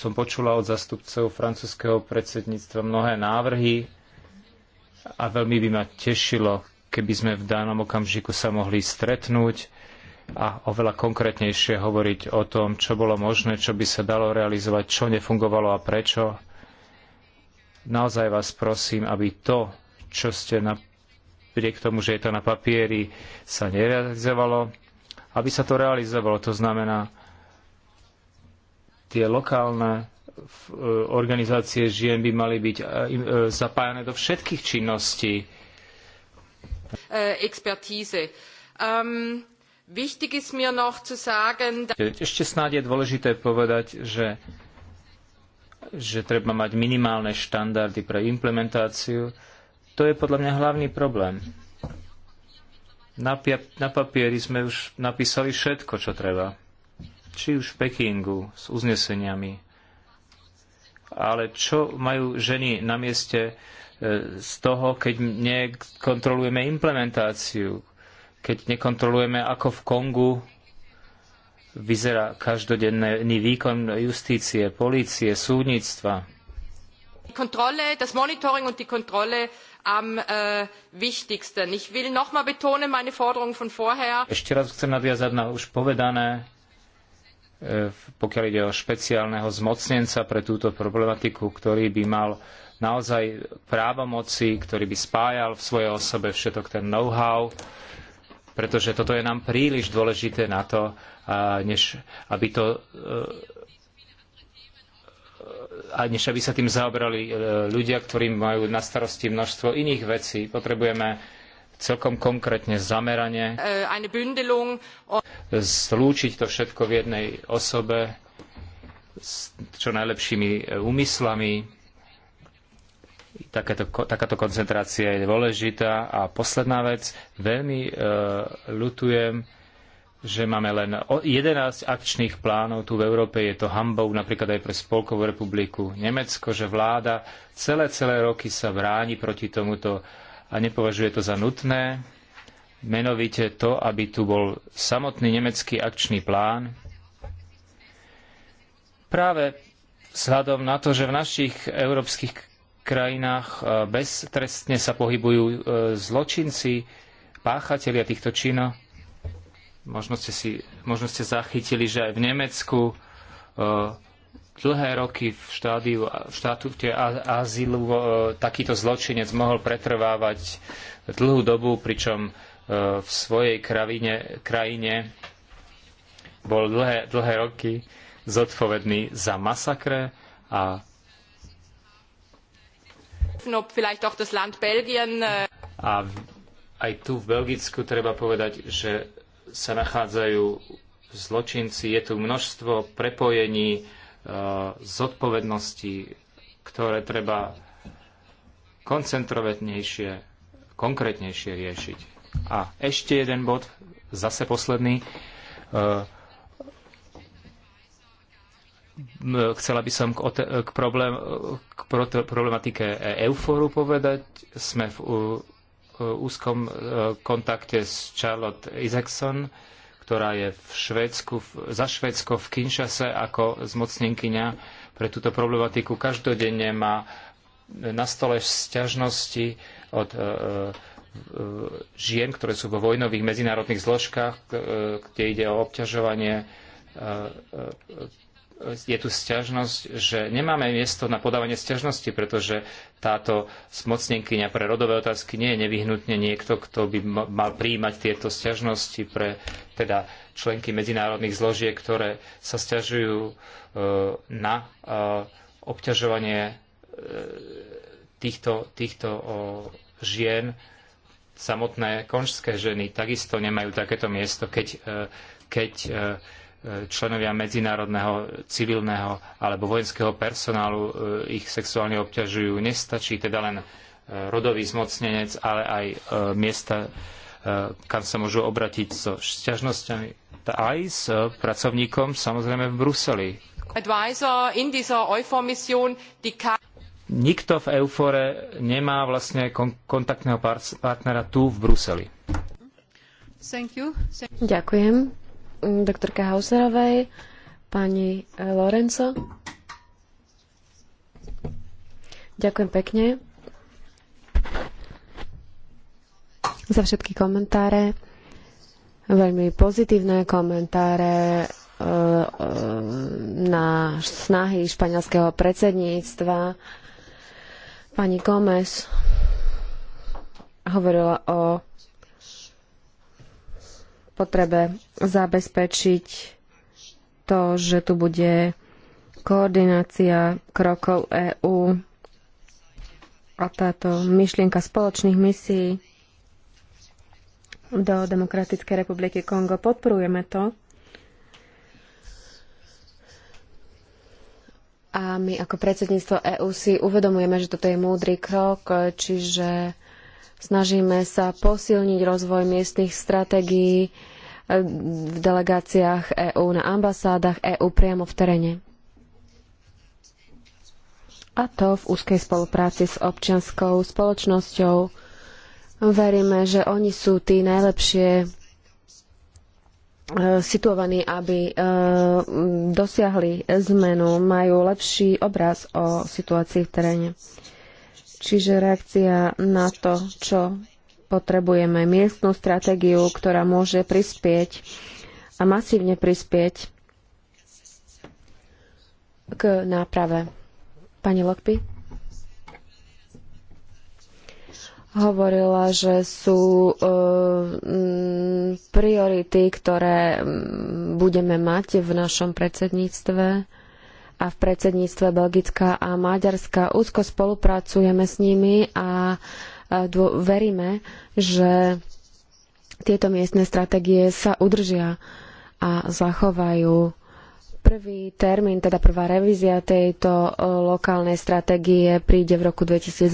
som počula od zastupcov francúzského predsedníctva mnohé návrhy a veľmi by ma tešilo, keby sme v danom okamžiku sa mohli stretnúť a oveľa konkrétnejšie hovoriť o tom, čo bolo možné, čo by sa dalo realizovať, čo nefungovalo a prečo. Naozaj vás prosím, aby to, čo ste napriek tomu, že je to na papieri, sa nerealizovalo, aby sa to realizovalo. To znamená, tie lokálne eh, organizácie žien by mali byť eh, eh, zapájane do všetkých činností, Um, wichtig ist mir noch zu sagen... Ešte snáď je dôležité povedať, že že treba mať minimálne štandardy pre implementáciu. To je podľa mňa hlavný problém. Na, na papieri sme už napísali všetko, čo treba. Či už v Pekingu s uzneseniami. Ale čo majú ženy na mieste E, z toho, keď nekontrolujeme implementáciu, keď nekontrolujeme, ako v Kongu vyzerá každodenný výkon justície, polície, súdnictva. Kontrolle, das Monitoring und die Kontrolle am äh, wichtigsten. Ich will noch mal betonen meine Forderung von vorher. Ešte raz chcem nadviazať na už povedané, e, pokiaľ ide o špeciálneho zmocnenca pre túto problematiku, ktorý by mal naozaj právomoci, ktorý by spájal v svojej osobe všetok ten know-how, pretože toto je nám príliš dôležité na to, než aby to e, a než aby sa tým zaobrali e, ľudia, ktorí majú na starosti množstvo iných vecí. Potrebujeme celkom konkrétne zameranie, e, zlúčiť to všetko v jednej osobe s čo najlepšími úmyslami, Takéto, takáto koncentrácia je dôležitá. A posledná vec, veľmi e, ľutujem, že máme len 11 akčných plánov tu v Európe. Je to hambou napríklad aj pre Spolkovú republiku Nemecko, že vláda celé, celé roky sa bráni proti tomuto a nepovažuje to za nutné. Menovite to, aby tu bol samotný nemecký akčný plán. Práve vzhľadom na to, že v našich európskych krajinách e, beztrestne sa pohybujú e, zločinci, páchatelia týchto činov. Možno ste, si, možno ste zachytili, že aj v Nemecku e, dlhé roky v, štádiu, v štatúte azylu takýto zločinec mohol pretrvávať dlhú dobu, pričom v svojej kravine, krajine bol dlhé, dlhé roky zodpovedný za masakre a Äh, A aj tu v Belgicku treba povedať, že sa nachádzajú zločinci, je tu množstvo prepojení, e, zodpovedností, ktoré treba koncentrovetnejšie, konkrétnejšie riešiť. A ešte jeden bod, zase posledný. E, chcela by som k, k, problém, k problematike Euforu povedať. Sme v úzkom e, kontakte s Charlotte Isaacson, ktorá je v Švédsku, za Švédsko v Kinshase ako zmocnenkyňa pre túto problematiku. Každodenne má na stole sťažnosti od e, e, žien, ktoré sú vo vojnových medzinárodných zložkách, kde ide o obťažovanie je tu sťažnosť, že nemáme miesto na podávanie sťažnosti, pretože táto smocnenkyňa pre rodové otázky nie je nevyhnutne niekto, kto by mal príjmať tieto sťažnosti pre teda členky medzinárodných zložiek, ktoré sa sťažujú e, na e, obťažovanie e, týchto, týchto žien. Samotné konžské ženy takisto nemajú takéto miesto, keď, keď členovia medzinárodného, civilného alebo vojenského personálu e, ich sexuálne obťažujú. Nestačí teda len e, rodový zmocnenec, ale aj e, miesta, kam sa môžu obratiť so šťažnosťami aj s pracovníkom samozrejme v Bruseli. Nikto v Eufore nemá vlastne kontaktného partnera tu v Bruseli. Ďakujem doktorke Hauserovej, pani e, Lorenzo. Ďakujem pekne za všetky komentáre. Veľmi pozitívne komentáre e, e, na snahy španielského predsedníctva. Pani Gomez hovorila o potrebe zabezpečiť to, že tu bude koordinácia krokov EÚ a táto myšlienka spoločných misií do Demokratickej republiky Kongo. Podporujeme to. A my ako predsedníctvo EÚ si uvedomujeme, že toto je múdry krok, čiže snažíme sa posilniť rozvoj miestnych stratégií v delegáciách EÚ, na ambasádach EÚ priamo v teréne. A to v úzkej spolupráci s občianskou spoločnosťou. Veríme, že oni sú tí najlepšie e, situovaní, aby e, dosiahli zmenu, majú lepší obraz o situácii v teréne. Čiže reakcia na to, čo Potrebujeme miestnú stratégiu, ktorá môže prispieť a masívne prispieť k náprave. Pani Lokpi? hovorila, že sú e, priority, ktoré budeme mať v našom predsedníctve a v predsedníctve Belgická a Maďarska. Úzko spolupracujeme s nimi a veríme, že tieto miestne stratégie sa udržia a zachovajú. Prvý termín, teda prvá revízia tejto e, lokálnej stratégie príde v roku 2012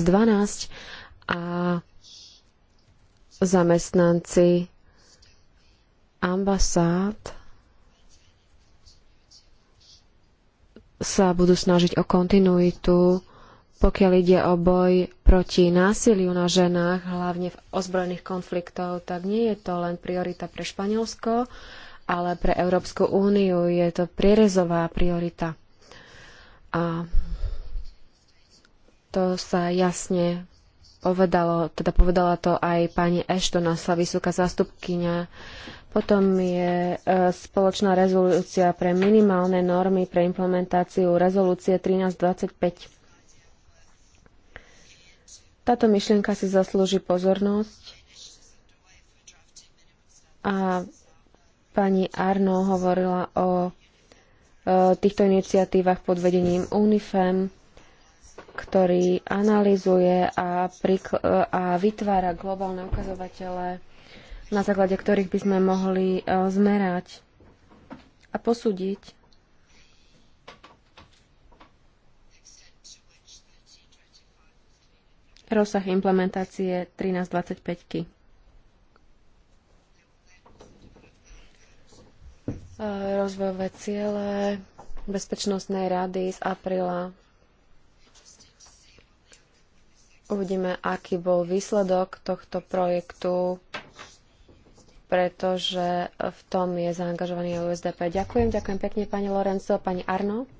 a zamestnanci ambasád sa budú snažiť o kontinuitu pokiaľ ide o boj proti násiliu na ženách, hlavne v ozbrojených konfliktoch, tak nie je to len priorita pre Španielsko, ale pre Európsku úniu je to prierezová priorita. A to sa jasne povedalo, teda povedala to aj pani Eštona, sa vysoká zástupkyňa. Potom je e, spoločná rezolúcia pre minimálne normy pre implementáciu rezolúcie 1325 táto myšlienka si zaslúži pozornosť a pani Arno hovorila o týchto iniciatívach pod vedením UNIFEM, ktorý analizuje a, e, a vytvára globálne ukazovatele, na základe ktorých by sme mohli e, zmerať a posúdiť Rozsah implementácie 1325 e, Rozvojové ciele Bezpečnostnej rady z apríla. Uvidíme, aký bol výsledok tohto projektu pretože v tom je zaangažovaný USDP. Ďakujem, ďakujem pekne pani Lorenzo, pani Arno.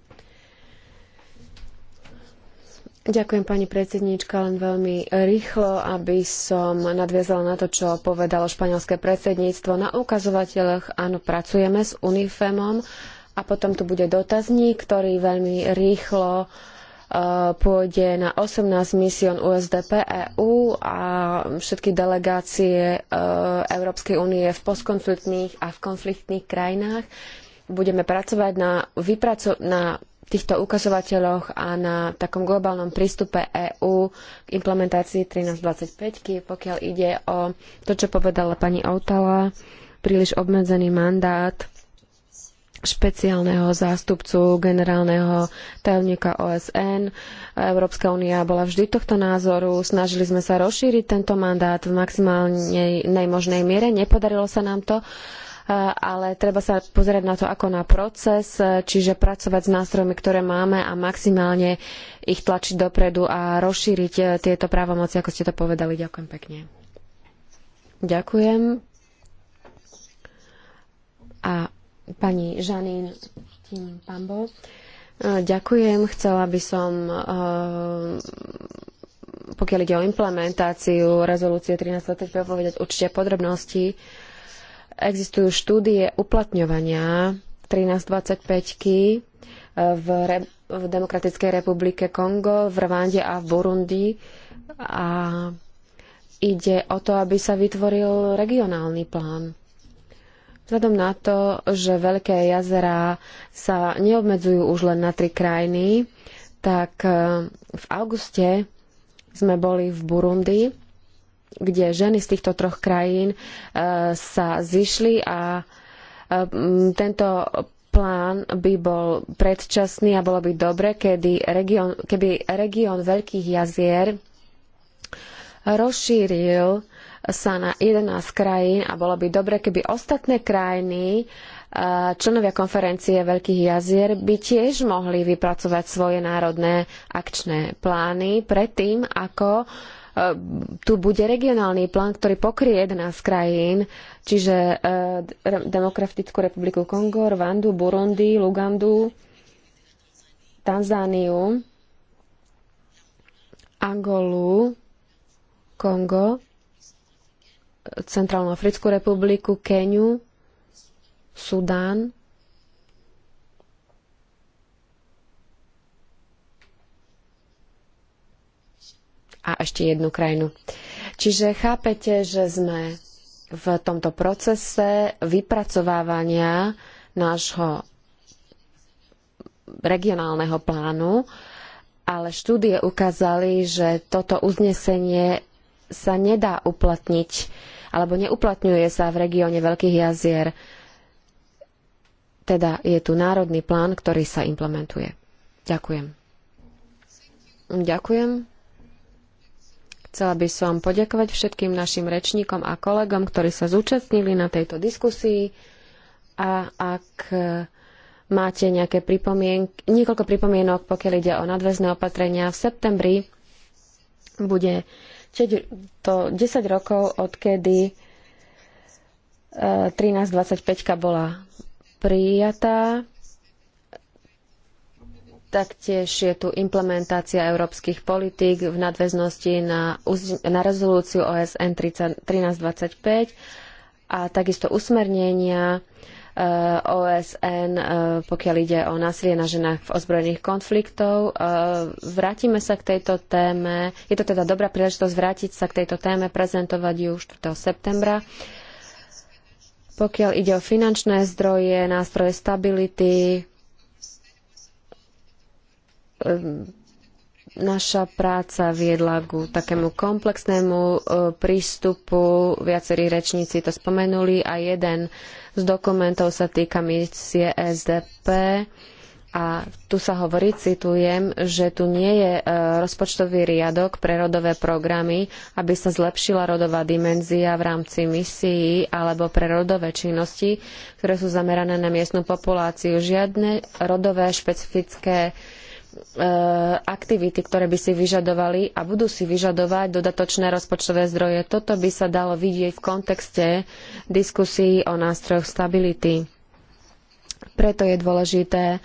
Ďakujem pani predsedníčka, len veľmi rýchlo, aby som nadviazala na to, čo povedalo španielské predsedníctvo. Na ukazovateľoch áno, pracujeme s Unifemom a potom tu bude dotazník, ktorý veľmi rýchlo e, pôjde na 18 misión USDP EU a všetky delegácie e, Európskej únie v postkonfliktných a v konfliktných krajinách. Budeme pracovať na, vypraco- na týchto ukazovateľoch a na takom globálnom prístupe EÚ k implementácii 1325, pokiaľ ide o to, čo povedala pani Outala, príliš obmedzený mandát špeciálneho zástupcu generálneho tajomníka OSN. Európska únia bola vždy tohto názoru. Snažili sme sa rozšíriť tento mandát v maximálnej možnej miere. Nepodarilo sa nám to. Uh, ale treba sa pozerať na to ako na proces, čiže pracovať s nástrojmi, ktoré máme a maximálne ich tlačiť dopredu a rozšíriť eh, tieto právomoci, ako ste to povedali. Ďakujem pekne. Ďakujem. A pani Žanín Pambo. Eh, ďakujem. Chcela by som, eh, pokiaľ ide o implementáciu rezolúcie 1325, povedať určite podrobnosti. Existujú štúdie uplatňovania 1325-ky e, v, Re- v Demokratickej republike Kongo, v Rwande a v Burundi a ide o to, aby sa vytvoril regionálny plán. Vzhľadom na to, že veľké jazera sa neobmedzujú už len na tri krajiny, tak e, v auguste sme boli v Burundi kde ženy z týchto troch krajín e, sa zišli a e, tento plán by bol predčasný a bolo by dobre, kedy region, keby región Veľkých jazier rozšíril sa na 11 krajín a bolo by dobre, keby ostatné krajiny e, členovia konferencie Veľkých jazier by tiež mohli vypracovať svoje národné akčné plány predtým, ako uh, Ehm, tu bude regionálny plán, ktorý pokrie 11 krajín, čiže ehm, Demokratickú republiku Kongo, Rwandu, Burundi, Lugandu, Tanzániu, Angolu, Kongo, Centrálnu Africkú republiku, Keniu, Sudán, a ešte jednu krajinu. Čiže chápete, že sme v tomto procese vypracovávania nášho regionálneho plánu, ale štúdie ukázali, že toto uznesenie sa nedá uplatniť alebo neuplatňuje sa v regióne Veľkých jazier. Teda je tu národný plán, ktorý sa implementuje. Ďakujem. Ďakujem. Chcela by som poďakovať všetkým našim rečníkom a kolegom, ktorí sa zúčastnili na tejto diskusii a ak e, máte nejaké pripomienky, niekoľko pripomienok, pokiaľ ide o nadväzné opatrenia v septembri, bude to 10 rokov, odkedy 1325 e, bola prijatá Taktiež je tu implementácia európskych politík v nadväznosti na, na rezolúciu OSN 1325 a takisto usmernenia eh, OSN, eh, pokiaľ ide o násilie na ženách v ozbrojených konfliktov. Eh, vrátime sa k tejto téme. Je to teda dobrá príležitosť vrátiť sa k tejto téme, prezentovať ju 4. septembra. Pokiaľ ide o finančné zdroje, nástroje stability, naša práca viedla ku takému komplexnému e, prístupu. Viacerí rečníci to spomenuli a jeden z dokumentov sa týka misie SDP. A tu sa hovorí, citujem, že tu nie je e, rozpočtový riadok pre rodové programy, aby sa zlepšila rodová dimenzia v rámci misií alebo pre rodové činnosti, ktoré sú zamerané na miestnu populáciu. Žiadne rodové špecifické E, aktivity, ktoré by si vyžadovali a budú si vyžadovať dodatočné rozpočtové zdroje. Toto by sa dalo vidieť v kontexte diskusí o nástrojoch stability. Preto je dôležité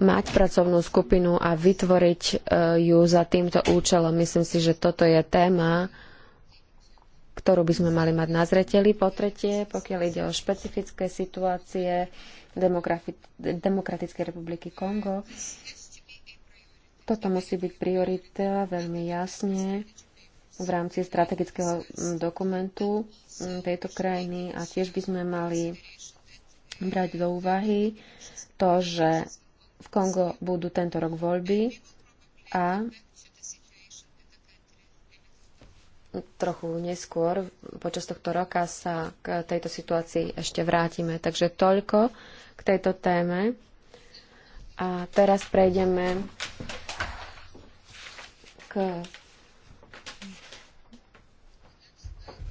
mať pracovnú skupinu a vytvoriť e, ju za týmto účelom. Myslím si, že toto je téma, ktorú by sme mali mať na zreteli. Po tretie, pokiaľ ide o špecifické situácie Demokratickej republiky Kongo, toto musí byť priorita veľmi jasne v rámci strategického mm, dokumentu mm, tejto krajiny a tiež by sme mali brať do úvahy to, že v Kongo budú tento rok voľby a trochu neskôr počas tohto roka sa k tejto situácii ešte vrátime. Takže toľko k tejto téme. A teraz prejdeme k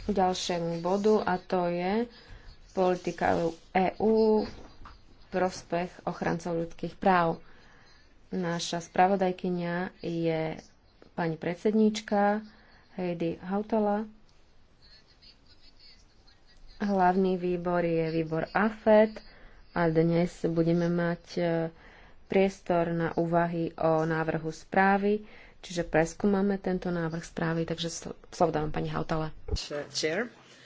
ďalšiemu bodu a to je politika EÚ prospech ochrancov ľudských práv. Naša spravodajkynia je pani predsedníčka Heidi Hautala. Hlavný výbor je výbor AFED a dnes budeme mať eh, priestor na úvahy o návrhu správy. Čiže preskúmame tento návrh správy, takže slovo dávam pani Hautala.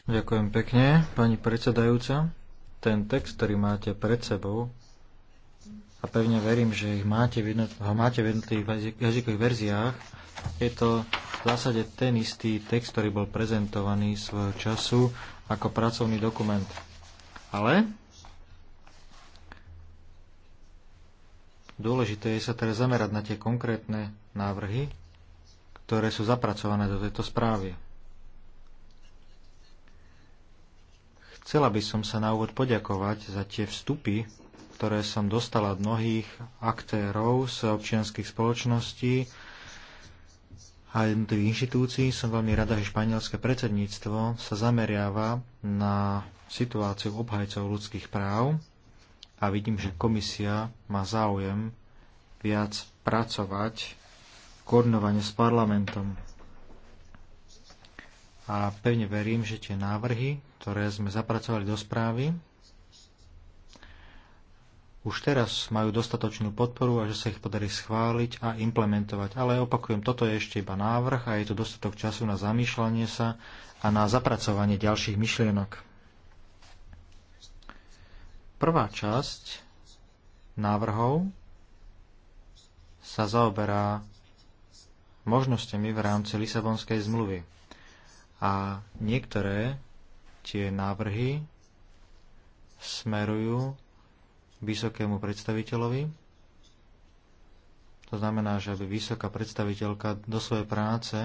Ďakujem pekne, pani predsedajúca. Ten text, ktorý máte pred sebou, a pevne verím, že ich máte v jednot- ho máte v jednotlivých jazykových verziách, je to v zásade ten istý text, ktorý bol prezentovaný svojho času ako pracovný dokument. Ale Dôležité je sa teraz zamerať na tie konkrétne návrhy, ktoré sú zapracované do tejto správy. Chcela by som sa na úvod poďakovať za tie vstupy, ktoré som dostala od mnohých aktérov z občianských spoločností a jednotlivých inštitúcií. Som veľmi rada, že španielské predsedníctvo sa zameriava na situáciu obhajcov ľudských práv a vidím, že komisia má záujem viac pracovať koordinovane s parlamentom. A pevne verím, že tie návrhy, ktoré sme zapracovali do správy, už teraz majú dostatočnú podporu a že sa ich podarí schváliť a implementovať. Ale opakujem, toto je ešte iba návrh a je tu dostatok času na zamýšľanie sa a na zapracovanie ďalších myšlienok. Prvá časť návrhov sa zaoberá možnosťami v rámci Lisabonskej zmluvy. A niektoré tie návrhy smerujú vysokému predstaviteľovi. To znamená, že aby vysoká predstaviteľka do svojej práce,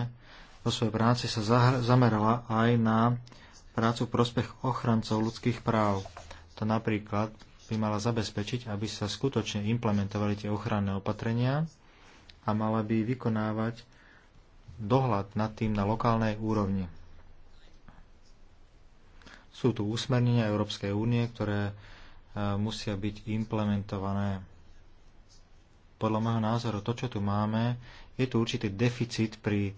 do svojej práce sa zamerala aj na prácu v prospech ochrancov ľudských práv to napríklad by mala zabezpečiť, aby sa skutočne implementovali tie ochranné opatrenia a mala by vykonávať dohľad nad tým na lokálnej úrovni. Sú tu úsmernenia Európskej únie, ktoré e, musia byť implementované. Podľa môjho názoru to, čo tu máme, je tu určitý deficit pri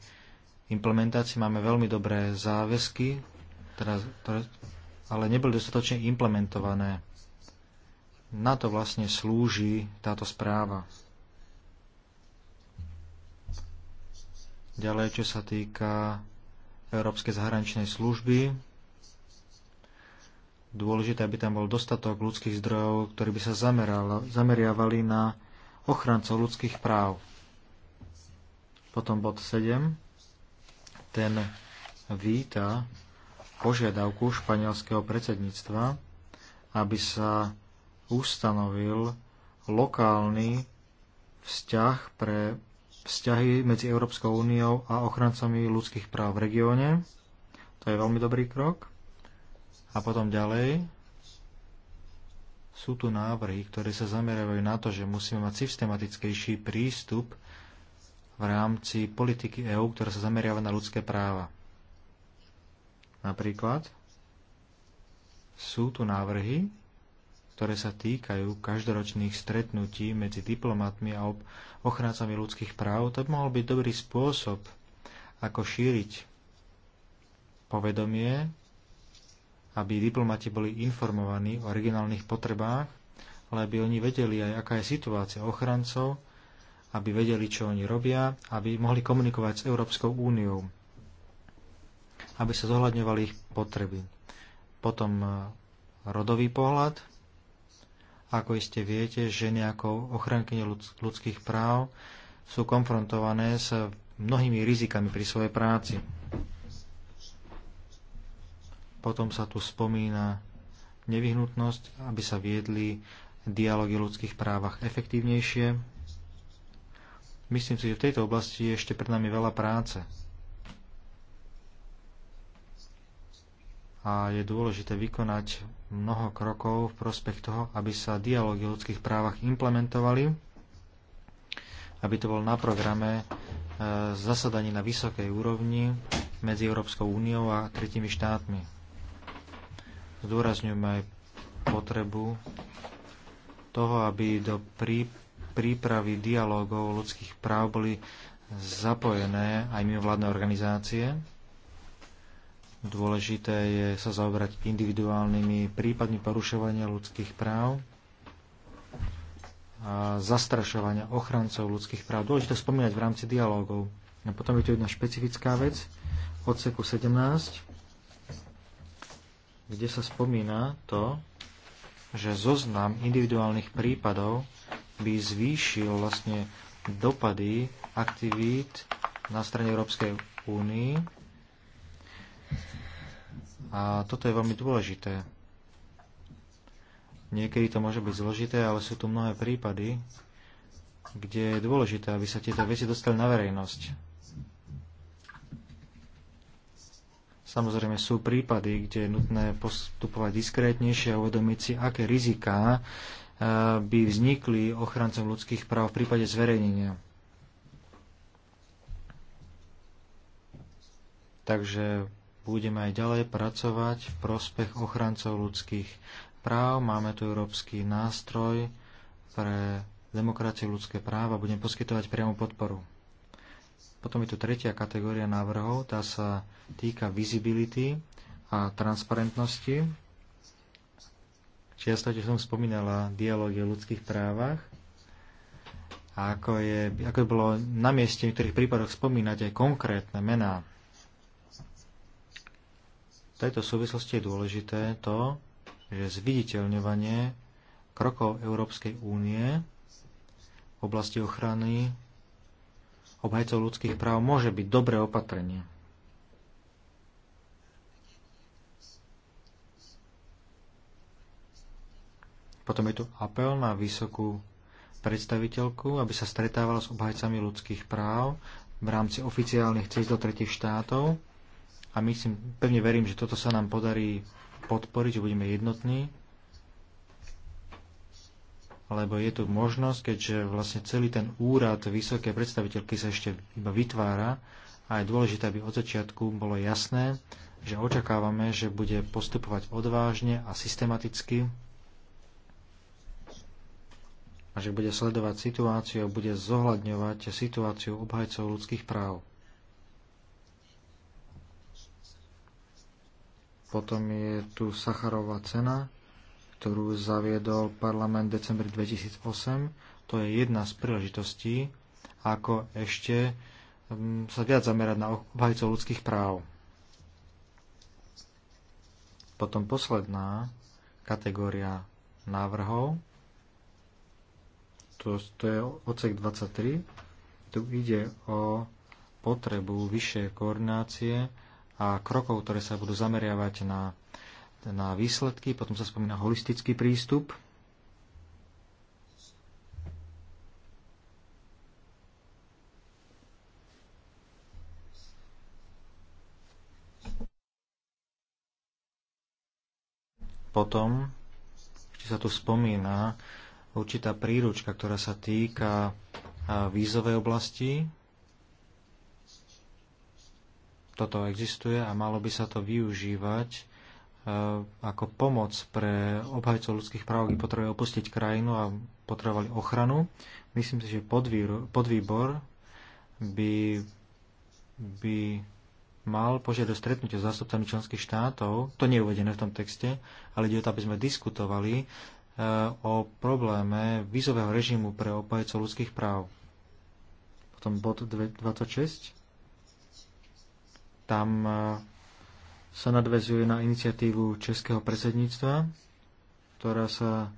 implementácii. Máme veľmi dobré záväzky, teda, ale neboli dostatočne implementované. Na to vlastne slúži táto správa. Ďalej, čo sa týka Európskej zahraničnej služby, dôležité, aby tam bol dostatok ľudských zdrojov, ktorí by sa zameriavali na ochrancov ľudských práv. Potom bod 7. Ten víta požiadavku španielského predsedníctva, aby sa ustanovil lokálny vzťah pre vzťahy medzi Európskou úniou a ochrancami ľudských práv v regióne. To je veľmi dobrý krok. A potom ďalej sú tu návrhy, ktoré sa zameriavajú na to, že musíme mať systematickejší prístup v rámci politiky EÚ, ktorá sa zameriava na ľudské práva. Napríklad sú tu návrhy, ktoré sa týkajú každoročných stretnutí medzi diplomatmi a ochráncami ľudských práv. To by mohol byť dobrý spôsob, ako šíriť povedomie, aby diplomati boli informovaní o regionálnych potrebách, ale aby oni vedeli aj, aká je situácia ochrancov, aby vedeli, čo oni robia, aby mohli komunikovať s Európskou úniou aby sa zohľadňovali ich potreby. Potom e, rodový pohľad. Ako iste viete, ženy ako ochrankyne ľudských práv sú konfrontované s mnohými rizikami pri svojej práci. Potom sa tu spomína nevyhnutnosť, aby sa viedli dialógy o ľudských právach efektívnejšie. Myslím si, že v tejto oblasti je ešte pred nami veľa práce. a je dôležité vykonať mnoho krokov v prospech toho, aby sa dialógy o ľudských právach implementovali, aby to bol na programe e, zasadaní na vysokej úrovni medzi Európskou úniou a tretími štátmi. Zdôrazňujem aj potrebu toho, aby do prípravy dialógov ľudských práv boli zapojené aj mimovládne organizácie, Dôležité je sa zaoberať individuálnymi prípadmi porušovania ľudských práv a zastrašovania ochrancov ľudských práv. Dôležité spomínať v rámci dialogov. A potom je tu jedna špecifická vec, odseku 17, kde sa spomína to, že zoznam individuálnych prípadov by zvýšil vlastne dopady aktivít na strane Európskej únii a toto je veľmi dôležité. Niekedy to môže byť zložité, ale sú tu mnohé prípady, kde je dôležité, aby sa tieto veci dostali na verejnosť. Samozrejme sú prípady, kde je nutné postupovať diskrétnejšie a uvedomiť si, aké riziká eh, by vznikli ochrancom ľudských práv v prípade zverejnenia. Takže budeme aj ďalej pracovať v prospech ochrancov ľudských práv. Máme tu európsky nástroj pre demokraciu ľudské práva. a Budem poskytovať priamu podporu. Potom je tu tretia kategória návrhov. Tá sa týka visibility a transparentnosti. Čiastočne som spomínala dialógy o ľudských právach a ako, je, ako je bolo na mieste v niektorých prípadoch spomínať aj konkrétne mená v tejto súvislosti je dôležité to, že zviditeľňovanie krokov Európskej únie v oblasti ochrany obhajcov ľudských práv môže byť dobré opatrenie. Potom je tu apel na vysokú predstaviteľku, aby sa stretávala s obhajcami ľudských práv v rámci oficiálnych cest do tretich štátov a myslím, pevne verím, že toto sa nám podarí podporiť, že budeme jednotní, lebo je tu možnosť, keďže vlastne celý ten úrad vysoké predstaviteľky sa ešte iba vytvára a je dôležité, aby od začiatku bolo jasné, že očakávame, že bude postupovať odvážne a systematicky a že bude sledovať situáciu a bude zohľadňovať situáciu obhajcov ľudských práv. Potom je tu Sacharová cena, ktorú zaviedol parlament v decembri 2008. To je jedna z príležitostí, ako ešte mm, sa viac zamerať na obhajcov ľudských práv. Potom posledná kategória návrhov, to, to je odsek 23, tu ide o potrebu vyššej koordinácie a krokov, ktoré sa budú zameriavať na, na výsledky. Potom sa spomína holistický prístup. Potom ešte sa tu spomína určitá príručka, ktorá sa týka vízovej oblasti toto existuje a malo by sa to využívať e, ako pomoc pre obhajcov ľudských práv, ktorí potrebujú opustiť krajinu a potrebovali ochranu. Myslím si, že podvýbor by, by mal požiadať stretnutie s zástupcami členských štátov, to nie je uvedené v tom texte, ale ide o to, aby sme diskutovali e, o probléme vízového režimu pre obhajcov ľudských práv. Potom bod 26 tam e, sa nadvezuje na iniciatívu českého predsedníctva, ktorá sa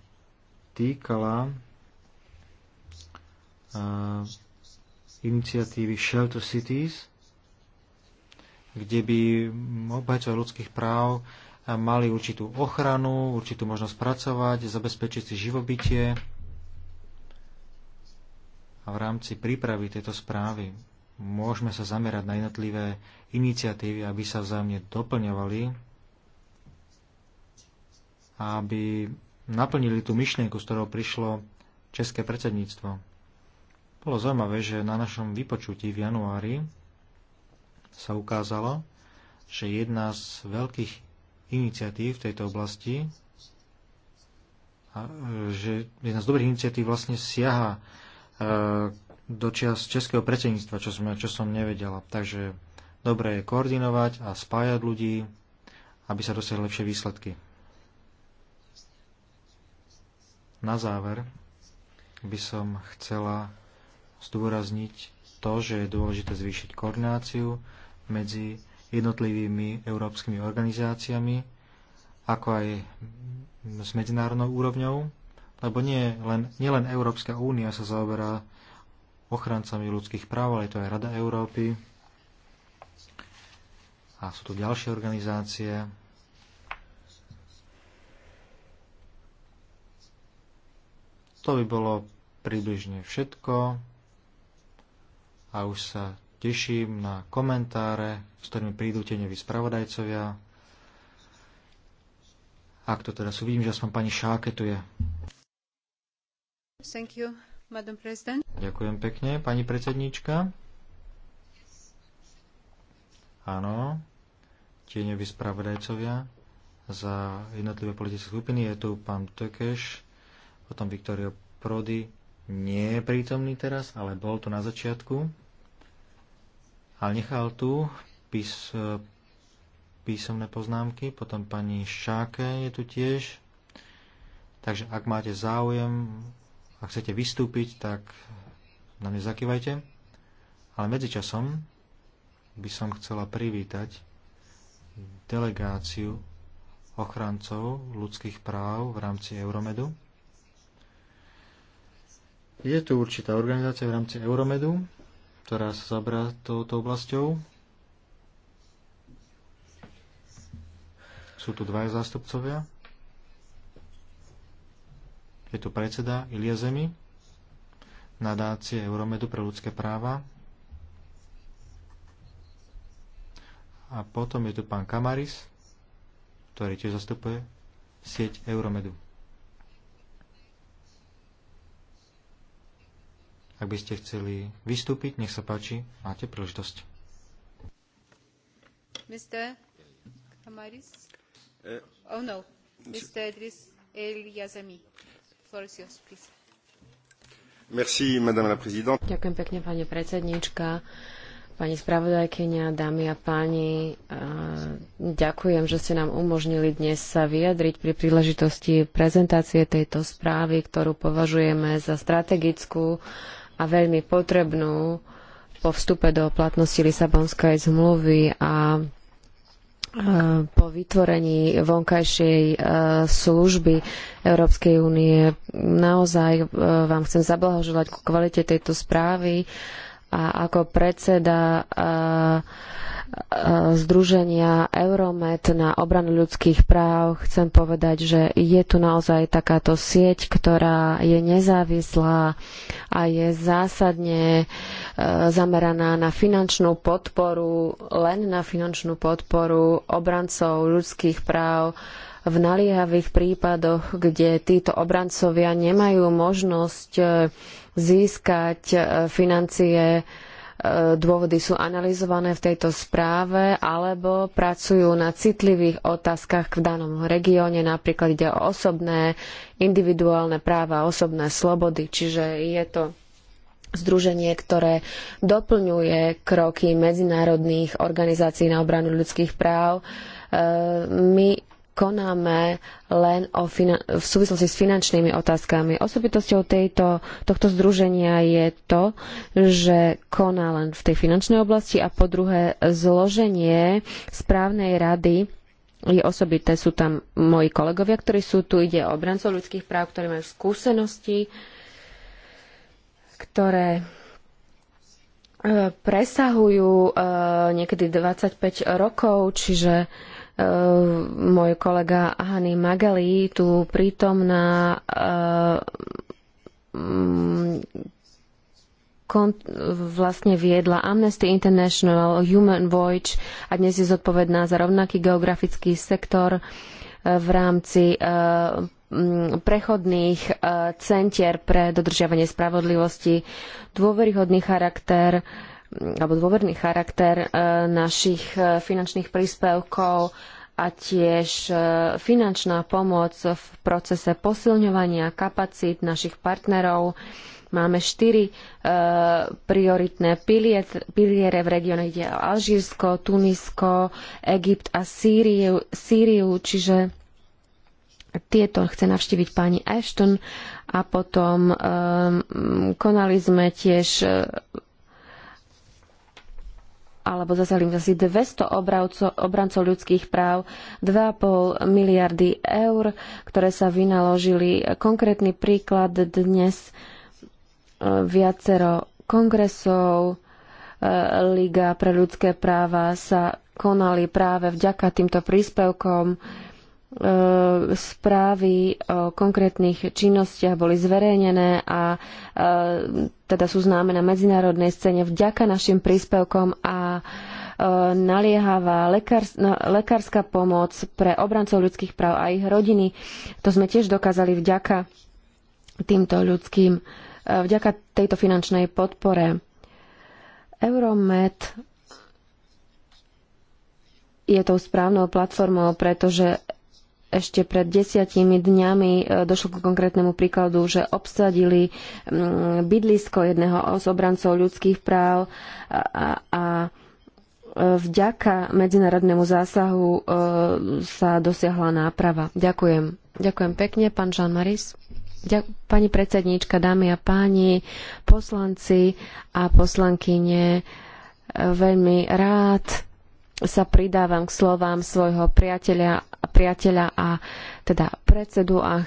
týkala e, iniciatívy Shelter Cities, kde by obhajcovia ľudských práv e, mali určitú ochranu, určitú možnosť pracovať, zabezpečiť si živobytie a v rámci prípravy tejto správy môžeme sa zamerať na jednotlivé iniciatívy, aby sa vzájomne doplňovali a aby naplnili tú myšlienku, z ktorou prišlo české predsedníctvo. Bolo zaujímavé, že na našom vypočutí v januári sa ukázalo, že jedna z veľkých iniciatív v tejto oblasti, a, že jedna z dobrých iniciatív vlastne siaha e, do čias českého predsedníctva, čo, sme, čo som nevedela. Takže dobre je koordinovať a spájať ľudí, aby sa dosiahli lepšie výsledky. Na záver by som chcela zdôrazniť to, že je dôležité zvýšiť koordináciu medzi jednotlivými európskymi organizáciami, ako aj s medzinárodnou úrovňou, lebo nie len, nie len Európska únia sa zaoberá ochrancami ľudských práv, ale je to aj Rada Európy. A sú tu ďalšie organizácie. To by bolo približne všetko. A už sa teším na komentáre, s ktorými prídu teneví spravodajcovia. Ak to teda sú, vidím, že aspoň pani Šáke tu je. Thank you. Ďakujem pekne. Pani predsedníčka? Áno. Tieňoví spravodajcovia za jednotlivé politické skupiny. Je tu pán Tökeš, potom Viktorio Prody. Nie je prítomný teraz, ale bol tu na začiatku. Ale nechal tu pís, písomné poznámky. Potom pani Šáke je tu tiež. Takže ak máte záujem ak chcete vystúpiť, tak na mňa zakývajte. Ale medzičasom by som chcela privítať delegáciu ochrancov ľudských práv v rámci Euromedu. Je tu určitá organizácia v rámci Euromedu, ktorá sa zabrá touto oblasťou. Sú tu dvaja zástupcovia je tu predseda Ilia Zemi, nadácie Euromedu pre ľudské práva. A potom je tu pán Kamaris, ktorý tiež zastupuje sieť Euromedu. Ak by ste chceli vystúpiť, nech sa páči, máte príležitosť. Mr. Kamaris? Uh, oh no, Mr. Idris El Ďakujem pekne, pani predsedníčka, pani spravodajkynia, dámy a páni. Ďakujem, že ste nám umožnili dnes sa vyjadriť pri príležitosti prezentácie tejto správy, ktorú považujeme za strategickú a veľmi potrebnú po vstupe do platnosti Lisabonskej zmluvy a Eh, po vytvorení vonkajšej eh, služby Európskej únie. Naozaj eh, vám chcem zablahoželať ku kvalite tejto správy a ako predseda E, združenia Euromed na obranu ľudských práv, chcem povedať, že je tu naozaj takáto sieť, ktorá je nezávislá a je zásadne e, zameraná na finančnú podporu, len na finančnú podporu obrancov ľudských práv v naliehavých prípadoch, kde títo obrancovia nemajú možnosť e, získať financie dôvody sú analyzované v tejto správe alebo pracujú na citlivých otázkach v danom regióne, napríklad ide o osobné, individuálne práva, osobné slobody, čiže je to združenie, ktoré doplňuje kroky medzinárodných organizácií na obranu ľudských práv. E, my konáme len o v súvislosti s finančnými otázkami. Osobitosťou tejto, tohto združenia je to, že koná len v tej finančnej oblasti a po druhé zloženie správnej rady je osobité. Sú tam moji kolegovia, ktorí sú tu. Ide o obrancov ľudských práv, ktorí majú skúsenosti, ktoré e, presahujú e, niekedy 25 rokov, čiže E, môj kolega Hany Magali, tu prítomná e, mm, vlastne viedla Amnesty International, Human Voyage a dnes je zodpovedná za rovnaký geografický sektor e, v rámci mm, prechodných centier pre dodržiavanie spravodlivosti, dôveryhodný charakter alebo dôverný charakter e, našich e, finančných príspevkov a tiež e, finančná pomoc v procese posilňovania kapacít našich partnerov. Máme štyri e, prioritné piliere v regióne, kde je Alžírsko, Tunisko, Egypt a Sýriu, Sýriu čiže tieto chce navštíviť pani Ashton a potom e, konali sme tiež alebo zasalím asi 200 obrancov ľudských práv, 2,5 miliardy eur, ktoré sa vynaložili. Konkrétny príklad dnes e, viacero kongresov, e, Liga pre ľudské práva sa konali práve vďaka týmto príspevkom E, správy o konkrétnych činnostiach boli zverejnené a e, teda sú známe na medzinárodnej scéne vďaka našim príspevkom a e, naliehavá lekárska pomoc pre obrancov ľudských práv a ich rodiny. To sme tiež dokázali vďaka týmto ľudským, vďaka tejto finančnej podpore. Euromed je tou správnou platformou, pretože ešte pred desiatimi dňami e, došlo ku konkrétnemu príkladu, že obsadili bydlisko jedného z obrancov ľudských práv a, a e, vďaka medzinárodnému zásahu e, sa dosiahla náprava. Ďakujem. Ďakujem pekne, pán Jean Maris. Pani predsedníčka, dámy a páni, poslanci a poslankyne, veľmi rád sa pridávam k slovám svojho priateľa priateľa a teda predsedu a e,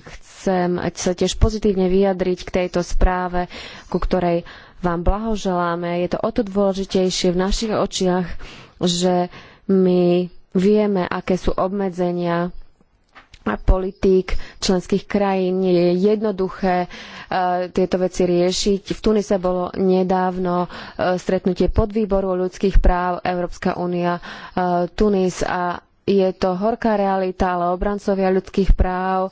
chcem sa tiež pozitívne vyjadriť k tejto správe, ku ktorej vám blahoželáme. Je to o to dôležitejšie v našich očiach, že my vieme, aké sú obmedzenia a politík členských krajín. Nie je jednoduché e, tieto veci riešiť. V Tunise bolo nedávno e, stretnutie podvýboru ľudských práv Európska únia e, Tunis a je to horká realita, ale obrancovia ľudských práv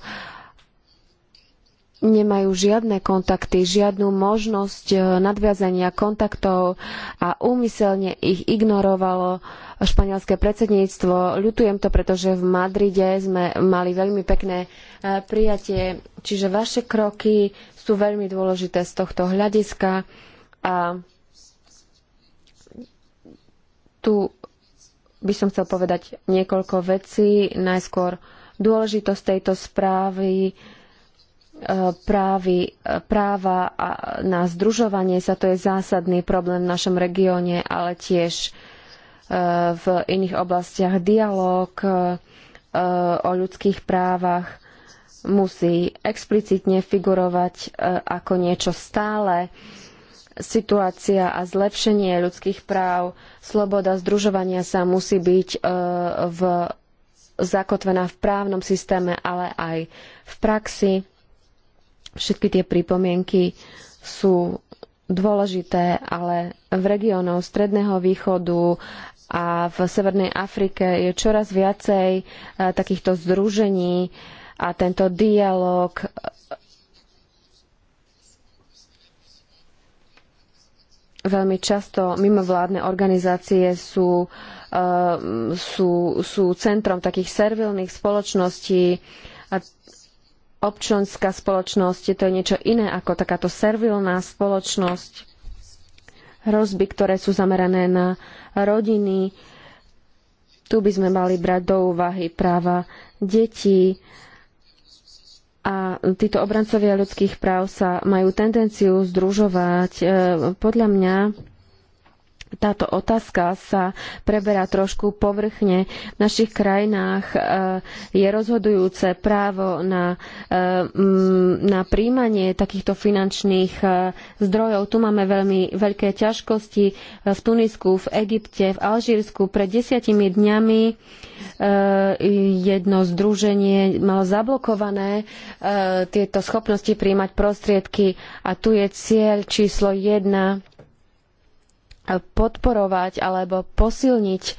nemajú žiadne kontakty, žiadnu možnosť e, nadviazania kontaktov a úmyselne ich ignorovalo španielske predsedníctvo. Ľutujem to, pretože v Madride sme mali veľmi pekné e, prijatie, čiže vaše kroky sú veľmi dôležité z tohto hľadiska a tu by som chcel povedať niekoľko vecí. Najskôr dôležitosť tejto správy, e, právy, e, práva na združovanie sa, to je zásadný problém v našom regióne, ale tiež e, v iných oblastiach dialog o ľudských právach musí explicitne figurovať ako niečo stále. Situácia a zlepšenie ľudských práv, sloboda združovania sa musí byť e, v, zakotvená v právnom systéme, ale aj v praxi. Všetky tie pripomienky sú dôležité, ale v regiónoch Stredného východu a v Severnej Afrike je čoraz viacej e, takýchto združení a tento dialog veľmi často mimovládne organizácie sú, eh, sú, sú centrom takých servilných spoločností a občanská spoločnosť, to je niečo iné ako takáto servilná spoločnosť. Hrozby, ktoré sú zamerané na rodiny, tu by sme mali brať do úvahy práva detí, a títo obrancovia ľudských práv sa majú tendenciu združovať. E, podľa mňa táto otázka sa preberá trošku povrchne. V našich krajinách e, je rozhodujúce právo na, e, na príjmanie takýchto finančných e, zdrojov. Tu máme veľmi veľké ťažkosti v Tunisku, v Egypte, v Alžírsku. Pred desiatimi dňami jedno združenie malo zablokované tieto schopnosti príjmať prostriedky a tu je cieľ číslo jedna podporovať alebo posilniť e,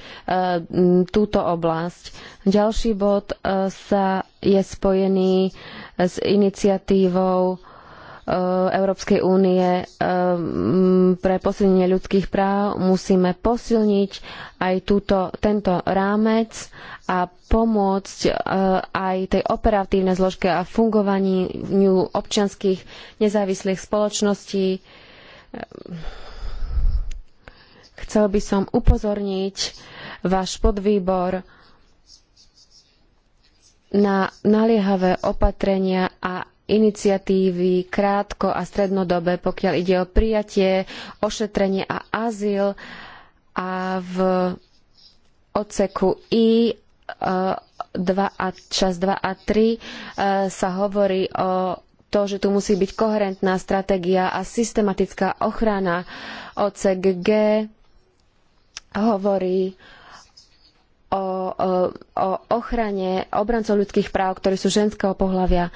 túto oblasť. Ďalší bod e, sa je spojený e, s iniciatívou Európskej únie pre posilnenie ľudských práv. Musíme posilniť aj túto, tento rámec a pomôcť aj tej operatívnej zložke a fungovaniu občianskych nezávislých spoločností Chcel by som upozorniť váš podvýbor na naliehavé opatrenia a iniciatívy krátko a strednodobé, pokiaľ ide o prijatie, ošetrenie a azyl a v odseku I 2 e, a, čas 2 a 3 e, sa hovorí o to, že tu musí byť koherentná stratégia a systematická ochrana odsek G hovorí o, o, o ochrane obrancov ľudských práv, ktorí sú ženského pohľavia.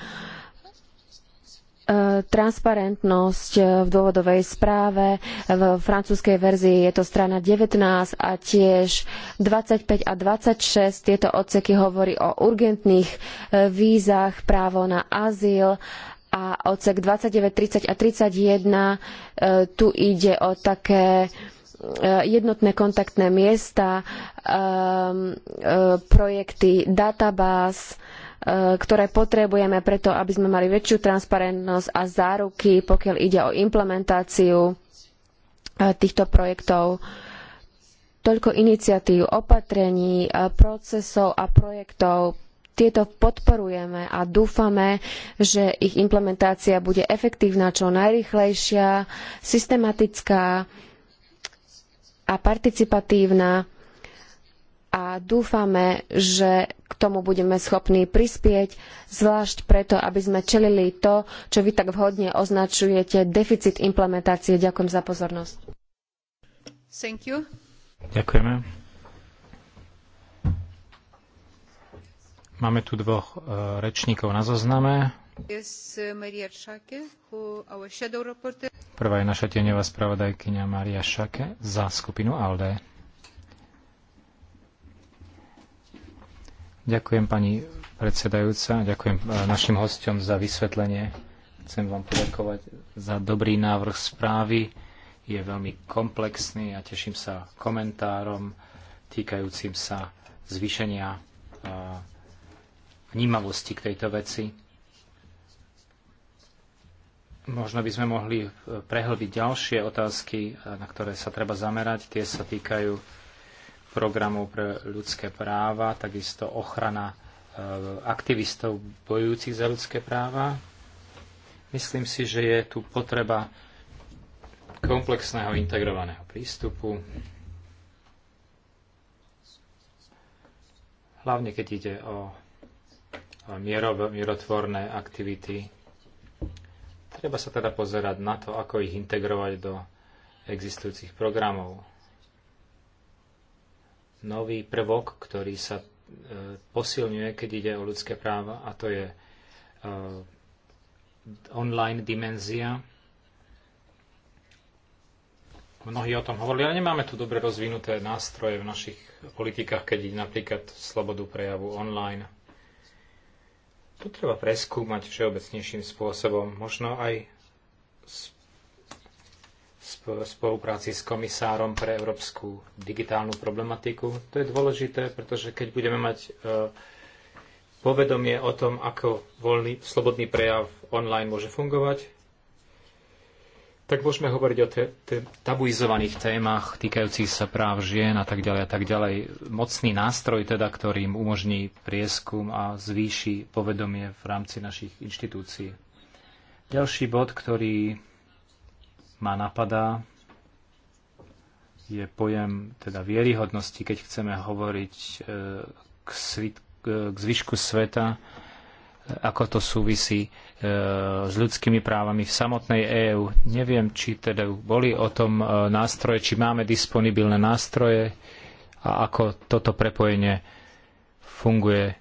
E, transparentnosť v dôvodovej správe, v francúzskej verzii je to strana 19 a tiež 25 a 26. Tieto odseky hovorí o urgentných e, vízach, právo na azyl a odsek 29, 30 a 31. E, tu ide o také Eh, jednotné kontaktné miesta, eh, eh, projekty databáz, ktoré potrebujeme preto, aby sme mali väčšiu transparentnosť a záruky, pokiaľ ide o implementáciu týchto projektov. Toľko iniciatív, opatrení, procesov a projektov. Tieto podporujeme a dúfame, že ich implementácia bude efektívna, čo najrychlejšia, systematická, a participatívna a dúfame, že k tomu budeme schopní prispieť, zvlášť preto, aby sme čelili to, čo vy tak vhodne označujete deficit implementácie. Ďakujem za pozornosť. Ďakujeme. Máme tu dvoch eh, rečníkov na zozname. Prvá je naša tieňová spravodajkyňa Maria Šake za skupinu ALDE. Ďakujem pani predsedajúca, ďakujem e, našim hostom za vysvetlenie. Chcem vám poďakovať za dobrý návrh správy. Je veľmi komplexný a teším sa komentárom týkajúcim sa zvýšenia e, vnímavosti k tejto veci Možno by sme mohli e, prehlbiť ďalšie otázky, e, na ktoré sa treba zamerať. Tie sa týkajú programov pre ľudské práva, takisto ochrana e, aktivistov bojujúcich za ľudské práva. Myslím si, že je tu potreba komplexného integrovaného prístupu, hlavne keď ide o mierotvorné aktivity Treba sa teda pozerať na to, ako ich integrovať do existujúcich programov. Nový prvok, ktorý sa e, posilňuje, keď ide o ľudské práva, a to je e, online dimenzia. Mnohí o tom hovorili, ale nemáme tu dobre rozvinuté nástroje v našich politikách, keď ide napríklad slobodu prejavu online to treba preskúmať všeobecnejším spôsobom, možno aj v spolupráci s komisárom pre európsku digitálnu problematiku. To je dôležité, pretože keď budeme mať e, povedomie o tom, ako voľný, slobodný prejav online môže fungovať, tak môžeme hovoriť o tabuizovaných témach týkajúcich sa práv žien a tak ďalej a tak ďalej. Mocný nástroj teda, ktorým umožní prieskum a zvýši povedomie v rámci našich inštitúcií. Ďalší bod, ktorý ma napadá, je pojem teda vieryhodnosti, keď chceme hovoriť e, k, svit, e, k zvyšku sveta ako to súvisí e, s ľudskými právami v samotnej EÚ. Neviem, či teda boli o tom e, nástroje, či máme disponibilné nástroje a ako toto prepojenie funguje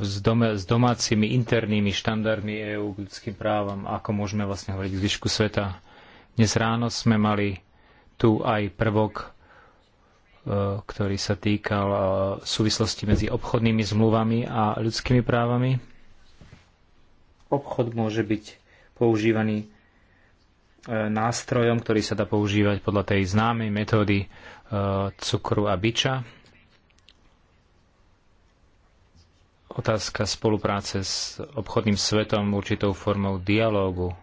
s, domácimi internými štandardmi EÚ k ľudským právam, ako môžeme vlastne hovoriť k zvyšku sveta. Dnes ráno sme mali tu aj prvok E, ktorý sa týkal e, súvislosti medzi obchodnými zmluvami a ľudskými právami. Obchod môže byť používaný e, nástrojom, ktorý sa dá používať podľa tej známej metódy cukru a biča. Otázka spolupráce s obchodným svetom určitou formou dialógu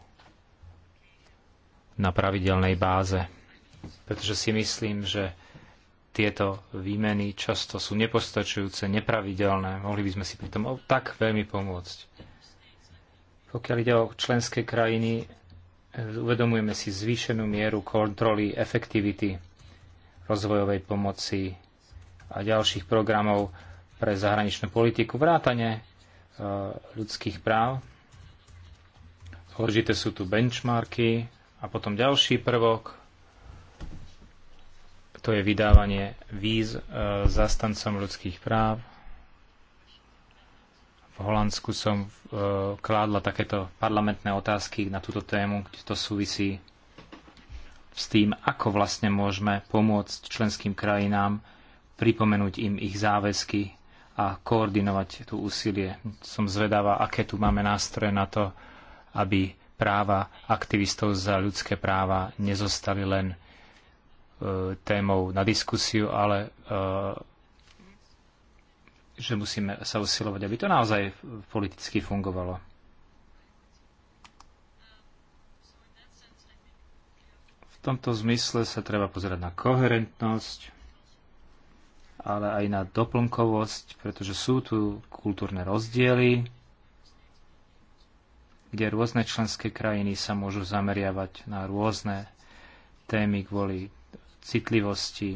na pravidelnej báze. Pretože si myslím, že tieto výmeny často sú nepostačujúce, nepravidelné. Mohli by sme si pri tom tak veľmi pomôcť. Pokiaľ ide o členské krajiny, e, uvedomujeme si zvýšenú mieru kontroly efektivity rozvojovej pomoci a ďalších programov pre zahraničnú politiku, vrátane e, ľudských práv. Dôležité sú tu benchmarky a potom ďalší prvok, to je vydávanie víz e, zastancom ľudských práv. V Holandsku som e, kládla takéto parlamentné otázky na túto tému, kde to súvisí s tým, ako vlastne môžeme pomôcť členským krajinám pripomenúť im ich záväzky a koordinovať tú úsilie. Som zvedavá, aké tu máme nástroje na to, aby práva aktivistov za ľudské práva nezostali len E, témou na diskusiu, ale e, že musíme sa usilovať, aby to naozaj politicky fungovalo. V tomto zmysle sa treba pozerať na koherentnosť, ale aj na doplnkovosť, pretože sú tu kultúrne rozdiely, kde rôzne členské krajiny sa môžu zameriavať na rôzne témy kvôli citlivosti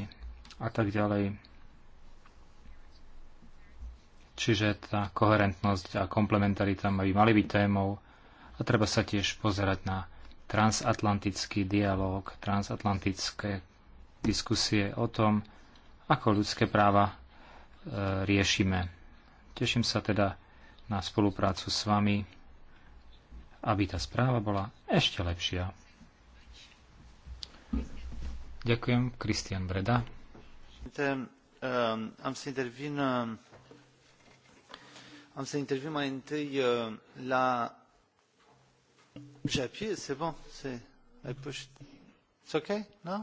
a tak ďalej. Čiže tá koherentnosť a komplementarita by mali byť témou a treba sa tiež pozerať na transatlantický dialog, transatlantické diskusie o tom, ako ľudské práva e, riešime. Teším sa teda na spoluprácu s vami, aby tá správa bola ešte lepšia. Ďakujem, Kristian Breda. Ehm, am să intervin, ehm, am să intervin mai întâi ehm, la J'ai appuyé, bon, c'est I pushed. It's okay? No?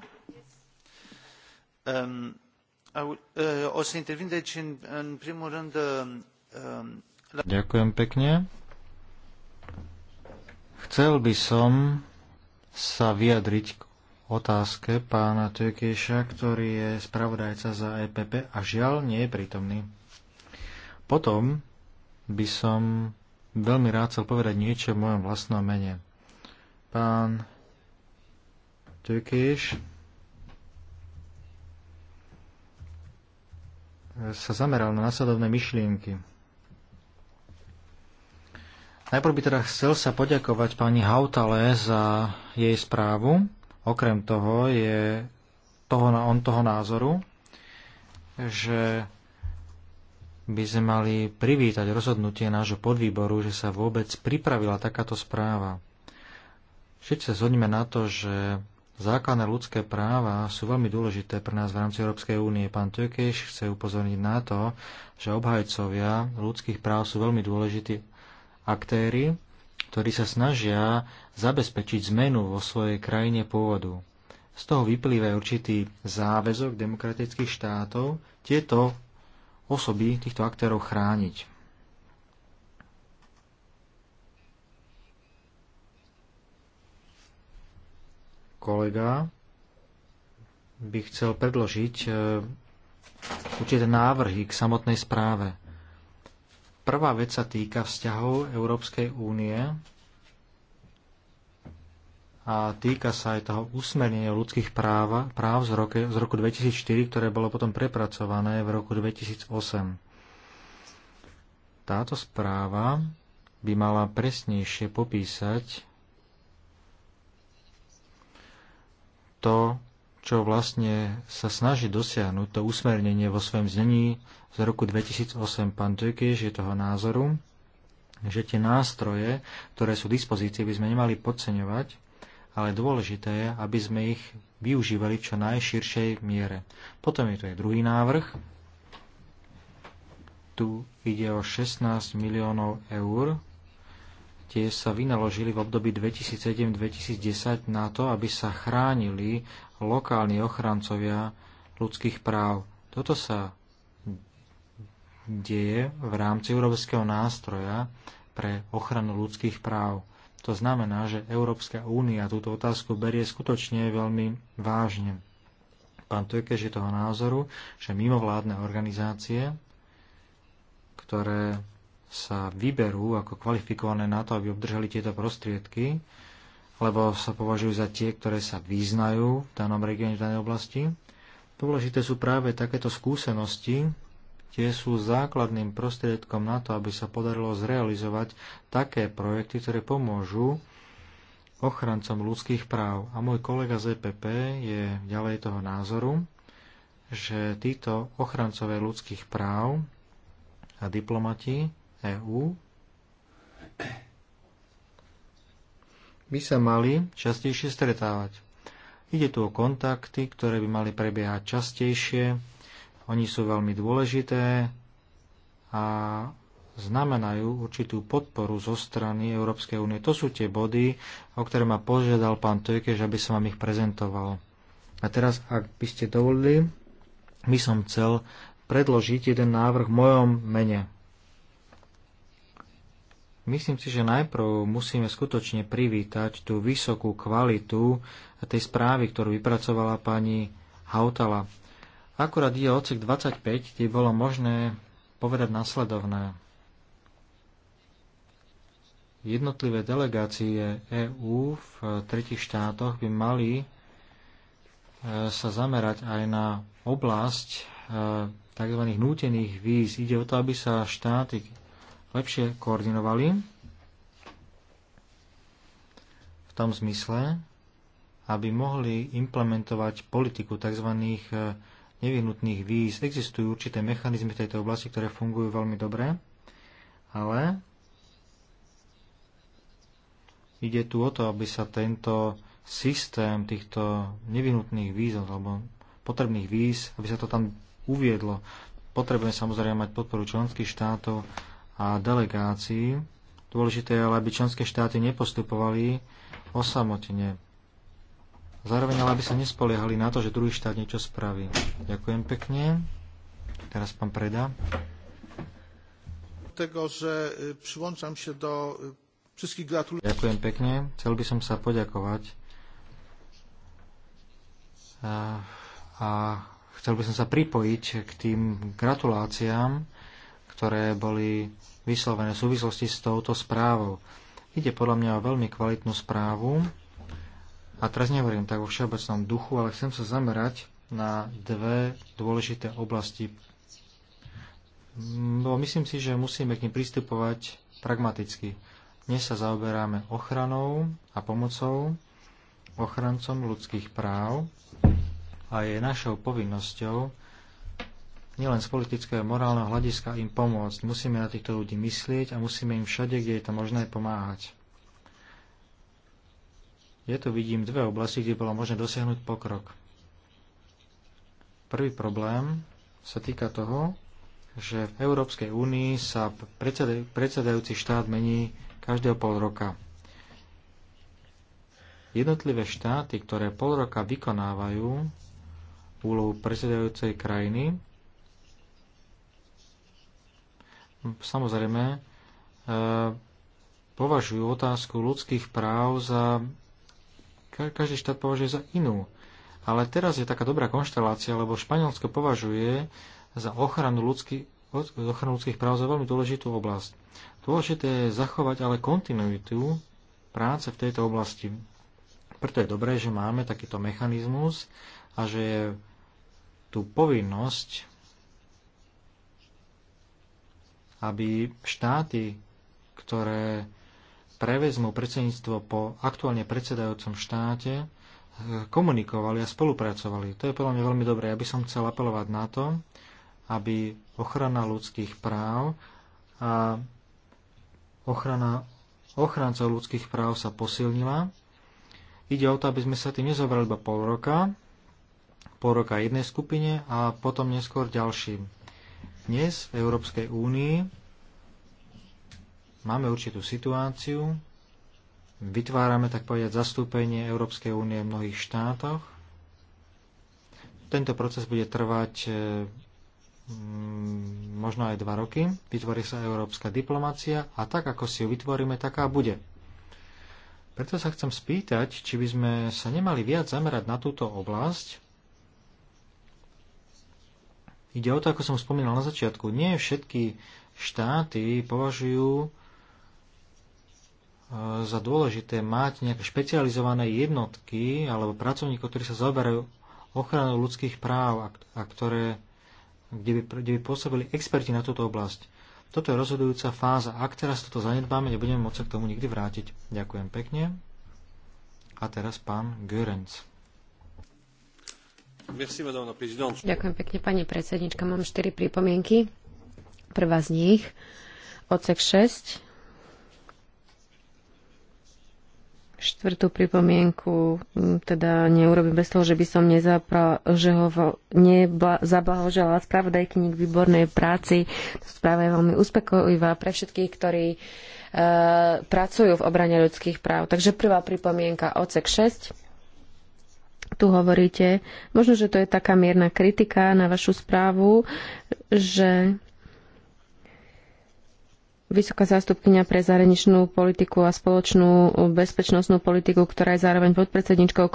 Um, o să intervin deci în, în primul rând um, la... Ďakujem pekne. Chcel by som sa vyjadriť k otázke pána Tökeša, ktorý je spravodajca za EPP a žiaľ nie je prítomný. Potom by som veľmi rád chcel povedať niečo v mojom vlastnom mene. Pán Tökeš sa zameral na nasledovné myšlienky. Najprv by teda chcel sa poďakovať pani Hautale za jej správu, Okrem toho je toho, on toho názoru, že by sme mali privítať rozhodnutie nášho podvýboru, že sa vôbec pripravila takáto správa. Všetci sa zhodneme na to, že základné ľudské práva sú veľmi dôležité pre nás v rámci Európskej únie. Pán Tökeš chce upozorniť na to, že obhajcovia ľudských práv sú veľmi dôležití aktéry ktorí sa snažia zabezpečiť zmenu vo svojej krajine pôvodu. Z toho vyplýva určitý záväzok demokratických štátov tieto osoby, týchto aktérov chrániť. Kolega by chcel predložiť e, určité návrhy k samotnej správe. Prvá vec sa týka vzťahov Európskej únie a týka sa aj toho usmernenia ľudských práv, práv z, roku, z roku 2004, ktoré bolo potom prepracované v roku 2008. Táto správa by mala presnejšie popísať to, čo vlastne sa snaží dosiahnuť, to usmernenie vo svojom znení z roku 2008 pán Tökež je toho názoru, že tie nástroje, ktoré sú v dispozícii, by sme nemali podceňovať, ale dôležité je, aby sme ich využívali v čo najširšej miere. Potom je tu aj druhý návrh. Tu ide o 16 miliónov eur, tie sa vynaložili v období 2007-2010 na to, aby sa chránili lokálni ochrancovia ľudských práv. Toto sa deje v rámci európskeho nástroja pre ochranu ľudských práv. To znamená, že Európska únia túto otázku berie skutočne veľmi vážne. Pán Tojkež je toho názoru, že mimovládne organizácie, ktoré sa vyberú ako kvalifikované na to, aby obdržali tieto prostriedky, lebo sa považujú za tie, ktoré sa význajú v danom regióne, v danej oblasti. Dôležité sú práve takéto skúsenosti, tie sú základným prostriedkom na to, aby sa podarilo zrealizovať také projekty, ktoré pomôžu ochrancom ľudských práv. A môj kolega z EPP je ďalej toho názoru, že títo ochrancové ľudských práv a diplomati EÚ by sa mali častejšie stretávať. Ide tu o kontakty, ktoré by mali prebiehať častejšie, oni sú veľmi dôležité a znamenajú určitú podporu zo strany Európskej únie. To sú tie body, o ktoré ma požiadal pán Tojkež, aby som vám ich prezentoval. A teraz, ak by ste dovolili, by som chcel predložiť jeden návrh v mojom mene. Myslím si, že najprv musíme skutočne privítať tú vysokú kvalitu tej správy, ktorú vypracovala pani Hautala. Akurát je odsek 25, kde bolo možné povedať nasledovné. Jednotlivé delegácie EÚ v tretich štátoch by mali e, sa zamerať aj na oblasť e, tzv. nútených víz. Ide o to, aby sa štáty lepšie koordinovali v tom zmysle, aby mohli implementovať politiku tzv. E, nevyhnutných víz. Existujú určité mechanizmy v tejto oblasti, ktoré fungujú veľmi dobre, ale ide tu o to, aby sa tento systém týchto nevyhnutných víz alebo potrebných víz, aby sa to tam uviedlo. Potrebujeme samozrejme mať podporu členských štátov, a delegácií. Dôležité je ale, aby členské štáty nepostupovali osamotne. Zároveň ale, aby sa nespoliehali na to, že druhý štát niečo spraví. Ďakujem pekne. Teraz pán Preda. Tego, že się do všetkých Ďakujem pekne. Chcel by som sa poďakovať a, a chcel by som sa pripojiť k tým gratuláciám ktoré boli vyslovené v súvislosti s touto správou. Ide podľa mňa o veľmi kvalitnú správu a teraz nehovorím tak vo všeobecnom duchu, ale chcem sa zamerať na dve dôležité oblasti. Mm, bo myslím si, že musíme k nim pristupovať pragmaticky. Dnes sa zaoberáme ochranou a pomocou ochrancom ľudských práv a je našou povinnosťou nielen z politického a morálneho hľadiska im pomôcť. Musíme na týchto ľudí myslieť a musíme im všade, kde je to možné, pomáhať. Ja tu vidím dve oblasti, kde bolo možné dosiahnuť pokrok. Prvý problém sa týka toho, že v Európskej únii sa predsedajúci štát mení každého pol roka. Jednotlivé štáty, ktoré pol roka vykonávajú úlohu predsedajúcej krajiny, samozrejme e, považujú otázku ľudských práv za... Každý štát považuje za inú. Ale teraz je taká dobrá konštelácia, lebo Španielsko považuje za ochranu, ľudský, ochranu ľudských práv za veľmi dôležitú oblasť. Dôležité je zachovať ale kontinuitu práce v tejto oblasti. Preto je dobré, že máme takýto mechanizmus a že je tu povinnosť aby štáty, ktoré prevezmú predsedníctvo po aktuálne predsedajúcom štáte, eh, komunikovali a spolupracovali. To je podľa mňa veľmi dobré. Ja by som chcel apelovať na to, aby ochrana ľudských práv a ochrana ochrancov ľudských práv sa posilnila. Ide o to, aby sme sa tým nezobrali iba pol roka, pol roka jednej skupine a potom neskôr ďalším. Dnes v Európskej únii máme určitú situáciu, vytvárame tak povedať zastúpenie Európskej únie v mnohých štátoch. Tento proces bude trvať e, mm, možno aj dva roky. Vytvorí sa európska diplomácia a tak, ako si ju vytvoríme, taká bude. Preto sa chcem spýtať, či by sme sa nemali viac zamerať na túto oblasť, Ide o to, ako som spomínal na začiatku, nie všetky štáty považujú e, za dôležité mať nejaké špecializované jednotky alebo pracovníkov, ktorí sa zaoberajú ochranou ľudských práv a, ktoré, kde, by, kde by pôsobili experti na túto oblasť. Toto je rozhodujúca fáza. Ak teraz toto zanedbáme, nebudeme môcť sa k tomu nikdy vrátiť. Ďakujem pekne. A teraz pán Görenc. Ďakujem pekne, pani predsednička. Mám štyri pripomienky. Prvá z nich, odsek 6. Štvrtú pripomienku teda neurobím bez toho, že by som nezapra, že ho zablahoželala spravodajkyni k výbornej práci. Správa je veľmi úspechujivá pre všetkých, ktorí e, pracujú v obrane ľudských práv. Takže prvá pripomienka, odsek 6 tu hovoríte, možno, že to je taká mierna kritika na vašu správu, že vysoká zástupkynia pre zahraničnú politiku a spoločnú bezpečnostnú politiku, ktorá je zároveň podpredsedničkou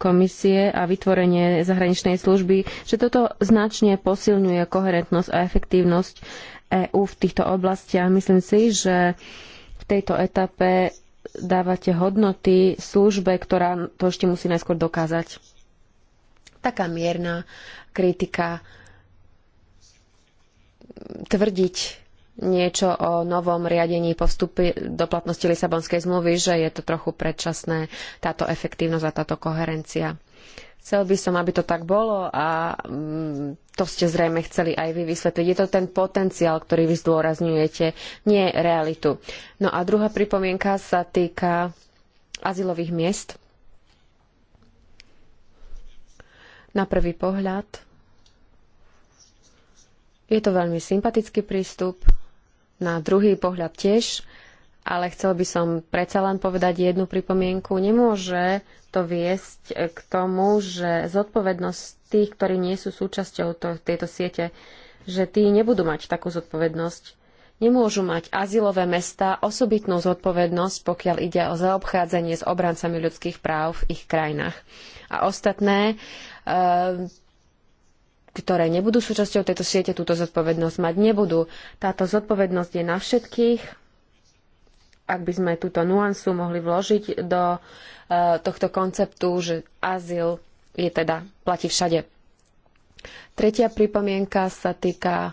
komisie a vytvorenie zahraničnej služby, že toto značne posilňuje koherentnosť a efektívnosť EÚ v týchto oblastiach. Myslím si, že v tejto etape dávate hodnoty službe, ktorá to ešte musí najskôr dokázať. Taká mierna kritika tvrdiť niečo o novom riadení po vstupe do platnosti Lisabonskej zmluvy, že je to trochu predčasné táto efektívnosť a táto koherencia. Chcel by som, aby to tak bolo a mm, to ste zrejme chceli aj vy vysvetliť. Je to ten potenciál, ktorý vy zdôrazňujete, nie realitu. No a druhá pripomienka sa týka azylových miest. Na prvý pohľad je to veľmi sympatický prístup, na druhý pohľad tiež ale chcel by som predsa len povedať jednu pripomienku. Nemôže to viesť eh, k tomu, že zodpovednosť tých, ktorí nie sú súčasťou to, tejto siete, že tí nebudú mať takú zodpovednosť. Nemôžu mať azylové mesta osobitnú zodpovednosť, pokiaľ ide o zaobchádzanie s obrancami ľudských práv v ich krajinách. A ostatné, eh, ktoré nebudú súčasťou tejto siete, túto zodpovednosť mať nebudú. Táto zodpovednosť je na všetkých ak by sme túto nuansu mohli vložiť do e, tohto konceptu, že azyl je teda, platí všade. Tretia pripomienka sa týka e,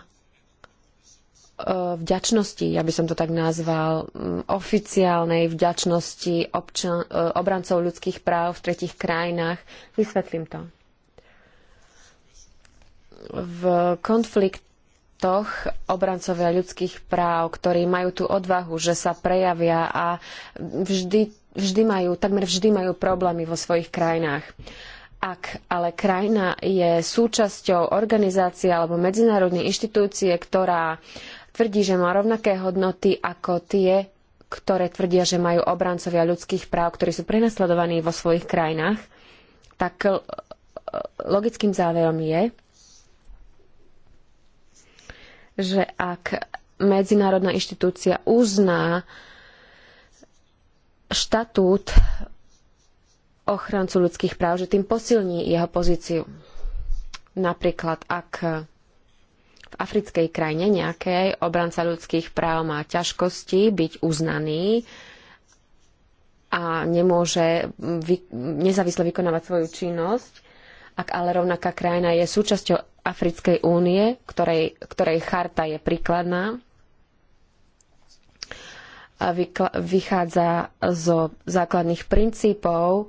vďačnosti, ja by som to tak nazval, oficiálnej vďačnosti občan, e, obrancov ľudských práv v tretich krajinách. Vysvetlím to. V konflikt štátoch obrancovia ľudských práv, ktorí majú tú odvahu, že sa prejavia a vždy, vždy majú, takmer vždy majú problémy vo svojich krajinách. Ak ale krajina je súčasťou organizácie alebo medzinárodnej inštitúcie, ktorá tvrdí, že má rovnaké hodnoty ako tie, ktoré tvrdia, že majú obrancovia ľudských práv, ktorí sú prenasledovaní vo svojich krajinách, tak logickým záverom je, že ak medzinárodná inštitúcia uzná štatút ochrancu ľudských práv, že tým posilní jeho pozíciu. Napríklad, ak v africkej krajine nejakej obranca ľudských práv má ťažkosti byť uznaný a nemôže vy, nezávisle vykonávať svoju činnosť, ak ale rovnaká krajina je súčasťou Africkej únie, ktorej, ktorej charta je príkladná, a vychádza zo základných princípov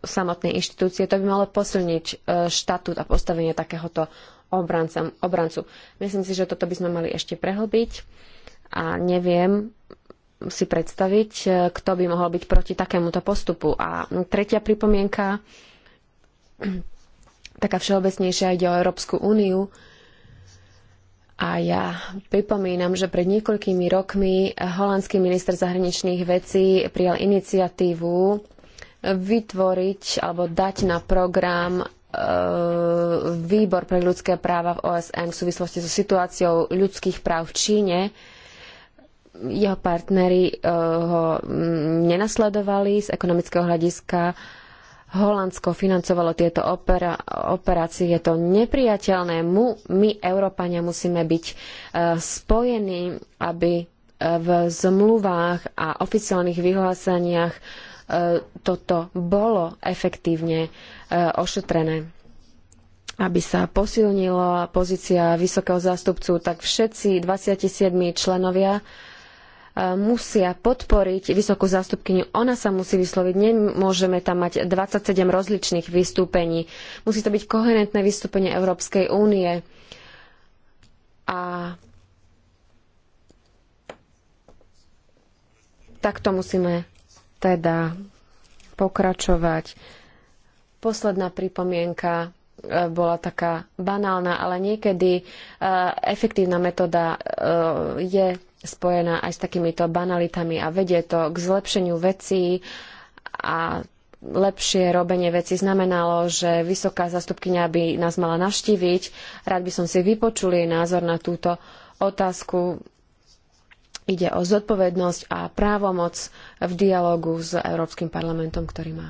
samotnej inštitúcie. To by malo posilniť e, štatút a postavenie takéhoto obranca, obrancu. Myslím si, že toto by sme mali ešte prehlbiť a neviem si predstaviť, e, kto by mohol byť proti takémuto postupu. A tretia pripomienka taká všeobecnejšia ide o Európsku úniu. A ja pripomínam, že pred niekoľkými rokmi holandský minister zahraničných vecí prijal iniciatívu vytvoriť alebo dať na program e, výbor pre ľudské práva v OSN v súvislosti so situáciou ľudských práv v Číne. Jeho e, ho mm, nenasledovali z ekonomického hľadiska Holandsko financovalo tieto opera, operácie. Je to neprijateľné. My, Európania, musíme byť e, spojení, aby e, v zmluvách a oficiálnych vyhláseniach e, toto bolo efektívne ošetrené aby sa posilnila pozícia vysokého zástupcu, tak všetci 27 členovia E, musia podporiť vysokú zástupkyňu. Ona sa musí vysloviť. Nemôžeme tam mať 27 rozličných vystúpení. Musí to byť koherentné vystúpenie Európskej únie. A takto musíme teda pokračovať. Posledná pripomienka e, bola taká banálna, ale niekedy e, efektívna metóda je spojená aj s takýmito banalitami a vedie to k zlepšeniu vecí a lepšie robenie veci znamenalo, že vysoká zastupkynia by nás mala navštíviť. Rád by som si vypočul jej názor na túto otázku. Ide o zodpovednosť a právomoc v dialogu s Európskym parlamentom, ktorý má.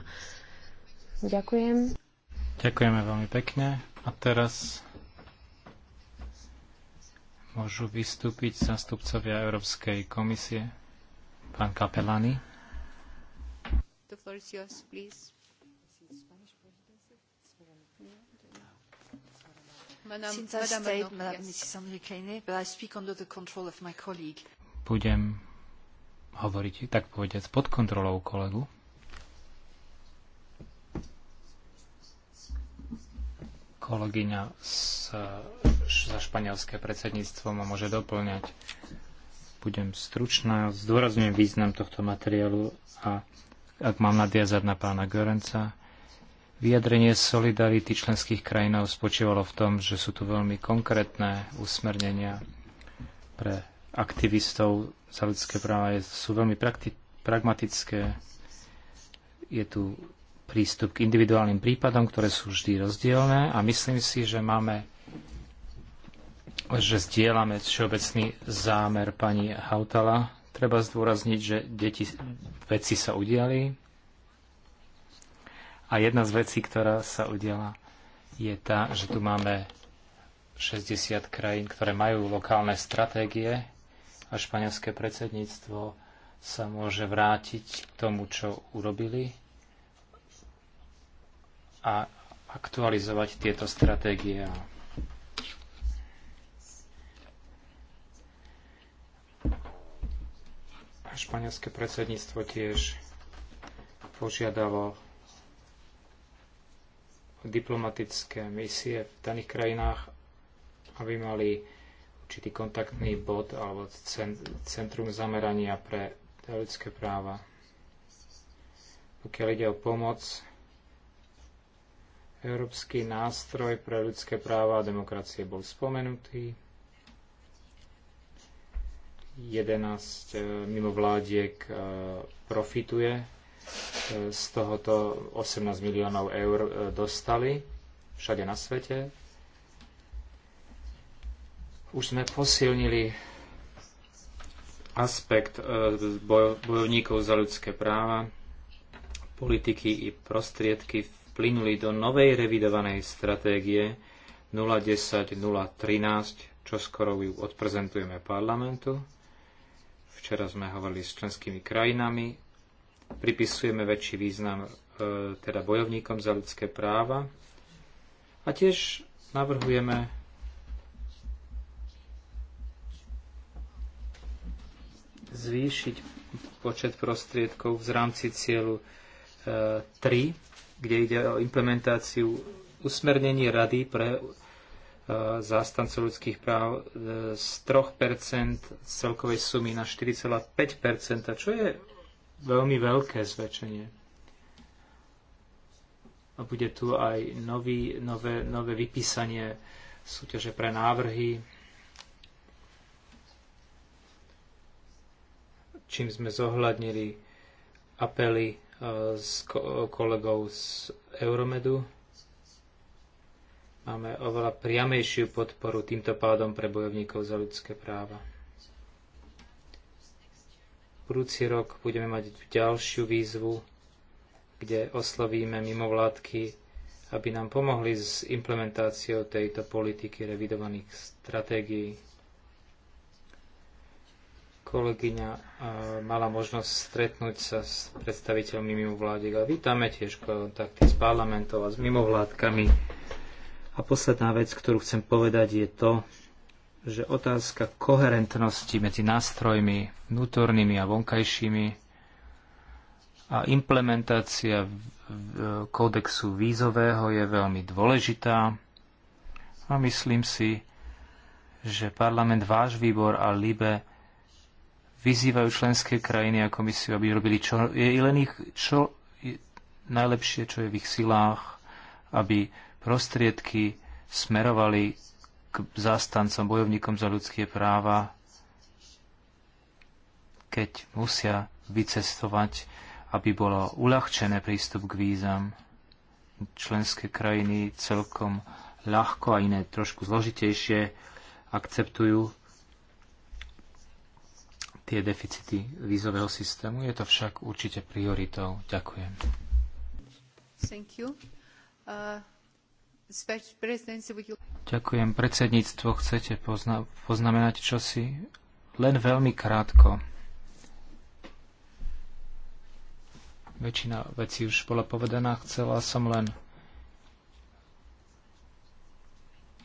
Ďakujem. Ďakujeme veľmi pekne. A teraz Môžu vystúpiť zastupcovia Európskej komisie. Pán Kapelani. The floor is yours, please. Budem hovoriť, tak povedať, pod kontrolou kolegu. Kolegyňa z za španielské predsedníctvo ma môže doplňať. Budem stručná, zdôrazňujem význam tohto materiálu a ak mám nadviazať na pána Görenca, vyjadrenie solidarity členských krajinov spočívalo v tom, že sú tu veľmi konkrétne usmernenia pre aktivistov za ľudské práva. Sú veľmi pragmatické. Je tu prístup k individuálnym prípadom, ktoré sú vždy rozdielne a myslím si, že máme že zdieľame všeobecný zámer pani Hautala. Treba zdôrazniť, že deti, veci sa udiali. A jedna z vecí, ktorá sa udiala, je tá, že tu máme 60 krajín, ktoré majú lokálne stratégie a španielské predsedníctvo sa môže vrátiť k tomu, čo urobili a aktualizovať tieto stratégie. španielské predsedníctvo tiež požiadalo diplomatické misie v daných krajinách, aby mali určitý kontaktný bod alebo centrum zamerania pre ľudské práva. Pokiaľ ide o pomoc, Európsky nástroj pre ľudské práva a demokracie bol spomenutý. 11 eh, mimovládiek eh, profituje. Eh, z tohoto 18 miliónov eur dostali všade na svete. Už sme posilnili aspekt bojovníkov za ľudské práva, politiky i prostriedky vplynuli do novej revidovanej stratégie 010-013, čo skoro ju odprezentujeme parlamentu Včera sme hovorili s členskými krajinami. Pripisujeme väčší význam e, teda bojovníkom za ľudské práva. A tiež navrhujeme zvýšiť počet prostriedkov v rámci cieľu 3, e, kde ide o implementáciu usmernení Rady pre zástancov ľudských práv e, z 3% z celkovej sumy na 4,5%, čo je veľmi veľké zväčšenie. A bude tu aj nový, nové, nové vypísanie súťaže pre návrhy, čím sme zohľadnili apely e, s kolegov z Euromedu Máme oveľa priamejšiu podporu týmto pádom pre bojovníkov za ľudské práva. Budúci rok budeme mať ďalšiu výzvu, kde oslovíme mimovládky, aby nám pomohli s implementáciou tejto politiky revidovaných stratégií. Kolegyňa e, mala možnosť stretnúť sa s predstaviteľmi mimovládek a vítame tiež kontakty s parlamentom a s mimovládkami a posledná vec, ktorú chcem povedať, je to, že otázka koherentnosti medzi nástrojmi vnútornými a vonkajšími a implementácia kódexu vízového je veľmi dôležitá a myslím si, že parlament, váš výbor a LIBE vyzývajú členské krajiny a komisiu, aby robili čo, je len ich čo najlepšie, čo je v ich silách, aby prostriedky smerovali k zástancom, bojovníkom za ľudské práva, keď musia vycestovať, aby bolo uľahčené prístup k vízam. Členské krajiny celkom ľahko a iné trošku zložitejšie akceptujú tie deficity vízového systému. Je to však určite prioritou. Ďakujem. Thank you. Uh... Ďakujem. Predsedníctvo chcete pozna- poznamenať čosi? Len veľmi krátko. Väčšina vecí už bola povedaná. Chcela som len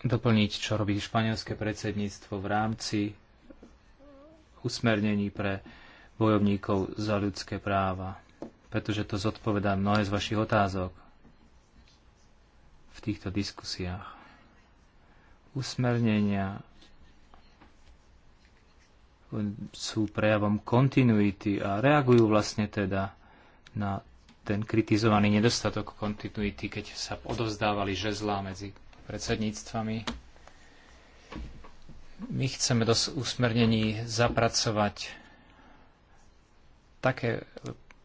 doplniť, čo robí španielské predsedníctvo v rámci usmernení pre bojovníkov za ľudské práva. Pretože to zodpovedá mnohé z vašich otázok v týchto diskusiách. Usmernenia sú prejavom kontinuity a reagujú vlastne teda na ten kritizovaný nedostatok kontinuity, keď sa odovzdávali žezlá medzi predsedníctvami. My chceme do usmernení zapracovať také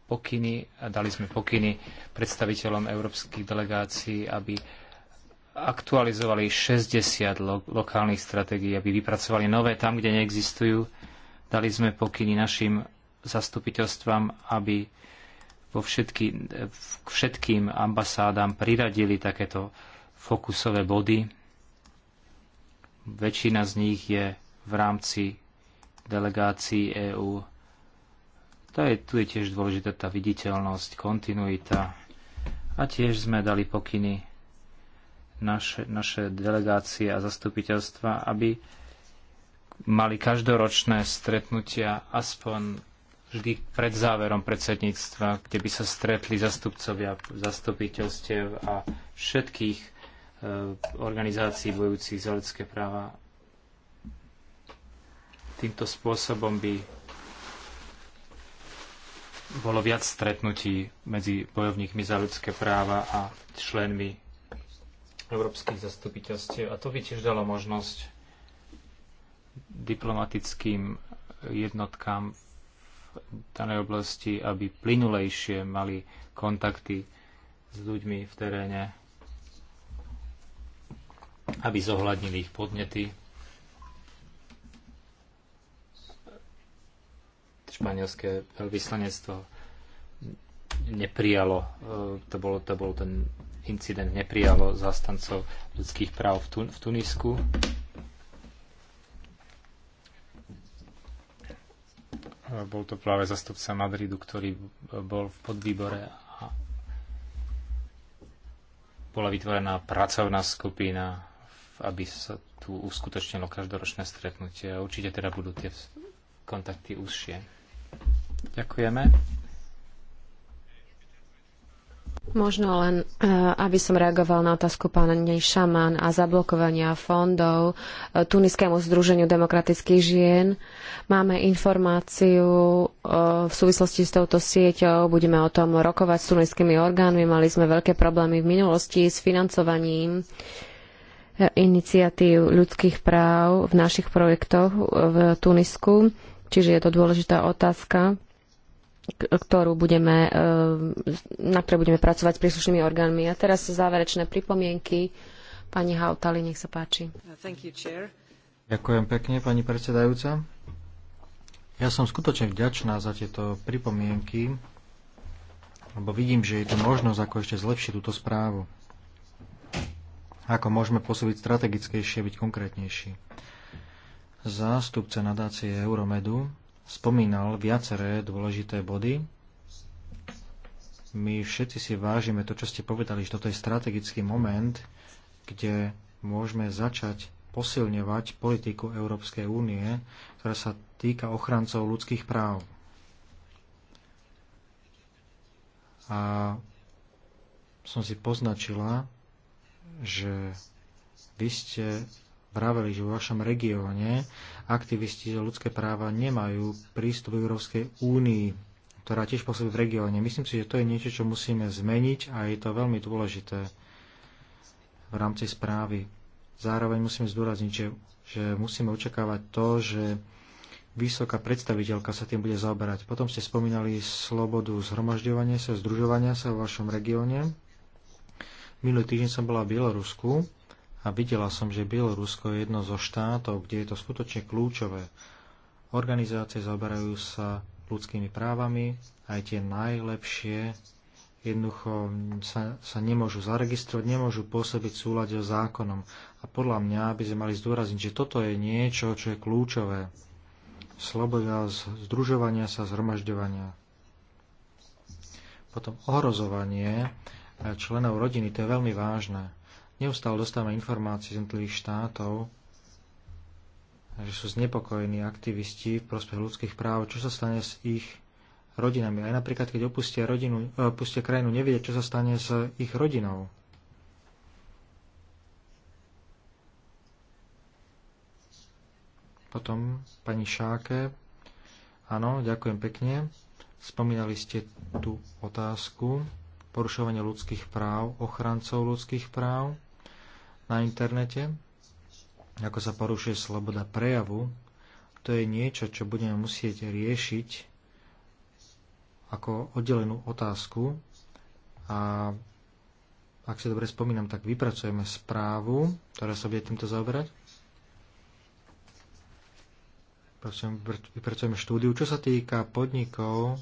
pokyny, a dali sme pokyny predstaviteľom európskych delegácií, aby aktualizovali 60 lo- lokálnych stratégií, aby vypracovali nové tam, kde neexistujú. Dali sme pokyny našim zastupiteľstvám, aby vo všetky, k všetkým ambasádám priradili takéto fokusové body. Väčšina z nich je v rámci delegácií EÚ tá je, tu je tiež dôležitá tá viditeľnosť, kontinuita. A tiež sme dali pokyny naše, naše delegácie a zastupiteľstva, aby mali každoročné stretnutia aspoň vždy pred záverom predsedníctva, kde by sa stretli zastupcovia zastupiteľstiev a všetkých e, organizácií bojujúcich za ľudské práva. Týmto spôsobom by bolo viac stretnutí medzi bojovníkmi za ľudské práva a členmi európskych zastupiteľstiev. A to by tiež dalo možnosť diplomatickým jednotkám v danej oblasti, aby plynulejšie mali kontakty s ľuďmi v teréne, aby zohľadnili ich podnety španielské veľvyslanectvo neprijalo, e, to bol, to bol ten incident, neprijalo zastancov ľudských práv v, Tun- v Tunisku. Bol to práve zastupca Madridu, ktorý bol v podvýbore a bola vytvorená pracovná skupina, aby sa tu uskutočnilo každoročné stretnutie. Určite teda budú tie kontakty užšie. Ďakujeme. Možno len, eh, aby som reagoval na otázku pána Šaman a zablokovania fondov eh, Tuniskému združeniu demokratických žien. Máme informáciu eh, v súvislosti s touto sieťou, budeme o tom rokovať s tuniskými orgánmi. Mali sme veľké problémy v minulosti s financovaním iniciatív ľudských práv v našich projektoch v Tunisku, čiže je to dôležitá otázka ktorú budeme, e, na ktorej budeme pracovať s príslušnými orgánmi. A teraz záverečné pripomienky. Pani Hautali, nech sa páči. You, Ďakujem pekne, pani predsedajúca. Ja som skutočne vďačná za tieto pripomienky, lebo vidím, že je tu možnosť, ako ešte zlepšiť túto správu. Ako môžeme pôsobiť strategickejšie, byť konkrétnejší. Zástupce nadácie Euromedu spomínal viaceré dôležité body. My všetci si vážime to, čo ste povedali, že toto je strategický moment, kde môžeme začať posilňovať politiku Európskej únie, ktorá sa týka ochrancov ľudských práv. A som si poznačila, že vy ste vraveli, že vo vašom regióne aktivisti za ľudské práva nemajú prístup k Európskej únii, ktorá tiež pôsobí v regióne. Myslím si, že to je niečo, čo musíme zmeniť a je to veľmi dôležité v rámci správy. Zároveň musím zdôrazniť, že, že musíme očakávať to, že vysoká predstaviteľka sa tým bude zaoberať. Potom ste spomínali slobodu zhromažďovania sa, združovania sa v vašom regióne. Minulý týždeň som bola v Bielorusku a videla som, že Bielorusko je jedno zo štátov, kde je to skutočne kľúčové. Organizácie zaoberajú sa ľudskými právami, aj tie najlepšie jednoducho sa, sa nemôžu zaregistrovať, nemôžu pôsobiť v súlade s zákonom. A podľa mňa by sme mali zdôrazniť, že toto je niečo, čo je kľúčové. Sloboda združovania sa, zhromažďovania. Potom ohrozovanie členov rodiny, to je veľmi vážne. Neustále dostávame informácie z jednotlivých štátov, že sú znepokojení aktivisti v prospech ľudských práv, čo sa stane s ich rodinami. Aj napríklad, keď opustia, rodinu, eh, opustia krajinu, nevedia, čo sa stane s ich rodinou. Potom pani Šáke. Áno, ďakujem pekne. Spomínali ste tú otázku porušovania ľudských práv, ochrancov ľudských práv na internete, ako sa porušuje sloboda prejavu, to je niečo, čo budeme musieť riešiť ako oddelenú otázku a ak si dobre spomínam, tak vypracujeme správu, ktorá sa bude týmto zaoberať. Vypracujeme štúdiu, čo sa týka podnikov,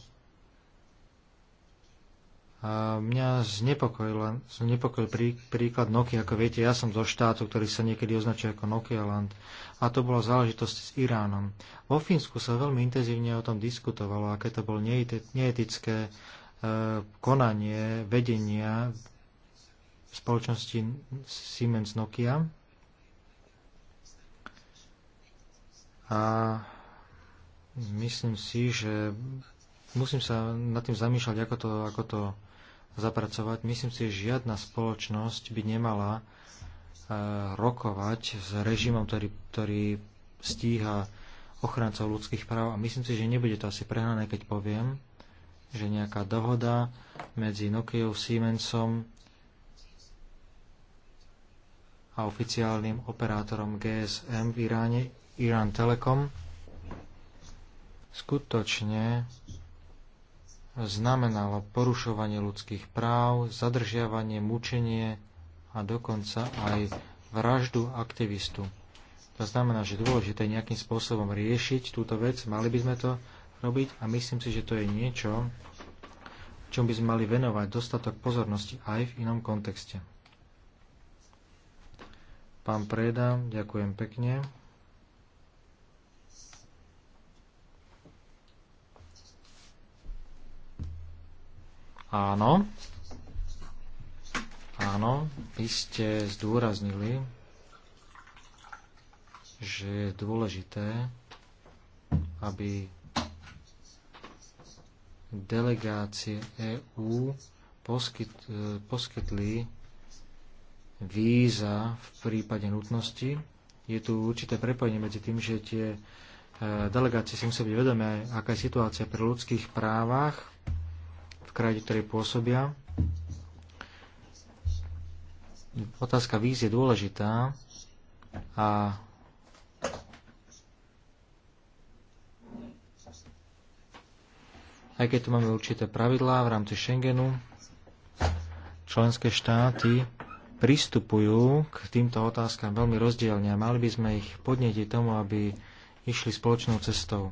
a mňa znepokojil, znepokojil prí, príklad Nokia. Ako viete, ja som zo štátu, ktorý sa niekedy označuje ako Nokia Land. A to bola záležitosť s Iránom. Vo Fínsku sa veľmi intenzívne o tom diskutovalo, aké to bolo neetické e, konanie vedenia spoločnosti Siemens Nokia. A myslím si, že musím sa nad tým zamýšľať, ako to, ako to zapracovať. Myslím si, že žiadna spoločnosť by nemala e, rokovať s režimom, ktorý, ktorý stíha ochrancov ľudských práv a myslím si, že nebude to asi prehnané, keď poviem, že nejaká dohoda medzi Nokiou, Siemensom a oficiálnym operátorom GSM v Iráne, Irán Telekom, skutočne znamenalo porušovanie ľudských práv, zadržiavanie, mučenie a dokonca aj vraždu aktivistu. To znamená, že dôležité nejakým spôsobom riešiť túto vec, mali by sme to robiť a myslím si, že to je niečo, čom by sme mali venovať dostatok pozornosti aj v inom kontexte. Pán Preda, ďakujem pekne. Áno. Áno, vy ste zdôraznili, že je dôležité, aby delegácie EÚ poskyt, e, poskytli víza v prípade nutnosti. Je tu určité prepojenie medzi tým, že tie e, delegácie si musia byť vedomé, aká je situácia pri ľudských právach kraji, ktorej pôsobia. Otázka víz je dôležitá a aj keď tu máme určité pravidlá v rámci Schengenu, členské štáty pristupujú k týmto otázkam veľmi rozdielne a mali by sme ich podnetiť tomu, aby išli spoločnou cestou.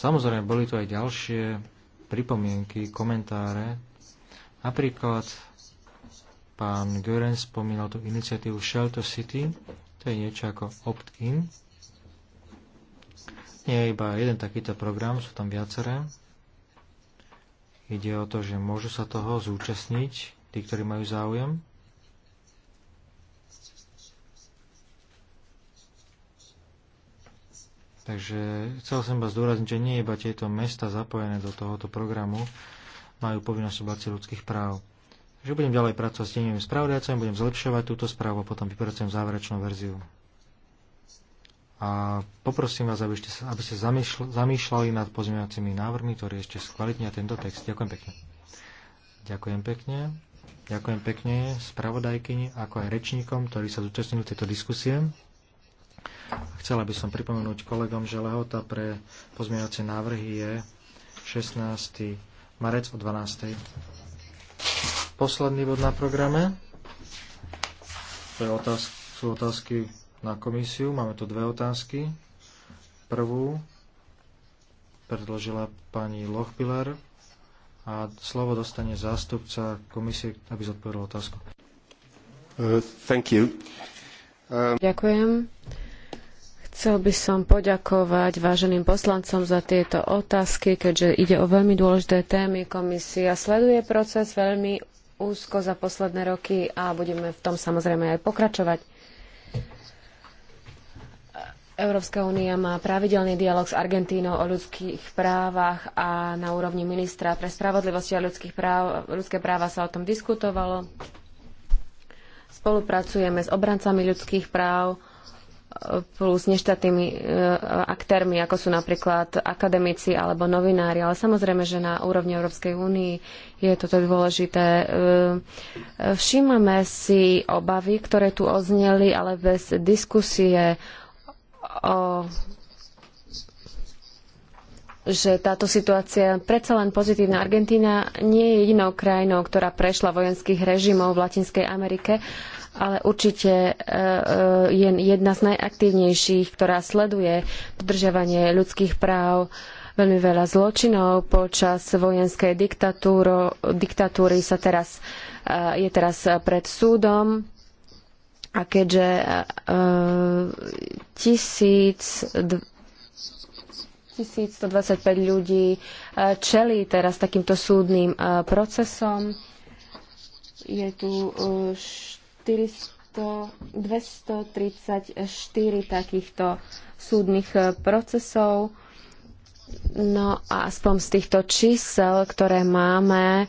Samozrejme, boli tu aj ďalšie pripomienky, komentáre. Napríklad pán Gören spomínal tú iniciatívu Shelter City. To je niečo ako opt-in. Nie je iba jeden takýto program, sú tam viaceré. Ide o to, že môžu sa toho zúčastniť tí, ktorí majú záujem. Takže chcel som vás zdôrazniť, že nie iba tieto mesta zapojené do tohoto programu majú povinnosť obáci ľudských práv. Takže budem ďalej pracovať s tými spravodajcami, budem zlepšovať túto správu a potom vypracujem záverečnú verziu. A poprosím vás, aby ste, aby ste zamýšľali nad pozmeňovacími návrhmi, ktoré ešte skvalitnia tento text. Ďakujem pekne. Ďakujem pekne. Ďakujem pekne spravodajkyni, ako aj rečníkom, ktorí sa zúčastnili tejto diskusie. Chcela by som pripomenúť kolegom, že lehota pre pozmeňovacie návrhy je 16. marec o 12. Posledný bod na programe. To je otázka, sú otázky na komisiu. Máme tu dve otázky. Prvú predložila pani Lochpiller a slovo dostane zástupca komisie, aby zodpovedal otázku. Uh, thank you. Um... Ďakujem. Chcel by som poďakovať váženým poslancom za tieto otázky, keďže ide o veľmi dôležité témy. Komisia sleduje proces veľmi úzko za posledné roky a budeme v tom samozrejme aj pokračovať. Európska únia má pravidelný dialog s Argentínou o ľudských právach a na úrovni ministra pre spravodlivosť a ľudských práv, ľudské práva sa o tom diskutovalo. Spolupracujeme s obrancami ľudských práv plus neštátnymi e, aktérmi, ako sú napríklad akademici alebo novinári. Ale samozrejme, že na úrovni Európskej únii je toto dôležité. E, e, všímame si obavy, ktoré tu ozneli, ale bez diskusie o že táto situácia je predsa len pozitívna. Argentína nie je jedinou krajinou, ktorá prešla vojenských režimov v Latinskej Amerike ale určite e, e, je jedna z najaktívnejších, ktorá sleduje podržiavanie ľudských práv veľmi veľa zločinov počas vojenskej diktatúry sa teraz, e, je teraz pred súdom a keďže tisíc 1125 ľudí čelí teraz takýmto súdnym procesom. Je tu 400, 234 takýchto súdnych eh, procesov. No a aspoň z týchto čísel, ktoré máme, eh,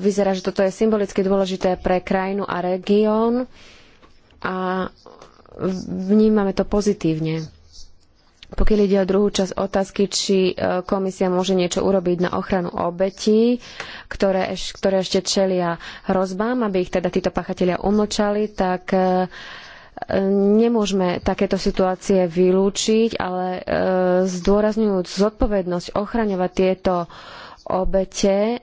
vyzerá, že toto je symbolicky dôležité pre krajinu a región a vnímame to pozitívne. Pokiaľ ide o druhú časť otázky, či e, komisia môže niečo urobiť na ochranu obetí, ktoré, ktoré ešte čelia hrozbám, aby ich teda títo pachatelia umlčali, tak e, e, nemôžeme takéto situácie vylúčiť, ale zdôrazňujúc zodpovednosť ochraňovať tieto obete,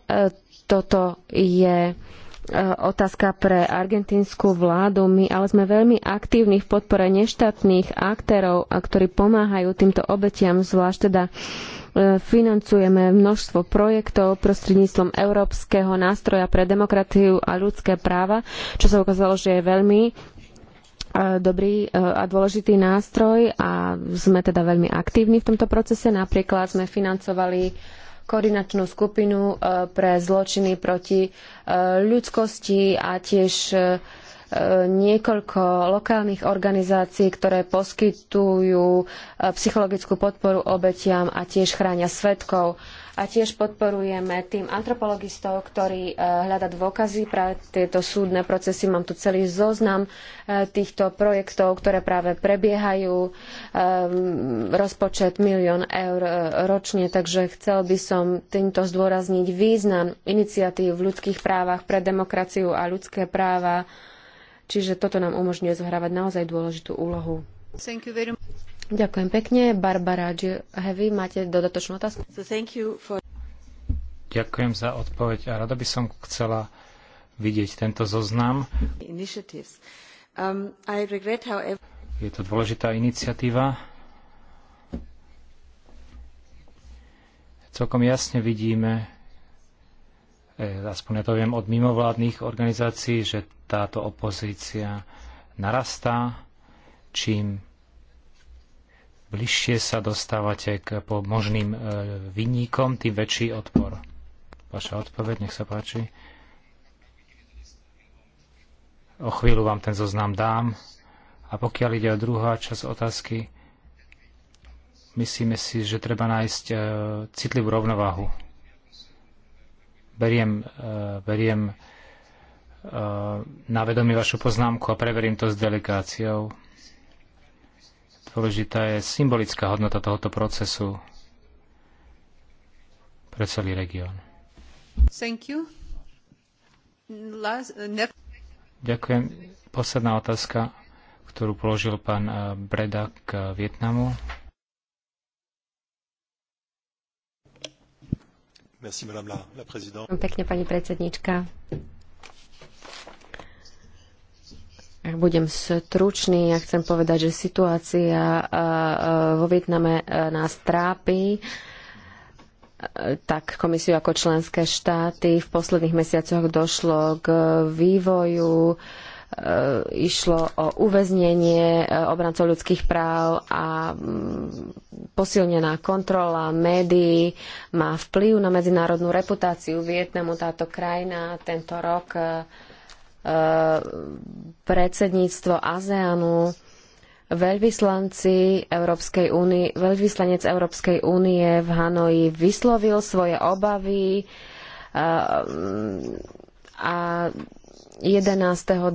toto je E, otázka pre argentínsku vládu. My ale sme veľmi aktívni v podpore neštátnych aktérov, ktorí pomáhajú týmto obetiam, zvlášť teda e, financujeme množstvo projektov prostredníctvom Európskeho nástroja pre demokratiu a ľudské práva, čo sa ukázalo, že je veľmi e, dobrý a dôležitý nástroj a sme teda veľmi aktívni v tomto procese. Napríklad sme financovali koordinačnú skupinu e, pre zločiny proti e, ľudskosti a tiež e, niekoľko lokálnych organizácií, ktoré poskytujú psychologickú podporu obetiam a tiež chránia svetkov a tiež podporujeme tým antropologistov, ktorí e, hľada dôkazy pre tieto súdne procesy. Mám tu celý zoznam e, týchto projektov, ktoré práve prebiehajú. E, rozpočet milión eur ročne, takže chcel by som týmto zdôrazniť význam iniciatív v ľudských právach pre demokraciu a ľudské práva. Čiže toto nám umožňuje zohrávať naozaj dôležitú úlohu. Ďakujem pekne. Barbara Heavy, máte dodatočnú otázku? So for... Ďakujem za odpoveď a rada by som chcela vidieť tento zoznam. Um, Je to dôležitá iniciatíva. Celkom jasne vidíme, e, aspoň ja to viem od mimovládnych organizácií, že táto opozícia narastá, čím bližšie sa dostávate k po možným e, vinníkom, tým väčší odpor. Vaša odpoveď, nech sa páči. O chvíľu vám ten zoznam dám. A pokiaľ ide o druhá časť otázky, myslíme si, že treba nájsť e, citlivú rovnováhu. Beriem, e, beriem e, na vedomie vašu poznámku a preverím to s delegáciou. Dôležitá je symbolická hodnota tohoto procesu pre celý región. Uh, Ďakujem. Posledná otázka, ktorú položil pán uh, Breda k uh, Vietnamu. Ďakujem Pekne, pani predsednička. Ak budem stručný, ja chcem povedať, že situácia e, e, vo Vietname e, nás trápi tak komisiu ako členské štáty. V posledných mesiacoch došlo k vývoju, išlo o uväznenie obrancov ľudských práv a mm, posilnená kontrola médií má vplyv na medzinárodnú reputáciu Vietnamu. Táto krajina tento rok Eh, predsedníctvo ASEANu, veľvyslanci Európskej únie, veľvyslanec Európskej únie v Hanoji vyslovil svoje obavy eh, a, 11.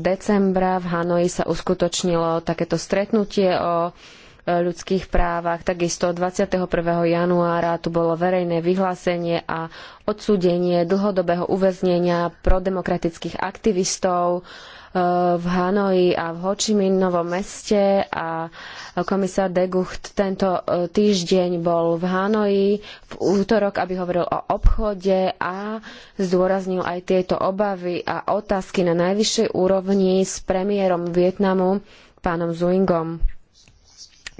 decembra v Hanoji sa uskutočnilo takéto stretnutie o ľudských právach. Takisto 21. januára tu bolo verejné vyhlásenie a odsúdenie dlhodobého uväznenia prodemokratických aktivistov e, v Hanoji a v Hočiminovom meste a komisár de Gucht tento e, týždeň bol v Hanoji v útorok, aby hovoril o obchode a zdôraznil aj tieto obavy a otázky na najvyššej úrovni s premiérom Vietnamu, pánom Zuingom.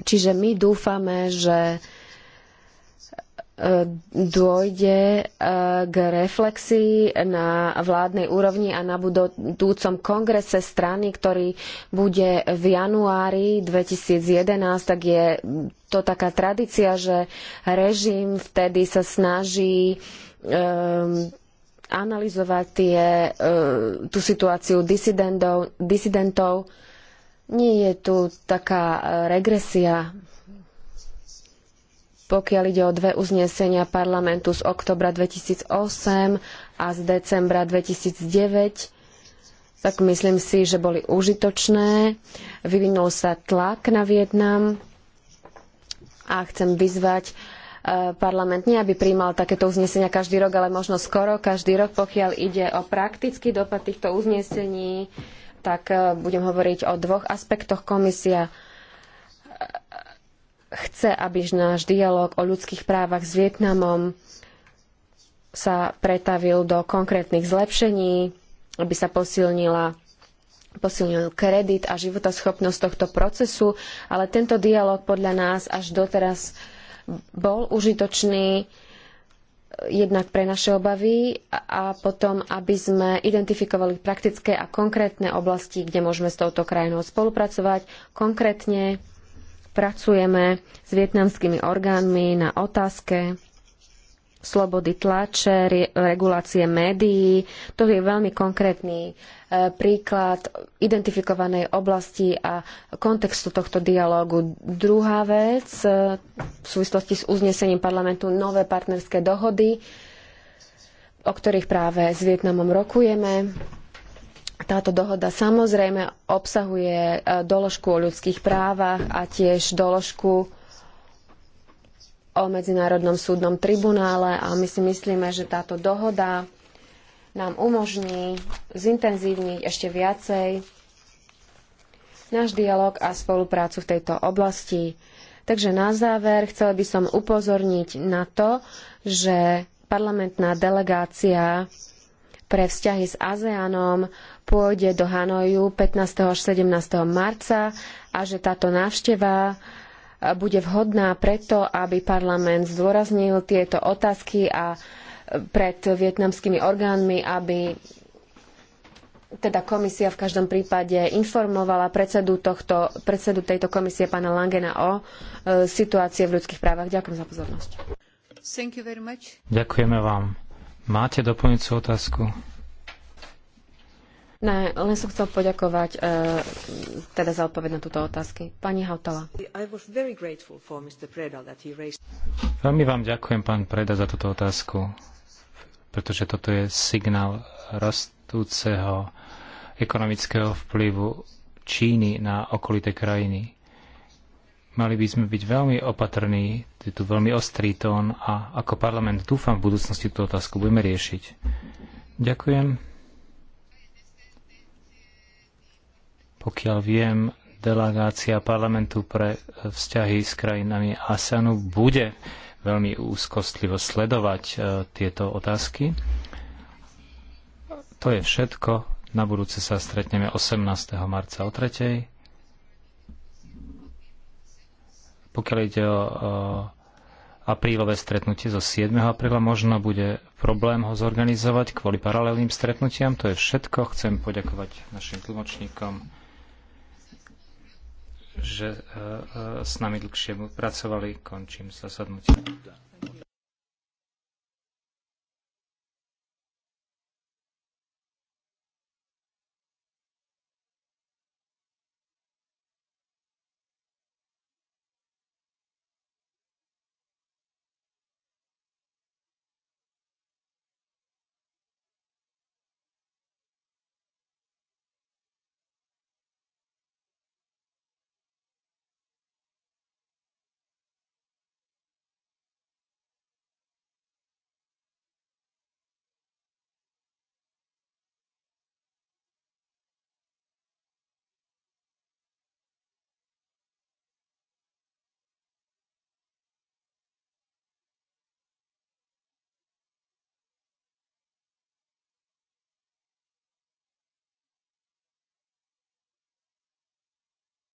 Čiže my dúfame, že e, dôjde e, k reflexii na vládnej úrovni a na budúcom kongrese strany, ktorý bude v januári 2011, tak je to taká tradícia, že režim vtedy sa snaží um, analyzovať tie, uh, tú situáciu disidentov, disidentov nie je tu taká e, regresia, pokiaľ ide o dve uznesenia parlamentu z oktobra 2008 a z decembra 2009 tak myslím si, že boli užitočné. Vyvinul sa tlak na Vietnam a chcem vyzvať e, parlament nie, aby príjmal takéto uznesenia každý rok, ale možno skoro každý rok, pokiaľ ide o praktický dopad týchto uznesení. Uh, tak e, budem hovoriť o dvoch aspektoch. Komisia e, chce, aby náš dialog o ľudských právach s Vietnamom sa pretavil do konkrétnych zlepšení, aby sa posilnila posilnil kredit a životaschopnosť tohto procesu, ale tento dialog podľa nás až doteraz bol užitočný jednak pre naše obavy a potom, aby sme identifikovali praktické a konkrétne oblasti, kde môžeme s touto krajinou spolupracovať. Konkrétne pracujeme s vietnamskými orgánmi na otázke slobody tlače, regulácie médií. To je veľmi konkrétny e, príklad identifikovanej oblasti a kontextu tohto dialógu. Druhá vec e, v súvislosti s uznesením parlamentu nové partnerské dohody, o ktorých práve s Vietnamom rokujeme. Táto dohoda samozrejme obsahuje e, doložku o ľudských právach a tiež doložku o Medzinárodnom súdnom tribunále a my si myslíme, že táto dohoda nám umožní zintenzívniť ešte viacej náš dialog a spoluprácu v tejto oblasti. Takže na záver chcela by som upozorniť na to, že parlamentná delegácia pre vzťahy s ASEANom pôjde do Hanoju 15. až 17. marca a že táto návšteva bude vhodná preto, aby parlament zdôraznil tieto otázky a pred vietnamskými orgánmi, aby teda komisia v každom prípade informovala predsedu, tohto, predsedu tejto komisie pána Langena o e, situácie v ľudských právach. Ďakujem za pozornosť. Ďakujeme vám. Máte doplňujúcu otázku? Ne, len som chcel poďakovať uh, teda za odpoveď na túto otázky. Pani Hautala. Veľmi vám ďakujem, pán Preda, za túto otázku, pretože toto je signál rastúceho ekonomického vplyvu Číny na okolité krajiny. Mali by sme byť veľmi opatrní, je tu veľmi ostrý tón a ako parlament dúfam v budúcnosti tú otázku budeme riešiť. Ďakujem. Pokiaľ viem, delegácia parlamentu pre e, vzťahy s krajinami ASEANu bude veľmi úzkostlivo sledovať e, tieto otázky. To je všetko. Na budúce sa stretneme 18. marca o 3. Pokiaľ ide o, o aprílové stretnutie zo 7. apríla, možno bude problém ho zorganizovať kvôli paralelným stretnutiam. To je všetko. Chcem poďakovať našim tlmočníkom že e, e, s nami dlhšie pracovali. Končím zasadnutie.